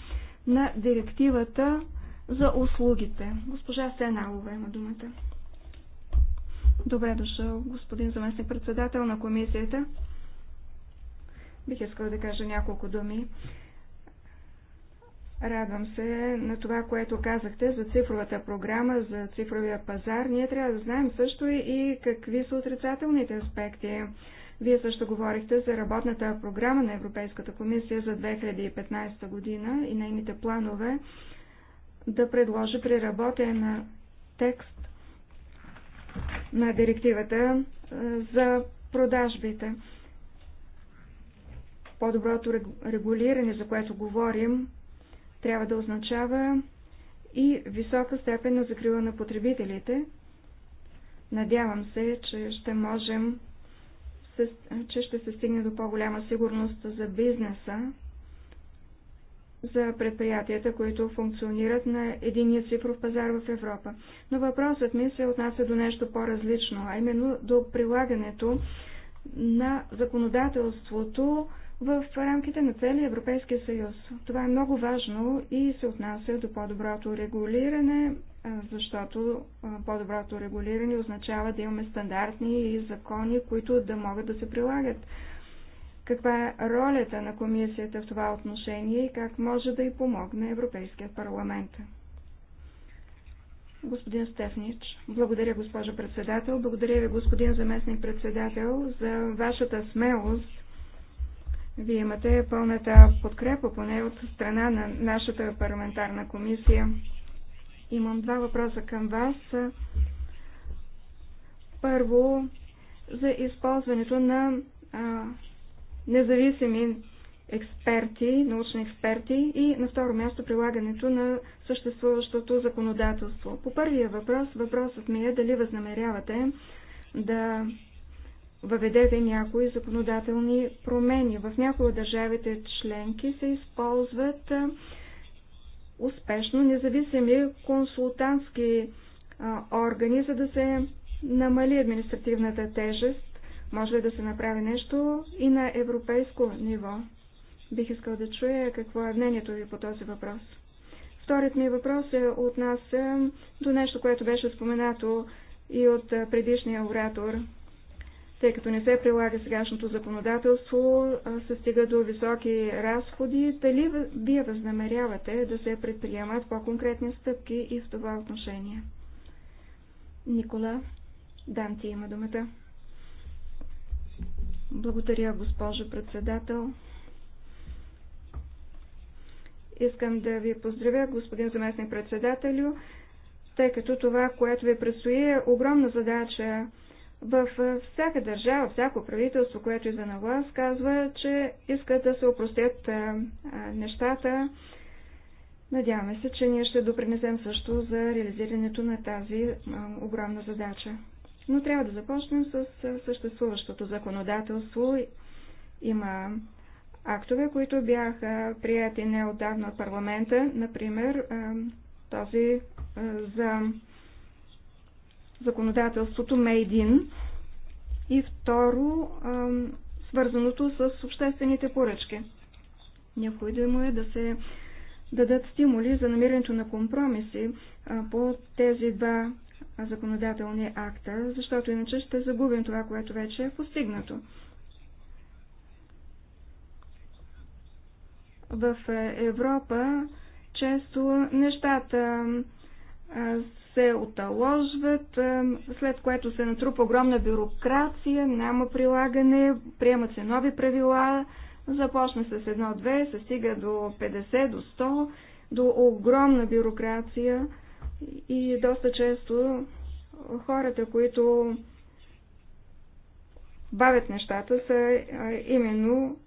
на директивата за услугите. Госпожа Сеналова има думата. Добре дошъл, господин заместник председател на комисията. Бих искал да кажа няколко думи. Радвам се на това, което казахте за цифровата програма, за цифровия пазар. Ние трябва да знаем също и какви са отрицателните аспекти. Вие също говорихте за работната програма на Европейската комисия за 2015 година и нейните планове да предложи преработен текст на директивата за продажбите. По-доброто регулиране, за което говорим, трябва да означава и висока степен на закрила на потребителите. Надявам се, че ще можем че ще се стигне до по-голяма сигурност за бизнеса, за предприятията, които функционират на единия цифров пазар в Европа. Но въпросът ми се отнася до нещо по-различно, а именно до прилагането на законодателството в рамките на целия Европейския съюз. Това е много важно и се отнася до по-доброто регулиране, защото по-доброто регулиране означава да имаме стандартни и закони, които да могат да се прилагат. Каква е ролята на комисията в това отношение и как може да й помогне Европейския парламент? Господин Стефнич, благодаря госпожа председател, благодаря ви господин заместник председател за вашата смелост вие имате пълната подкрепа, поне от страна на нашата парламентарна комисия. Имам два въпроса към вас. Първо, за използването на а, независими експерти, научни експерти и на второ място прилагането на съществуващото законодателство. По първия въпрос, въпросът ми е дали възнамерявате да въведете някои законодателни промени. В някои от държавите членки се използват успешно независими консултантски органи, за да се намали административната тежест. Може ли да се направи нещо и на европейско ниво? Бих искал да чуя какво е мнението ви по този въпрос. Вторият ми въпрос е от нас до нещо, което беше споменато и от предишния оратор тъй като не се прилага сегашното законодателство, се стига до високи разходи. Дали вие възнамерявате да се предприемат по-конкретни стъпки и в това отношение? Никола, дам ти има думата. Благодаря, госпожо председател. Искам да ви поздравя, господин заместник председателю, тъй като това, което ви предстои е огромна задача в всяка държава, всяко правителство, което е на власт, казва, че иска да се опростят нещата. Надяваме се, че ние ще допринесем също за реализирането на тази огромна задача. Но трябва да започнем с съществуващото законодателство. Има актове, които бяха прияти неотдавна от парламента, например този за законодателството Мейдин и второ свързаното с обществените поръчки. Необходимо е да се дадат стимули за намирането на компромиси по тези два законодателни акта, защото иначе ще загубим това, което вече е постигнато. В е, Европа често нещата се оталожват, е, след което се натрупа огромна бюрокрация, няма прилагане, приемат се нови правила, започна с едно-две, се стига до 50, до 100, до огромна бюрокрация и доста често хората, които бавят нещата, са именно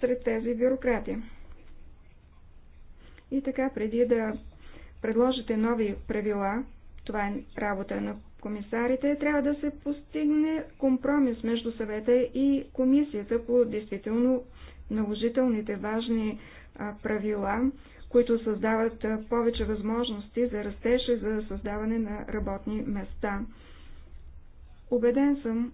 сред тези бюрократи. И така, преди да предложите нови правила, това е работа на комисарите, трябва да се постигне компромис между съвета и комисията по действително наложителните важни правила, които създават повече възможности за растеж и за създаване на работни места. Обеден съм,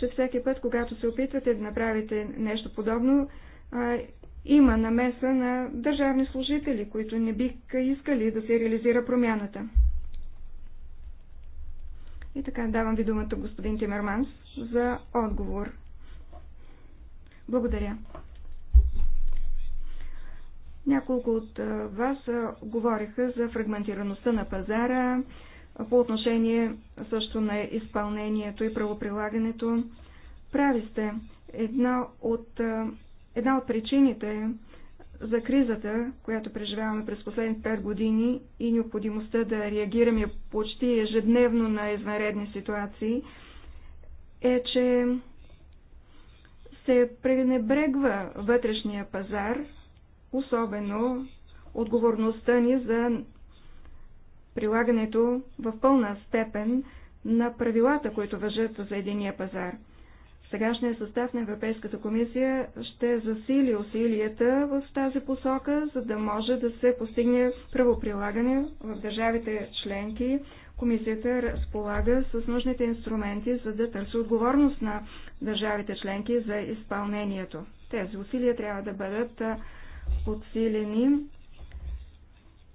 че всеки път, когато се опитвате да направите нещо подобно, има намеса на държавни служители, които не биха искали да се реализира промяната. И така давам ви думата, господин Тимерманс, за отговор. Благодаря. Няколко от вас говориха за фрагментираността на пазара по отношение също на изпълнението и правоприлагането. Прави сте. Една от Една от причините за кризата, която преживяваме през последните 5 години и необходимостта да реагираме почти ежедневно на извънредни ситуации, е, че се пренебрегва вътрешния пазар, особено отговорността ни за прилагането в пълна степен на правилата, които въжат за единия пазар – Сегашният състав на Европейската комисия ще засили усилията в тази посока, за да може да се постигне правоприлагане в държавите членки. Комисията разполага с нужните инструменти, за да търси отговорност на държавите членки за изпълнението. Тези усилия трябва да бъдат подсилени.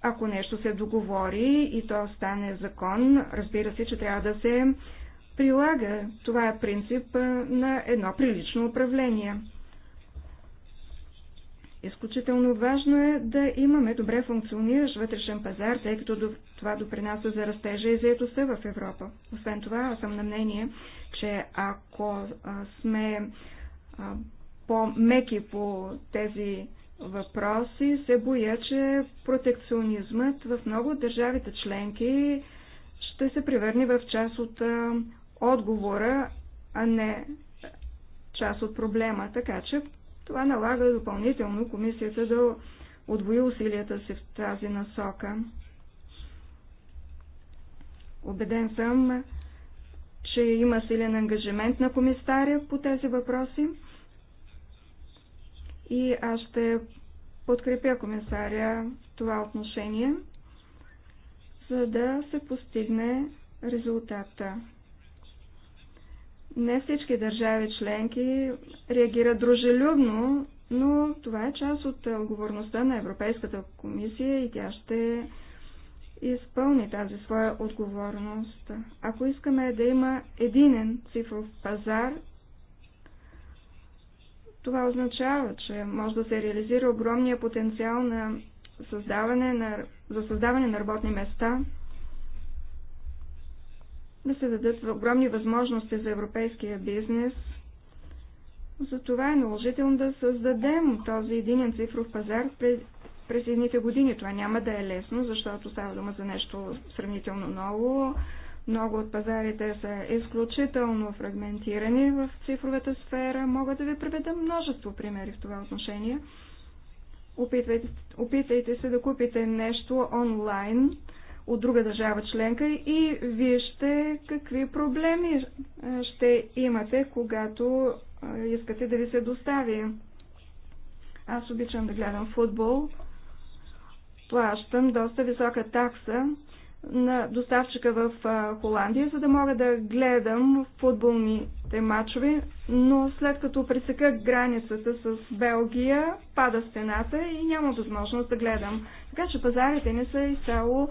Ако нещо се договори и то стане закон, разбира се, че трябва да се прилага. Това е принцип на едно прилично управление. Изключително важно е да имаме добре функциониращ вътрешен пазар, тъй като това допринася за растежа и заетостта в Европа. Освен това, аз съм на мнение, че ако сме по-меки по тези въпроси, се боя, че протекционизмът в много от държавите членки ще се превърне в част от отговора, а не част от проблема. Така че това налага допълнително комисията да отвои усилията си в тази насока. Обеден съм, че има силен ангажимент на комисаря по тези въпроси и аз ще подкрепя комисаря в това отношение, за да се постигне резултата. Не всички държави членки реагират дружелюбно, но това е част от отговорността на Европейската комисия и тя ще изпълни тази своя отговорност. Ако искаме да има единен цифров пазар, това означава, че може да се реализира огромния потенциал на създаване на, за създаване на работни места – да се дадат огромни възможности за европейския бизнес. Затова е наложително да създадем този единен цифров пазар през, едните години. Това няма да е лесно, защото става дума за нещо сравнително ново. Много от пазарите са изключително фрагментирани в цифровата сфера. Мога да ви приведа множество примери в това отношение. Опитвайте, опитайте се да купите нещо онлайн от друга държава членка и вижте какви проблеми е, ще имате, когато е, искате да ви се достави. Аз обичам да гледам футбол. Плащам доста висока такса на доставчика в е, Холандия, за да мога да гледам футболните матчове, но след като пресека границата с Белгия, пада стената и няма възможност да гледам. Така че пазарите не са изцяло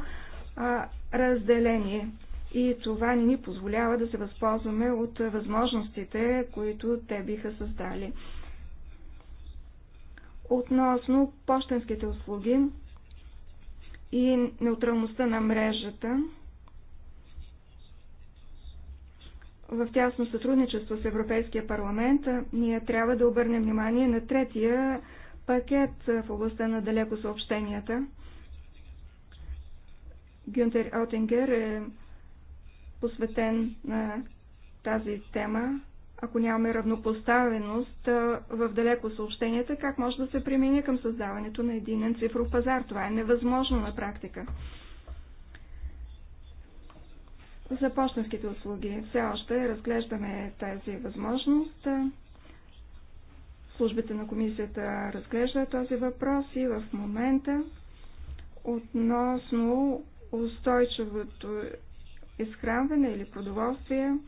разделение. И това не ни позволява да се възползваме от възможностите, които те биха създали. Относно почтенските услуги и неутралността на мрежата, в тясно сътрудничество с Европейския парламент, ние трябва да обърнем внимание на третия пакет в областта на далеко съобщенията. Гюнтер Отенгер е посветен на тази тема. Ако нямаме равнопоставеност в далеко съобщенията, как може да се премине към създаването на един цифров пазар? Това е невъзможно на практика. За почтенските услуги все още разглеждаме тази възможност. Службите на комисията разглеждат този въпрос и в момента относно устойчивото изхранване или продоволствие.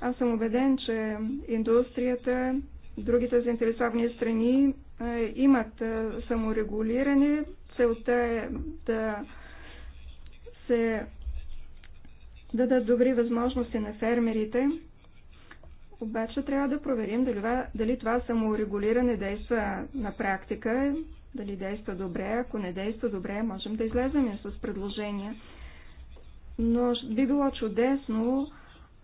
Аз съм убеден, че индустрията, другите заинтересовани страни имат саморегулиране. Целта е да се дадат добри възможности на фермерите. Обаче трябва да проверим дали, дали това саморегулиране действа на практика дали действа добре. Ако не действа добре, можем да излезем с предложения. Но би било чудесно,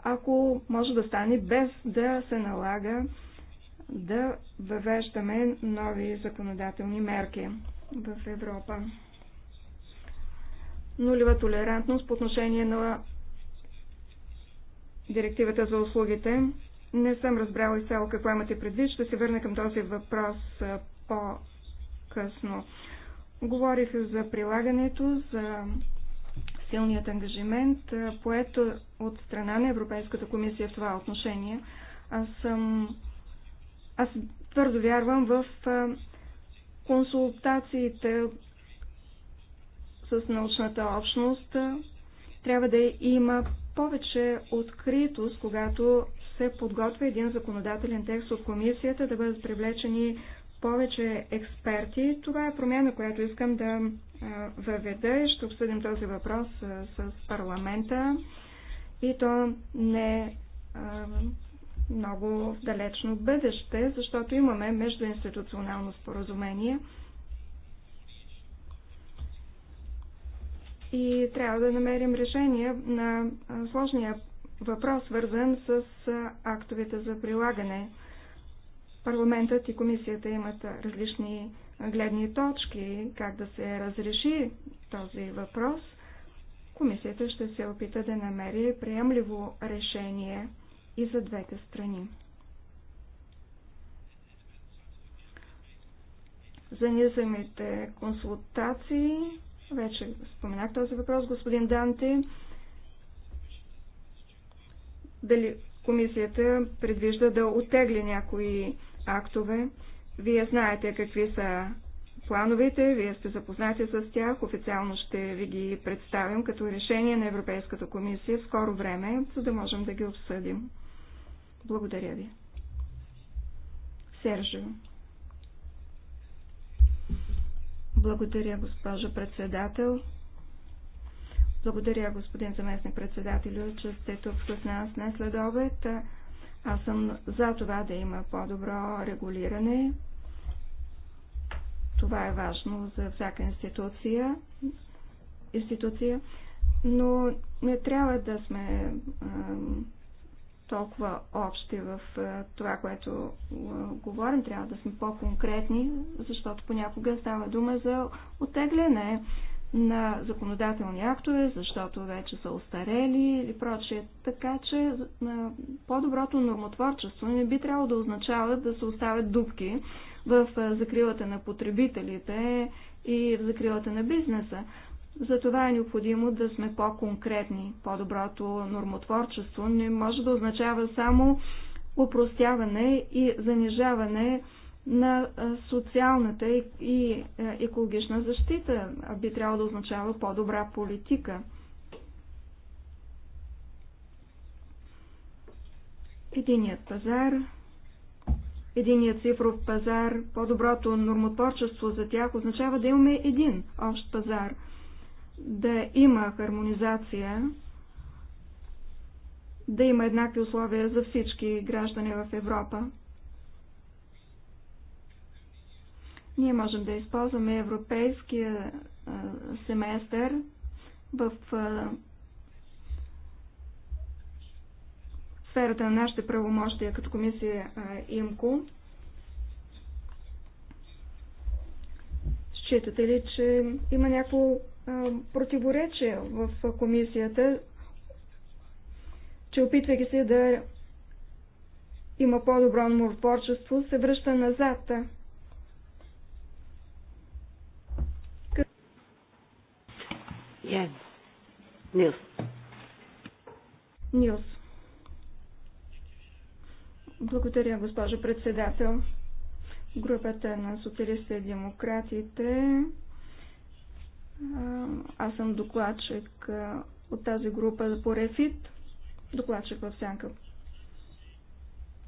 ако може да стане без да се налага да въвеждаме нови законодателни мерки в Европа. Нулева толерантност по отношение на директивата за услугите. Не съм разбрала изцяло какво имате предвид. Ще се върна към този въпрос по по-късно. Говорих за прилагането, за силният ангажимент, поето от страна на Европейската комисия в това отношение. Аз съм... Аз твърдо вярвам в консултациите с научната общност. Трябва да има повече откритост, когато се подготвя един законодателен текст от комисията, да бъдат привлечени повече експерти. Това е промяна, която искам да въведа и ще обсъдим този въпрос с парламента и то не е много далечно бъдеще, защото имаме междуинституционално споразумение и трябва да намерим решение на сложния въпрос, свързан с актовете за прилагане Парламентът и комисията имат различни гледни точки, как да се разреши този въпрос. Комисията ще се опита да намери приемливо решение и за двете страни. За незамите консултации, вече споменах този въпрос, господин Данти, дали комисията предвижда да отегли някои актове. Вие знаете какви са плановете, вие сте запознати с тях, официално ще ви ги представим като решение на Европейската комисия в скоро време, за да можем да ги обсъдим. Благодаря ви. Сержо. Благодаря, госпожо председател. Благодаря, господин заместник председател, че сте тук с нас на след обед. Аз съм за това да има по-добро регулиране. Това е важно за всяка институция, институция но не трябва да сме а, толкова общи в а, това, което а, говорим. Трябва да сме по-конкретни, защото понякога става дума за отегляне на законодателни актове, защото вече са устарели и прочие. Така че по-доброто нормотворчество не би трябвало да означава да се оставят дубки в закрилата на потребителите и в закрилата на бизнеса. Затова е необходимо да сме по-конкретни. По-доброто нормотворчество не може да означава само упростяване и занижаване на социалната и екологична защита, би трябвало да означава по-добра политика. Единият пазар, единият цифров пазар, по-доброто нормотворчество за тях означава да имаме един общ пазар, да има хармонизация, да има еднакви условия за всички граждани в Европа. Ние можем да използваме европейския семестър в сферата на нашите правомощия като комисия ИМКО. Считате ли, че има някакво противоречие в комисията, че опитвайки се да има по-добро морфорчество, се връща назад? Jens. Нилс. Нилс. Благодаря, госпожо председател. Групата на социалистите и демократите. Аз съм докладчик от тази група по Рефит. Докладчик в сянка.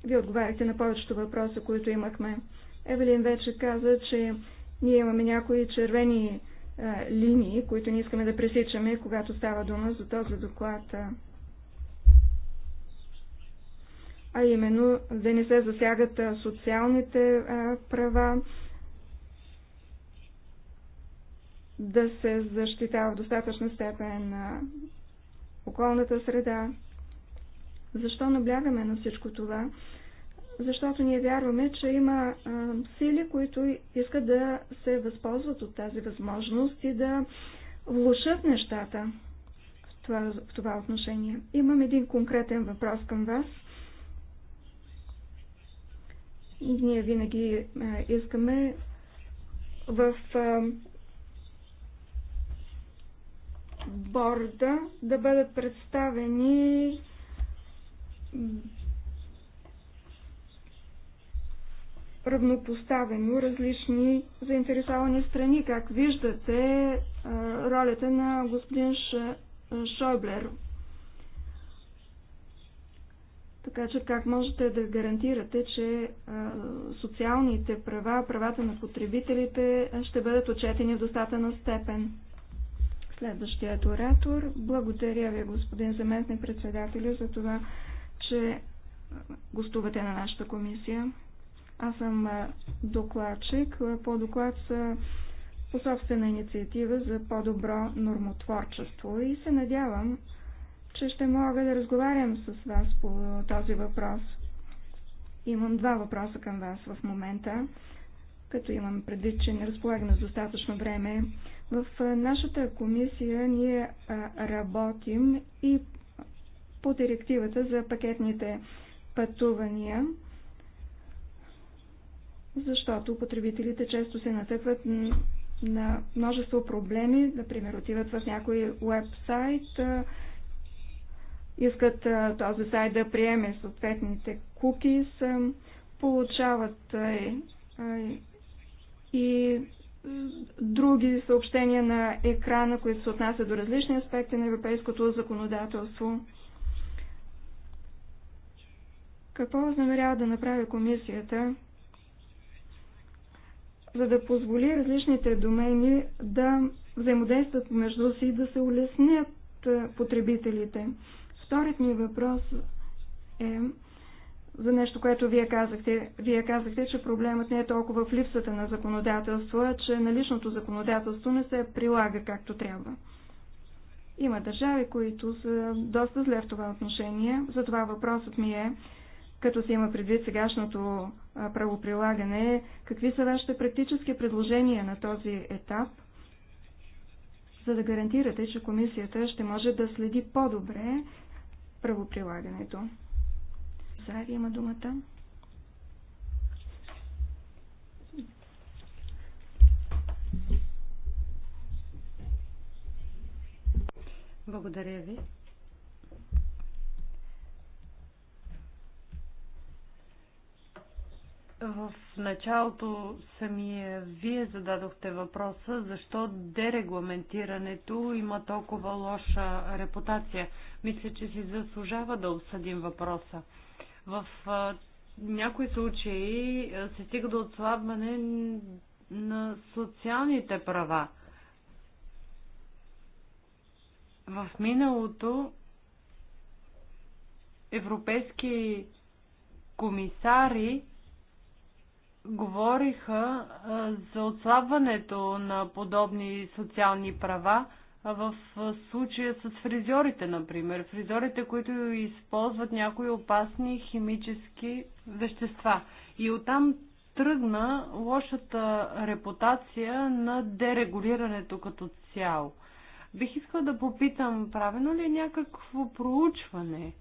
Вие отговаряхте на повечето въпроси, които имахме. Евелин вече каза, че ние имаме някои червени е, линии, които не искаме да пресичаме, когато става дума за този доклад. Е, а именно да не се засягат е, социалните права, да се защитава в достатъчна степен на околната среда. Защо наблягаме на всичко това? защото ние вярваме, че има а, сили, които искат да се възползват от тази възможност и да влушат нещата в това, в това отношение. Имам един конкретен въпрос към вас. Ние винаги а, искаме в а, борда да бъдат представени равнопоставено различни заинтересовани страни. Как виждате ролята на господин Шойблер? Така че как можете да гарантирате, че социалните права, правата на потребителите ще бъдат отчетени в достатъчна степен? Следващият оратор. Благодаря ви, господин заместник председателя, за това, че гостувате на нашата комисия. Аз съм докладчик по доклад с по собствена инициатива за по-добро нормотворчество и се надявам, че ще мога да разговарям с вас по този въпрос. Имам два въпроса към вас в момента, като имам предвид, че не разполагам с достатъчно време. В нашата комисия ние работим и по директивата за пакетните пътувания защото потребителите често се натъкват на множество проблеми, например отиват в някой уебсайт, искат този сайт да приеме съответните кукис, получават е, и други съобщения на екрана, които се отнасят до различни аспекти на европейското законодателство. Какво възнамерява да направи комисията, за да позволи различните домени да взаимодействат между си и да се улеснят потребителите. Вторият ми въпрос е за нещо, което вие казахте. Вие казахте, че проблемът не е толкова в липсата на законодателство, а че наличното законодателство не се прилага както трябва. Има държави, които са доста зле в това отношение. Затова въпросът ми е като се има предвид сегашното правоприлагане, какви са вашите практически предложения на този етап, за да гарантирате, че комисията ще може да следи по-добре правоприлагането? Зари има думата. Благодаря ви. В началото самия вие зададохте въпроса защо дерегламентирането има толкова лоша репутация. Мисля, че си заслужава да обсъдим въпроса. В някои случаи се стига до отслабване на социалните права. В миналото европейски комисари говориха за отслабването на подобни социални права в случая с фризьорите, например. Фризьорите, които използват някои опасни химически вещества. И оттам тръгна лошата репутация на дерегулирането като цяло. Бих искала да попитам, правено ли е някакво проучване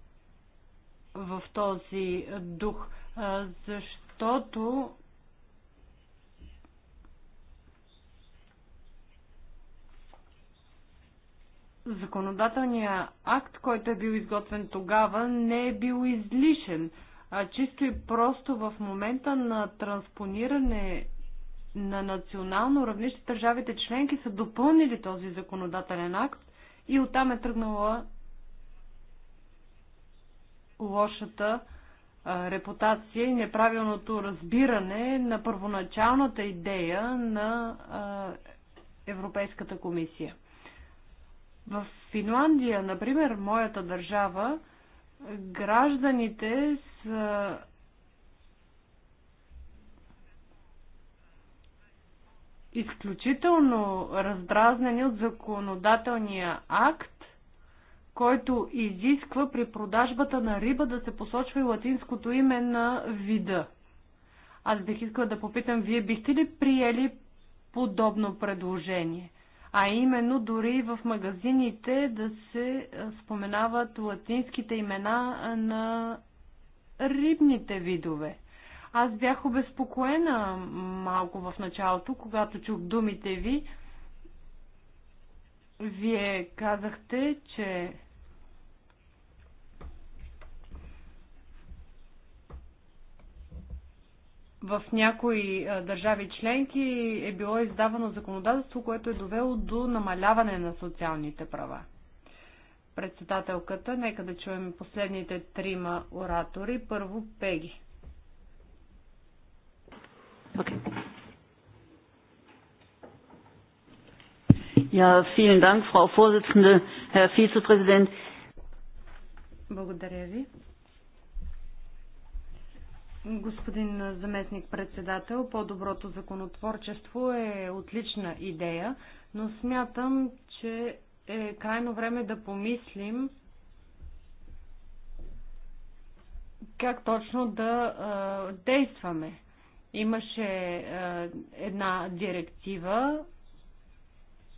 в този дух, защото законодателният акт, който е бил изготвен тогава, не е бил излишен. А чисто и просто в момента на транспониране на национално равнище държавите членки са допълнили този законодателен акт и оттам е тръгнала лошата репутация и неправилното разбиране на първоначалната идея на Европейската комисия. В Финландия, например, моята държава, гражданите са изключително раздразнени от законодателния акт, който изисква при продажбата на риба да се посочва и латинското име на вида. Аз бих искала да попитам, вие бихте ли приели подобно предложение? а именно дори в магазините да се споменават латинските имена на рибните видове. Аз бях обезпокоена малко в началото, когато чух думите ви. Вие казахте, че в някои държави членки е било издавано законодателство, което е довело до намаляване на социалните права. Председателката, нека да чуем последните трима оратори. Първо Пеги. Ja, vielen Dank, Frau Vorsitzende, Herr Vizepräsident. Благодаря ви господин заместник председател, по-доброто законотворчество е отлична идея, но смятам, че е крайно време да помислим как точно да а, действаме. Имаше а, една директива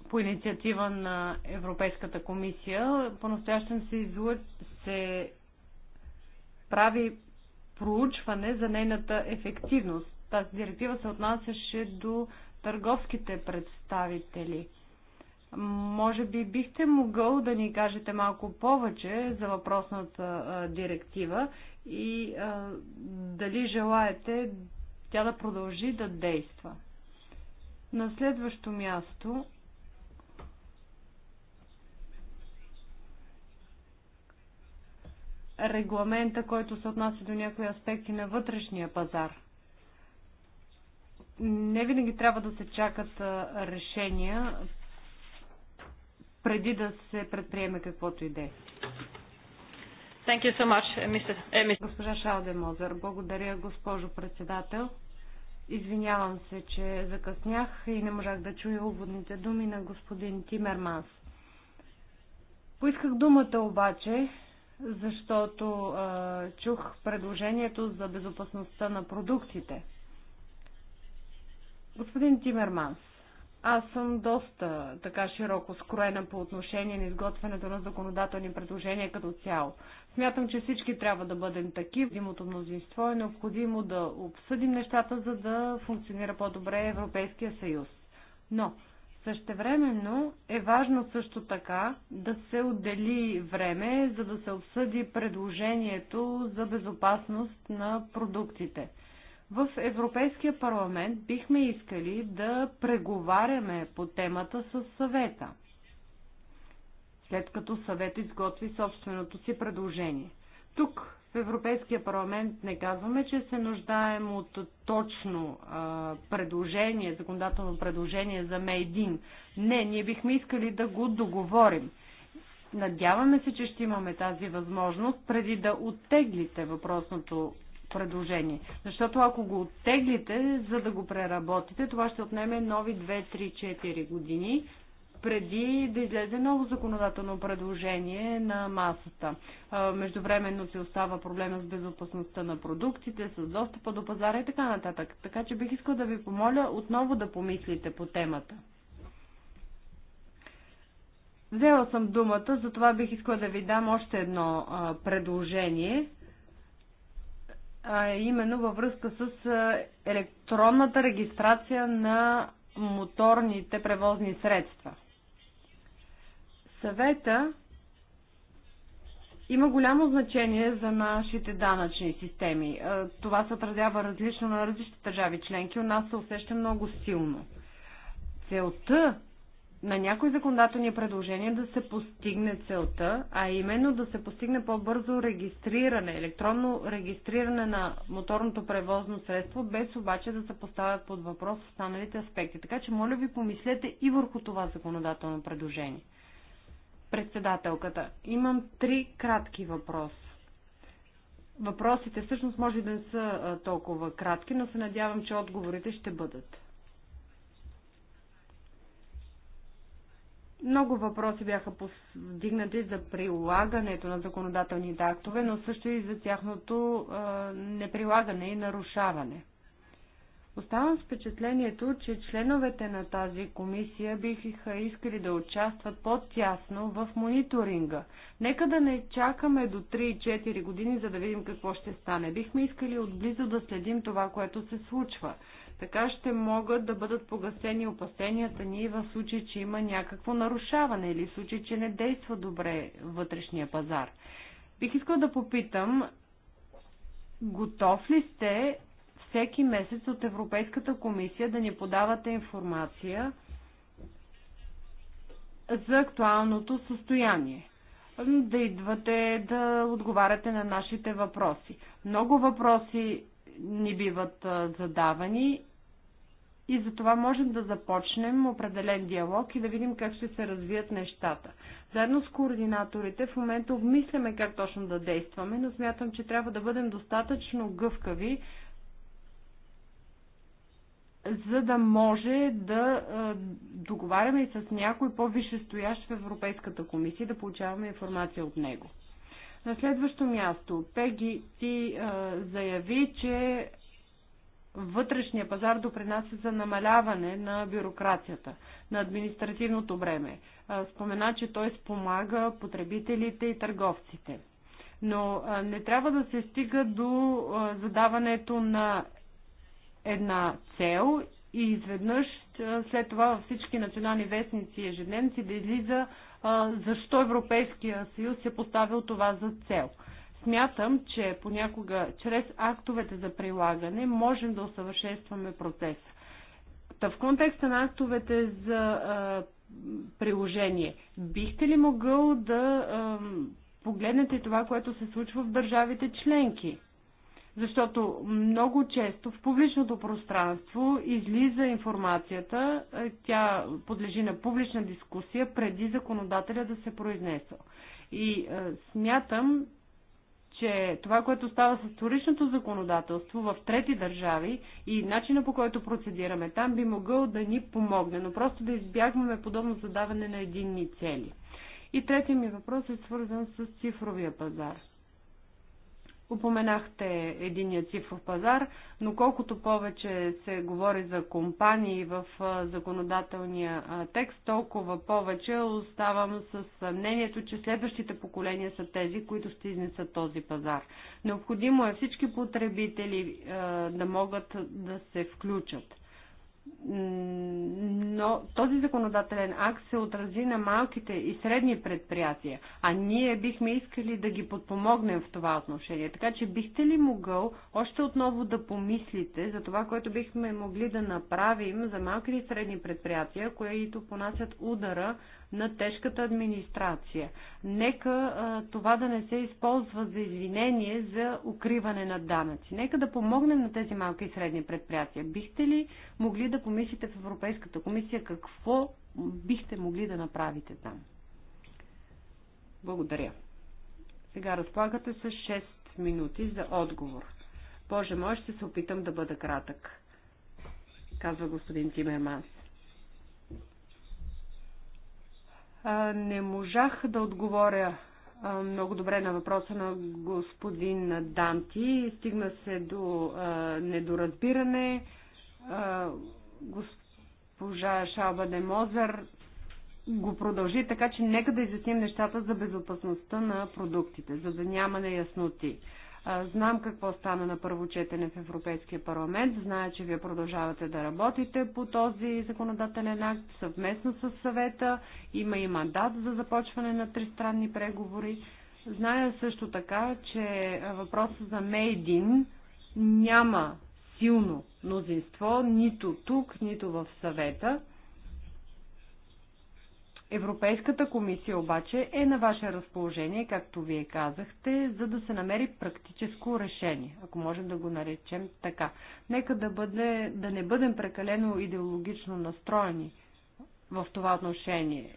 по инициатива на Европейската комисия. По-настоящем се, излъ... се прави проучване за нейната ефективност. Тази директива се отнасяше до търговските представители. Може би бихте могъл да ни кажете малко повече за въпросната директива и а, дали желаете тя да продължи да действа. На следващо място регламента, който се отнася до някои аспекти на вътрешния пазар. Не винаги трябва да се чакат решения преди да се предприеме каквото и да е. Thank you so much, eh, Mr. Eh, Госпожа Шалдемозер, благодаря, госпожо председател. Извинявам се, че закъснях и не можах да чуя уводните думи на господин Тимерманс. Поисках думата обаче, защото а, чух предложението за безопасността на продуктите. Господин Тимерманс, аз съм доста така широко скроена по отношение на изготвянето на законодателни предложения като цяло. Смятам, че всички трябва да бъдем такива. Димото мнозинство е необходимо да обсъдим нещата, за да функционира по-добре Европейския съюз. Но Същевременно е важно също така да се отдели време, за да се обсъди предложението за безопасност на продуктите. В Европейския парламент бихме искали да преговаряме по темата с съвета, след като съвет изготви собственото си предложение. Тук Европейския парламент не казваме, че се нуждаем от точно а, предложение, законодателно предложение за Мейдин. Не, ние бихме искали да го договорим. Надяваме се, че ще имаме тази възможност преди да оттеглите въпросното предложение. Защото ако го оттеглите, за да го преработите, това ще отнеме нови 2-3-4 години преди да излезе ново законодателно предложение на масата. Междувременно се остава проблема с безопасността на продуктите, с достъпа до пазара и така нататък. Така че бих искал да ви помоля отново да помислите по темата. Взела съм думата, затова бих искала да ви дам още едно а, предложение, а, именно във връзка с а, електронната регистрация на моторните превозни средства съвета има голямо значение за нашите данъчни системи. Е, това се отразява различно на различните държави членки. У нас се усеща много силно. Целта на някои законодателни предложения е да се постигне целта, а именно да се постигне по-бързо регистриране, електронно регистриране на моторното превозно средство, без обаче да се поставят под въпрос останалите аспекти. Така че, моля ви, помислете и върху това законодателно предложение. Председателката, имам три кратки въпроса. Въпросите всъщност може да не са толкова кратки, но се надявам, че отговорите ще бъдат. Много въпроси бяха повдигнати за прилагането на законодателните актове, но също и за тяхното неприлагане и нарушаване. Оставам с впечатлението, че членовете на тази комисия биха искали да участват по-тясно в мониторинга. Нека да не чакаме до 3-4 години, за да видим какво ще стане. Бихме искали отблизо да следим това, което се случва. Така ще могат да бъдат погасени опасенията ни в случай, че има някакво нарушаване или в случай, че не действа добре вътрешния пазар. Бих искал да попитам, готов ли сте всеки месец от Европейската комисия да ни подавате информация за актуалното състояние. Да идвате да отговаряте на нашите въпроси. Много въпроси ни биват задавани и за това можем да започнем определен диалог и да видим как ще се развият нещата. Заедно с координаторите в момента обмисляме как точно да действаме, но смятам, че трябва да бъдем достатъчно гъвкави, за да може да договаряме и с някой по-висшестоящ в Европейската комисия да получаваме информация от него. На следващо място, Пеги ти а, заяви, че вътрешния пазар допринася за намаляване на бюрокрацията, на административното бреме. А, спомена, че той спомага потребителите и търговците. Но а, не трябва да се стига до а, задаването на една цел и изведнъж след това във всички национални вестници и ежедневници да излиза защо Европейския съюз е поставил това за цел. Смятам, че понякога чрез актовете за прилагане можем да усъвършенстваме процеса. Та в контекста на актовете за а, приложение, бихте ли могъл да а, погледнете това, което се случва в държавите членки? Защото много често в публичното пространство излиза информацията, е, тя подлежи на публична дискусия преди законодателя да се произнесъл. И е, смятам, че това, което става с вторичното законодателство в трети държави и начина по който процедираме там, би могъл да ни помогне, но просто да избягваме подобно задаване на единни цели. И третия ми въпрос е свързан с цифровия пазар. Упоменахте единия цифров пазар, но колкото повече се говори за компании в законодателния текст, толкова повече оставам с мнението, че следващите поколения са тези, които ще изнесат този пазар. Необходимо е всички потребители да могат да се включат но този законодателен акт се отрази на малките и средни предприятия, а ние бихме искали да ги подпомогнем в това отношение. Така че бихте ли могъл още отново да помислите за това, което бихме могли да направим за малките и средни предприятия, които понасят удара на тежката администрация. Нека а, това да не се използва за извинение за укриване на данъци. Нека да помогнем на тези малки и средни предприятия. Бихте ли могли да помислите в Европейската комисия какво бихте могли да направите там? Благодаря. Сега разполагате с 6 минути за отговор. Боже мой, ще се опитам да бъда кратък, казва господин Тимерманс. Не можах да отговоря много добре на въпроса на господин Данти. Стигна се до недоразбиране. Госпожа Шалба де Мозер го продължи, така че нека да изясним нещата за безопасността на продуктите, за да няма неясноти. Знам какво стана на първо четене в Европейския парламент. Зная, че вие продължавате да работите по този законодателен акт съвместно с съвета. Има и мандат за започване на тристранни преговори. Зная също така, че въпросът за Мейдин няма силно мнозинство нито тук, нито в съвета. Европейската комисия обаче е на ваше разположение, както вие казахте, за да се намери практическо решение, ако можем да го наречем така. Нека да, бъде, да не бъдем прекалено идеологично настроени в това отношение.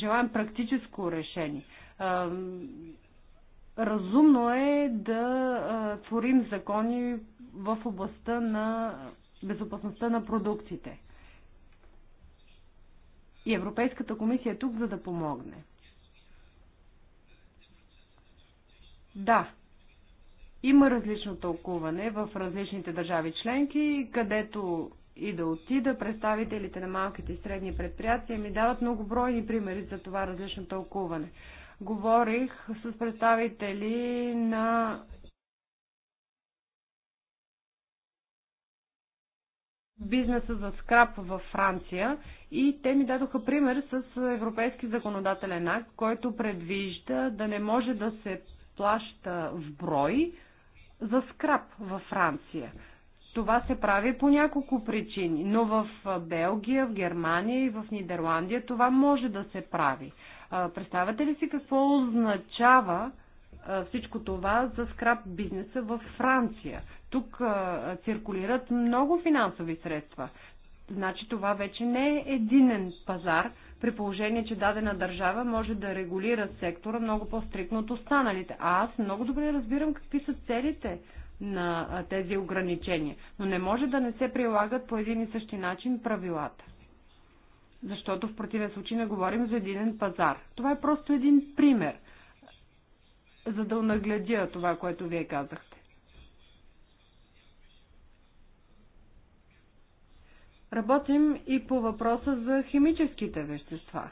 Желаем практическо решение. Разумно е да творим закони в областта на безопасността на продуктите. И Европейската комисия е тук, за да помогне. Да, има различно тълкуване в различните държави членки, където и да отида, представителите на малките и средни предприятия ми дават многобройни примери за това различно тълкуване. Говорих с представители на бизнеса за скрап във Франция и те ми дадоха пример с европейски законодателен акт, който предвижда да не може да се плаща в брой за скрап във Франция. Това се прави по няколко причини, но в Белгия, в Германия и в Нидерландия това може да се прави. Представете ли си какво означава всичко това за скрап бизнеса във Франция? Тук а, циркулират много финансови средства. Значи това вече не е единен пазар, при положение, че дадена държава може да регулира сектора много по-стрикно от останалите. А аз много добре разбирам какви са целите на тези ограничения. Но не може да не се прилагат по един и същи начин правилата. Защото в противен случай не говорим за единен пазар. Това е просто един пример, за да нагледя това, което вие казахте. Работим и по въпроса за химическите вещества.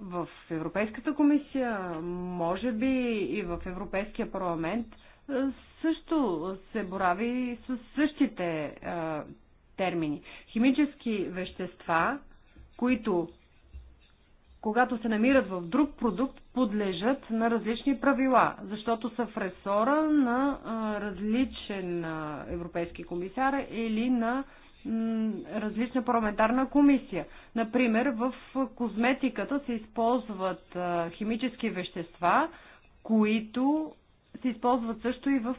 В Европейската комисия, може би и в Европейския парламент, също се борави с същите термини. Химически вещества, които когато се намират в друг продукт, подлежат на различни правила, защото са в ресора на различен европейски комисар или на различна парламентарна комисия. Например, в козметиката се използват химически вещества, които се използват също и в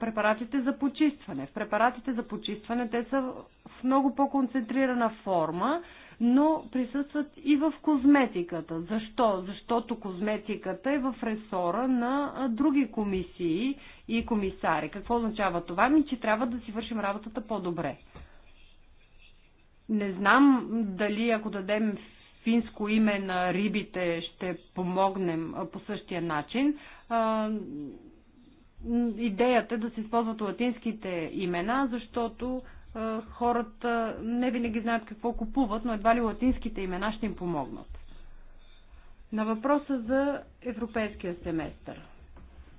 препаратите за почистване. В препаратите за почистване те са в много по-концентрирана форма но присъстват и в козметиката. Защо? Защото козметиката е в ресора на други комисии и комисари. Какво означава това? Ми, че трябва да си вършим работата по-добре. Не знам дали ако дадем финско име на рибите ще помогнем по същия начин. Идеята е да се използват латинските имена, защото е, хората не винаги знаят какво купуват, но едва ли латинските имена ще им помогнат. На въпроса за европейския семестър.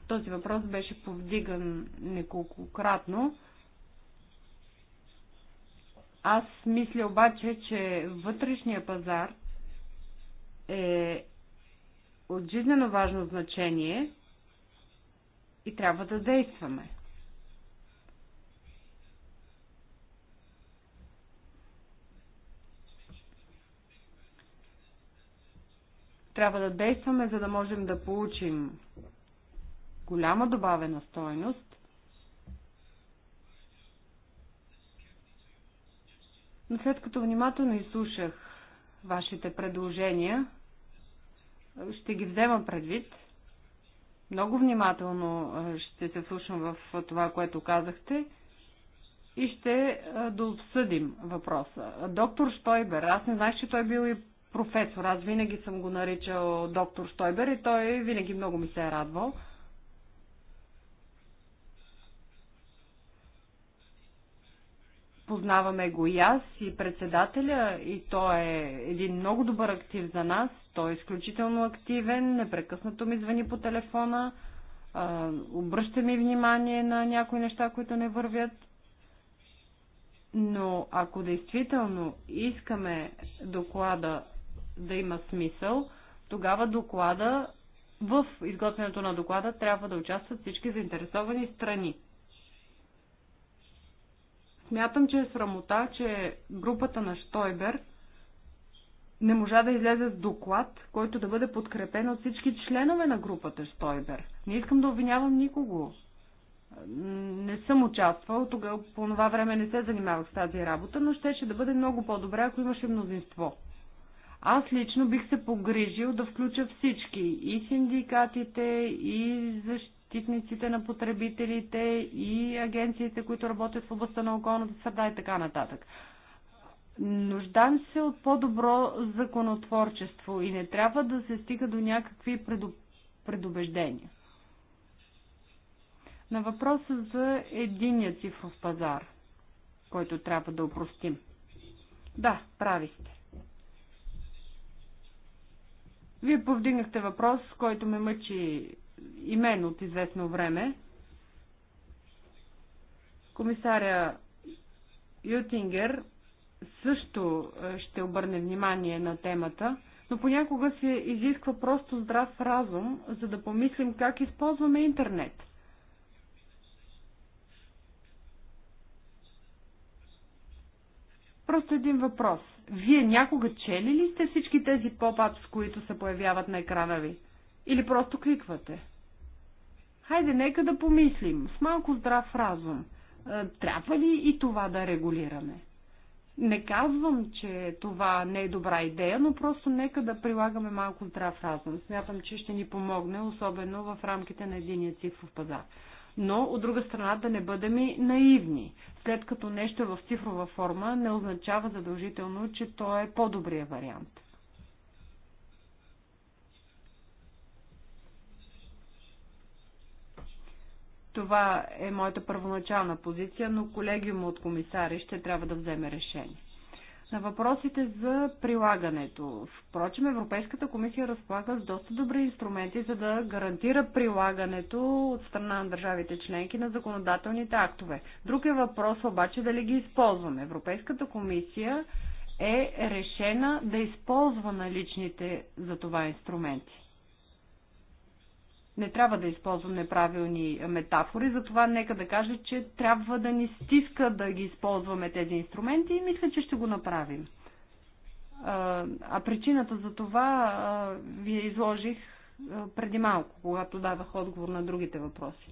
Този въпрос беше повдиган неколкократно. Аз мисля обаче, че вътрешния пазар е от жизнено важно значение и трябва да действаме. Трябва да действаме, за да можем да получим голяма добавена стойност. Но след като внимателно изслушах вашите предложения, ще ги взема предвид. Много внимателно ще се слушам в това, което казахте и ще дообсъдим въпроса. Доктор Штойбер, аз не знаех, че той бил и професор. Аз винаги съм го наричал доктор Стойбер и той винаги много ми се е радвал. Познаваме го и аз, и председателя, и той е един много добър актив за нас. Той е изключително активен, непрекъснато ми звъни по телефона, обръща ми внимание на някои неща, които не вървят. Но ако действително искаме доклада да има смисъл, тогава доклада, в изготвянето на доклада трябва да участват всички заинтересовани страни. Смятам, че е срамота, че групата на Штойбер не можа да излезе с доклад, който да бъде подкрепен от всички членове на групата Штойбер. Не искам да обвинявам никого. Не съм участвал, тогава по това време не се занимавах с тази работа, но щеше да бъде много по-добре, ако имаше мнозинство. Аз лично бих се погрижил да включа всички и синдикатите, и защитниците на потребителите, и агенциите, които работят в областта на околната среда и така нататък. Нуждам се от по-добро законотворчество и не трябва да се стига до някакви предубеждения. На въпроса за единия цифров пазар, който трябва да упростим. Да, прави сте. Вие повдигнахте въпрос, който ме мъчи и мен от известно време. Комисаря Ютингер също е, ще обърне внимание на темата, но понякога се изисква просто здрав разум, за да помислим как използваме интернет. Просто един въпрос – вие някога чели ли сте всички тези поп-апс, които се появяват на екрана ви? Или просто кликвате? Хайде, нека да помислим с малко здрав разум. Е, трябва ли и това да регулираме? Не казвам, че това не е добра идея, но просто нека да прилагаме малко здрав разум. Смятам, че ще ни помогне, особено в рамките на единия цифров пазар но от друга страна да не бъдем и наивни. След като нещо е в цифрова форма, не означава задължително, че то е по-добрия вариант. Това е моята първоначална позиция, но колегиума от комисари ще трябва да вземе решение на въпросите за прилагането. Впрочем, Европейската комисия разполага с доста добри инструменти, за да гарантира прилагането от страна на държавите членки на законодателните актове. Друг е въпрос обаче дали ги използваме. Европейската комисия е решена да използва наличните за това инструменти не трябва да използвам неправилни метафори, затова нека да кажа, че трябва да ни стиска да ги използваме тези инструменти и мисля, че ще го направим. А причината за това ви изложих преди малко, когато давах отговор на другите въпроси.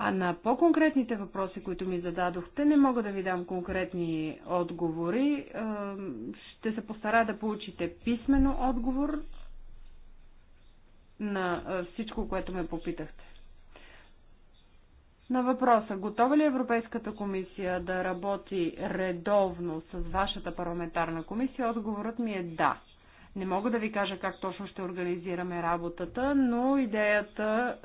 А на по-конкретните въпроси, които ми зададохте, не мога да ви дам конкретни отговори. Ще се постара да получите писмено отговор на всичко, което ме попитахте. На въпроса, готова ли Европейската комисия да работи редовно с вашата парламентарна комисия, отговорът ми е да. Не мога да ви кажа как точно ще организираме работата, но идеята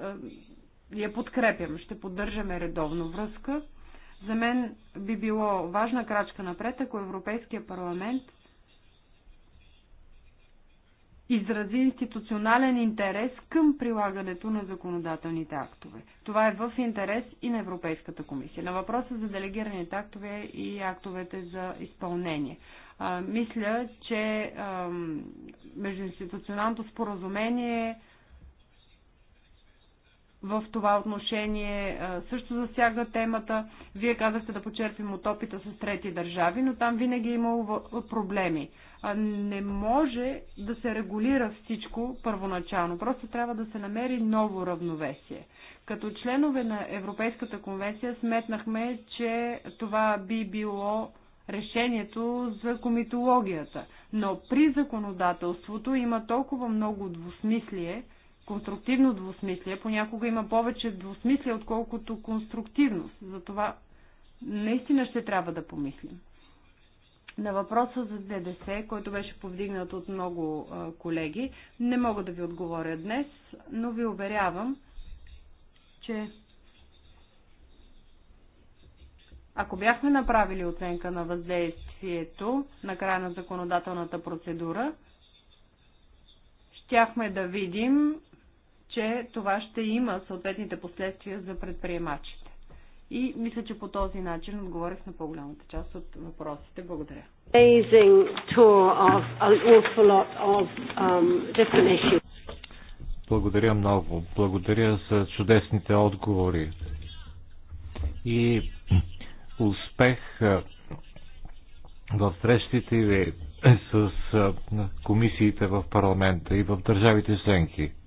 я подкрепям. Ще поддържаме редовно връзка. За мен би било важна крачка напред, ако Европейския парламент изрази институционален интерес към прилагането на законодателните актове. Това е в интерес и на Европейската комисия. На въпроса за делегираните актове и актовете за изпълнение. А, мисля, че междуинституционалното споразумение в това отношение също засяга темата. Вие казахте да почерпим от опита с трети държави, но там винаги е имало проблеми. Не може да се регулира всичко първоначално. Просто трябва да се намери ново равновесие. Като членове на Европейската конвенция сметнахме, че това би било решението за комитологията. Но при законодателството има толкова много двусмислие, конструктивно двусмислие. Понякога има повече двусмислие, отколкото конструктивност. Затова наистина ще трябва да помислим. На въпроса за ДДС, който беше повдигнат от много колеги, не мога да ви отговоря днес, но ви уверявам, че ако бяхме направили оценка на въздействието на края на законодателната процедура, щяхме да видим че това ще има съответните последствия за предприемачите. И мисля, че по този начин отговорих на по-голямата част от въпросите. Благодаря. Um, Благодаря много. Благодаря за чудесните отговори. И успех в срещите ви с комисиите в парламента и в държавите членки.